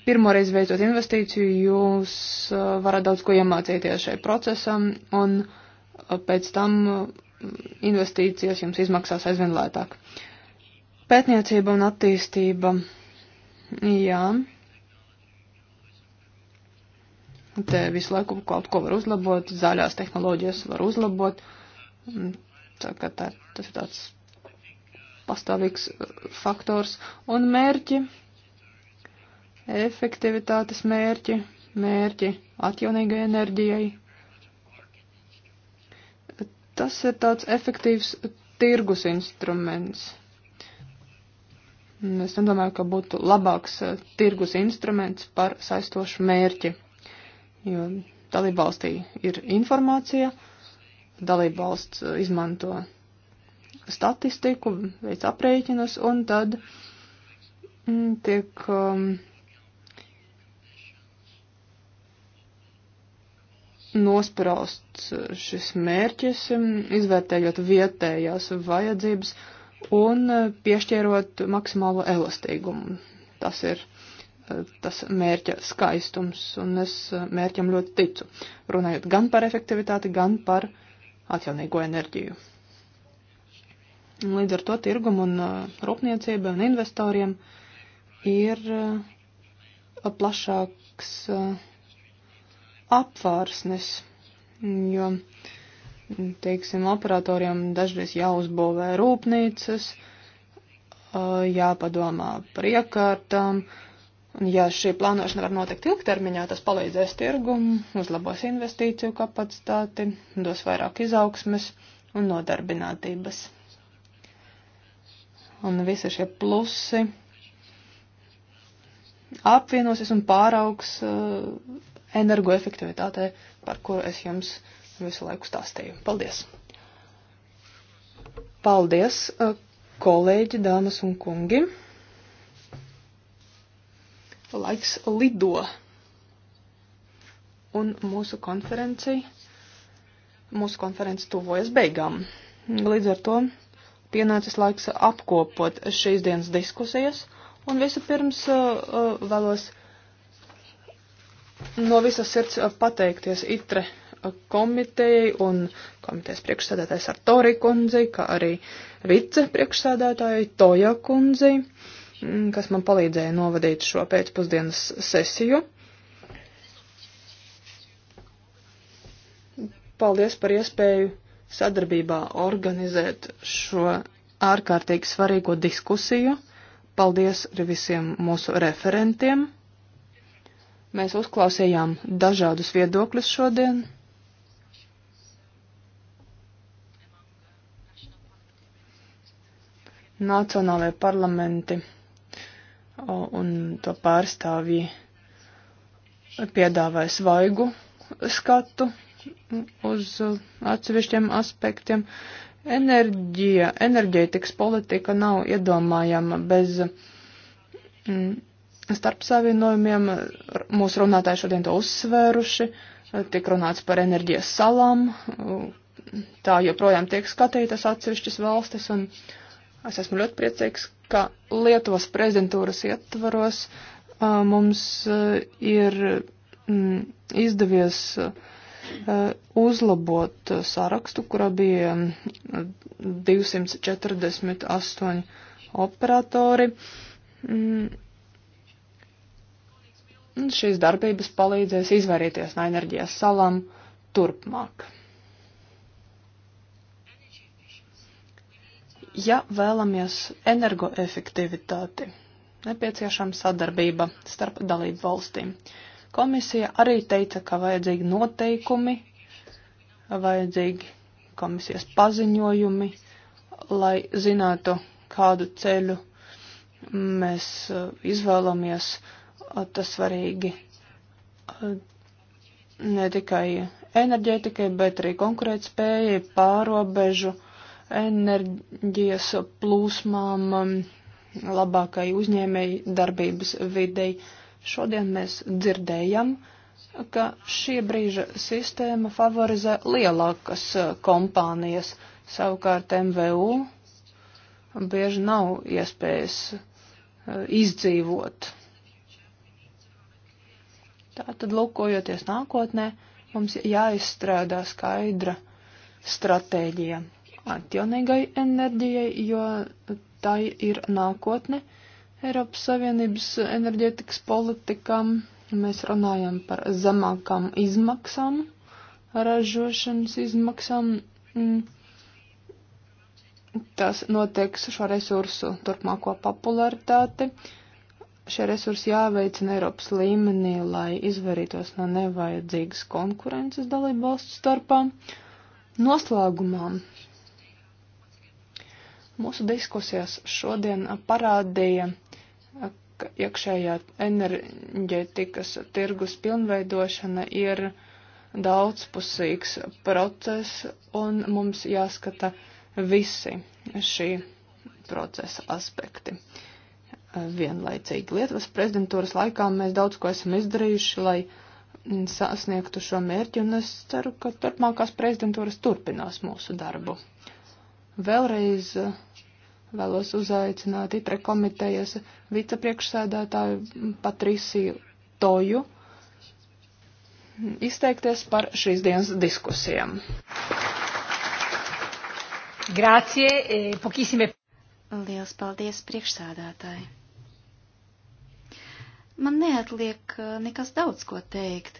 Pirmoreiz veicot investīciju, jūs varat daudz ko iemācīties šai procesam, un pēc tam investīcijas jums izmaksās aizvien lētāk. Uh, Pētniecība un attīstība. Jā. Te visu laiku kaut ko var uzlabot, zaļās tehnoloģijas var uzlabot. Tā, tā, tas ir tāds pastāvīgs uh, faktors. Un mērķi, efektivitātes mērķi, mērķi atjaunīgai enerģijai. Tas ir tāds efektīvs tirgus instruments. Mm, es domāju, ka būtu labāks eh, tirgus instruments par saistošu mērķi, jo dalībvalstī ir informācija, dalībvalsts eh, izmanto statistiku, veic aprēķinus, un tad mm, tiek um, nosprausts eh, šis mērķis, mm, izvērtējot vietējās vajadzības. Uh, un eh, piešķirot maksimālo elastīgumu. Tas ir eh, tas mērķa skaistums, un es eh, mērķam ļoti ticu, runājot gan par efektivitāti, gan par atjaunīgo enerģiju. Līdz ar to tirgum un rūpniecība un investoriem ir plašāks apvārsnes, jo uh, teiksim, operatoriem dažreiz jāuzbūvē rūpnīcas, jāpadomā par iekārtām. Ja šī plānošana var notikt ilgtermiņā, tas palīdzēs tirgumu, uzlabos investīciju kapacitāti, dos vairāk izaugsmes un nodarbinātības. Un visi šie plusi apvienosies un pāraugs energoefektivitātei, par kuru es jums runāju visu laiku stāstīju. Paldies! Paldies, eh, kolēģi, dāmas un kungi! Laiks lido! Un mūsu konferenci, mūsu konferenci tuvojas beigām. Līdz ar to pienācis laiks apkopot šīs dienas diskusijas, un visu pirms uh, eh, eh, vēlos no visas sirds pateikties ITRE komitejai un komitejas priekšsēdētājs Artori kundzei, kā arī vice priekšsēdētāji Toja kundzei, mm, kas man palīdzēja novadīt šo pēcpusdienas sesiju. Paldies par iespēju sadarbībā organizēt šo ārkārtīgi svarīgo diskusiju. Paldies arī visiem mūsu referentiem. Mēs uzklausījām dažādus viedokļus šodien. nacionālajie parlamenti un to pārstāvji piedāvāja svaigu skatu uz atsevišķiem aspektiem. Enerģija, enerģētikas politika nav iedomājama bez mm, starp savienojumiem. Mūsu runātāji šodien to uzsvēruši. Tik runāts par enerģijas salām. Tā joprojām tiek skatītas atsevišķas valstis un uh, Es esmu ļoti priecīgs, ka Lietuvas prezidentūras ietvaros mums ir mm, izdevies uzlabot sarakstu, kurā bija 248 mm, operatori. Mm. Šīs darbības palīdzēs izvairīties no enerģijas salām turpmāk. Ja vēlamies energoefektivitāti, nepieciešama sadarbība starp dalību valstīm. Komisija arī teica, ka vajadzīgi noteikumi, vajadzīgi komisijas paziņojumi, lai zinātu, kādu ceļu mēs uh, izvēlamies. Uh, tas svarīgi uh, ne tikai enerģētikai, bet arī konkurētspējai, pārobežu enerģijas plūsmām, um, labākai uzņēmēji darbības videi. Šodien mēs dzirdējam, ka šī brīža sistēma favorizē lielākas uh, kompānijas, savukārt MVU bieži nav iespējas uh, izdzīvot. Tātad, lūkojoties nākotnē, mums jāizstrādā skaidra stratēģija atjaunīgai enerģijai, jo tā ir nākotne Eiropas Savienības enerģētikas politikām. Mēs runājam par zemākām izmaksām, ražošanas izmaksām. Tas noteiks šo resursu turpmāko popularitāti. Šie resursi jāveicina Eiropas līmenī, lai izvarītos no nevajadzīgas konkurences dalību valstu starpā. Noslēgumā Mūsu diskusijas šodien parādīja, ka iekšējā enerģētikas tirgus pilnveidošana ir daudzpusīgs process, un mums jāskata visi šī procesa aspekti. Vienlaicīgi Lietuvas prezidentūras laikā mēs daudz ko esam izdarījuši, lai sasniegtu šo mērķi, un es ceru, ka turpmākās prezidentūras turpinās mūsu darbu. Vēlreiz uh, Vēlos uzaicināt ITRE komitejas vicepriekšsēdētāju Patrisiju Toju izteikties par šīs dienas diskusijām. Grācie, eh, pokīsime. Liels paldies priekšsādātāji. Man neatliek eh, nekas daudz ko teikt.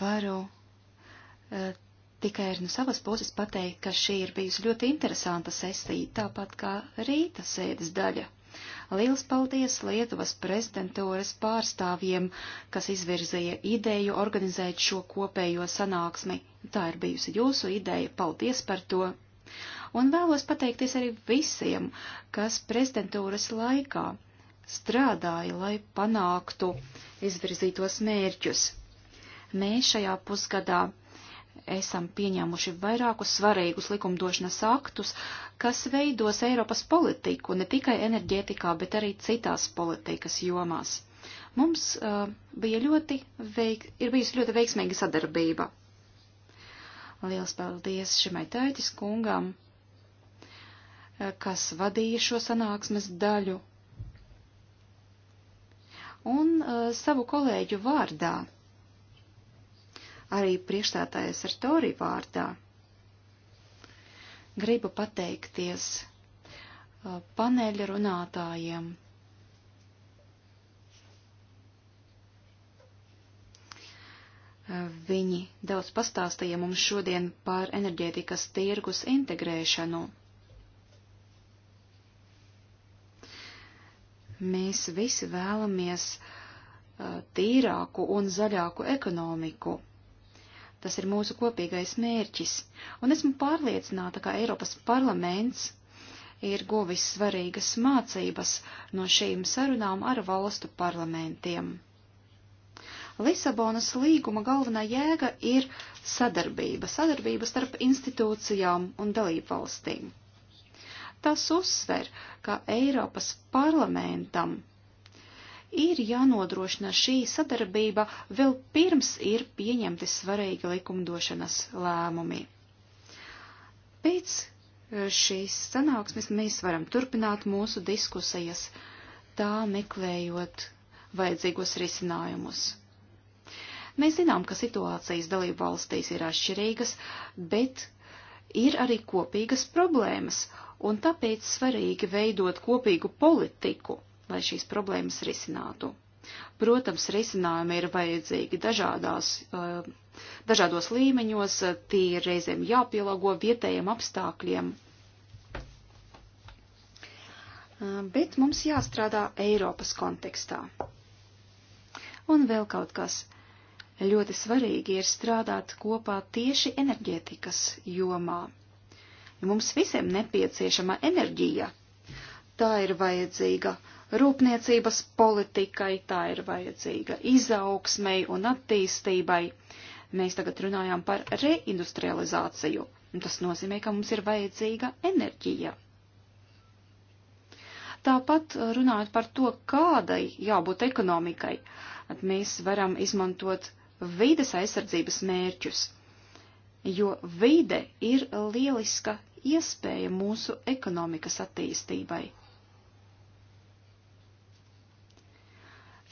Varu eh, tikai no savas puses pateikt, ka šī ir bijusi ļoti interesanta sesija, tāpat kā rīta sēdes daļa. Liels paldies Lietuvas prezidentūras pārstāvjiem, kas izvirzīja ideju organizēt šo kopējo sanāksmi. Tā ir bijusi jūsu ideja, paldies par to! Un vēlos pateikties arī visiem, kas prezidentūras laikā strādāja, lai panāktu izvirzītos mērķus. Mēs šajā pusgadā esam pieņēmuši vairākus svarīgus likumdošanas aktus, kas veidos Eiropas politiku ne tikai enerģētikā, bet arī citās politikas jomās. Mums uh, bija ļoti veik, ir bijusi ļoti veiksmīga sadarbība. Liels paldies šimai tētis kungam, uh, kas vadīja šo sanāksmes daļu. Un uh, savu kolēģu vārdā arī priekšstātājas ar Tori vārdā. Gribu pateikties uh, paneļa runātājiem. Uh, viņi daudz pastāstīja mums šodien par enerģētikas tirgus integrēšanu. Mēs visi vēlamies uh, tīrāku un zaļāku ekonomiku. Tas ir mūsu kopīgais mērķis, un esmu pārliecināta, ka Eiropas parlaments ir guvis svarīgas mācības no šīm sarunām ar valstu parlamentiem. Lisabonas līguma galvenā jēga ir sadarbība, sadarbība starp institūcijām un dalību valstīm. Tas uzsver, ka Eiropas parlamentam ir jānodrošina šī sadarbība vēl pirms ir pieņemti svarīgi likumdošanas lēmumi. Pēc eh, šīs sanāksmes mēs varam turpināt mūsu diskusijas, tā meklējot vajadzīgos risinājumus. Mēs zinām, ka situācijas dalību valstīs ir atšķirīgas, bet ir arī kopīgas problēmas, un tāpēc svarīgi veidot kopīgu politiku lai šīs problēmas risinātu. Protams, risinājumi ir vajadzīgi dažādās, eh, dažādos līmeņos, tie ir reizēm jāpielāgo vietējiem apstākļiem. Eh, bet mums jāstrādā Eiropas kontekstā. Un vēl kaut kas. Ļoti svarīgi ir strādāt kopā tieši enerģētikas jomā. Mums visiem nepieciešama enerģija. Tā ir vajadzīga uh, Rūpniecības politikai tā ir vajadzīga izaugsmei un attīstībai. Mēs tagad runājām par reindustrializāciju, un tas nozīmē, ka mums ir vajadzīga enerģija. Tāpat runājot par to, kādai jābūt ekonomikai, mēs varam izmantot vides aizsardzības mērķus, jo vide ir lieliska iespēja mūsu ekonomikas attīstībai.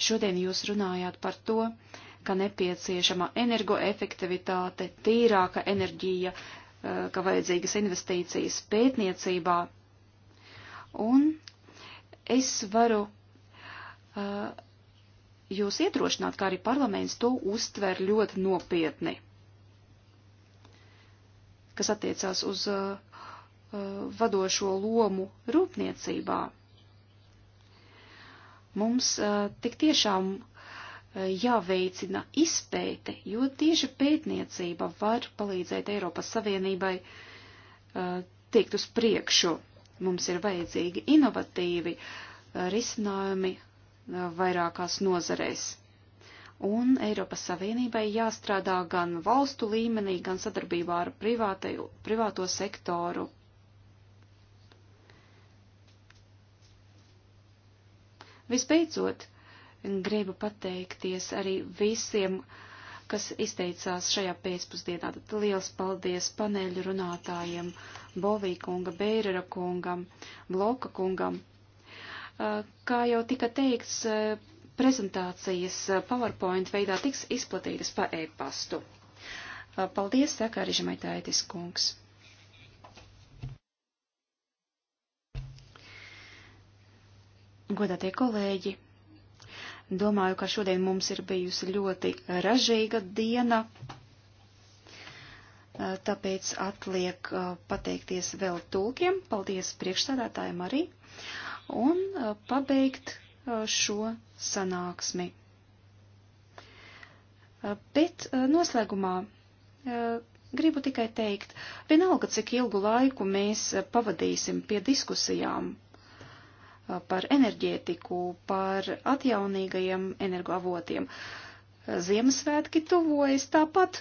Šodien jūs runājāt par to, ka nepieciešama energoefektivitāte, tīrāka enerģija, eh, ka vajadzīgas investīcijas pētniecībā. Un es varu uh, jūs iedrošināt, kā arī parlaments to uztver ļoti nopietni, kas attiecās uz uh, uh, vadošo lomu rūpniecībā Mums tik tiešām jāveicina izpēte, jo tieši pētniecība var palīdzēt Eiropas Savienībai tiekt uz priekšu. Mums ir vajadzīgi inovatīvi risinājumi vairākās nozarēs. Un Eiropas Savienībai jāstrādā gan valstu līmenī, gan sadarbībā ar privātai, privāto sektoru Visbeidzot, gribu pateikties arī visiem, kas izteicās šajā pēcpusdienā. Tad liels paldies paneļu runātājiem, Bovī kunga, Beirera kungam, Bloka kungam. Kā jau tika teikts, prezentācijas PowerPoint veidā tiks izplatītas pa e-pastu. Paldies, saka arī Žemaitaitis kungs. godātie kolēģi! Domāju, ka šodien mums ir bijusi ļoti ražīga diena, tāpēc atliek pateikties vēl tulkiem, paldies priekšstādātājiem arī, un pabeigt šo sanāksmi. Bet noslēgumā gribu tikai teikt, vienalga, cik ilgu laiku mēs pavadīsim pie diskusijām par enerģētiku, par atjaunīgajiem energoavotiem. Ziemassvētki tuvojas tāpat.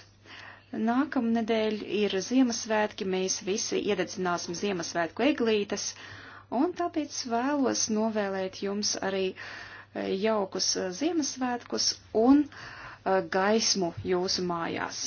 Nākamnedēļ ir Ziemassvētki, mēs visi iededzināsim Ziemassvētku eglītes, un tāpēc vēlos novēlēt jums arī jaukus Ziemassvētkus un gaismu jūsu mājās.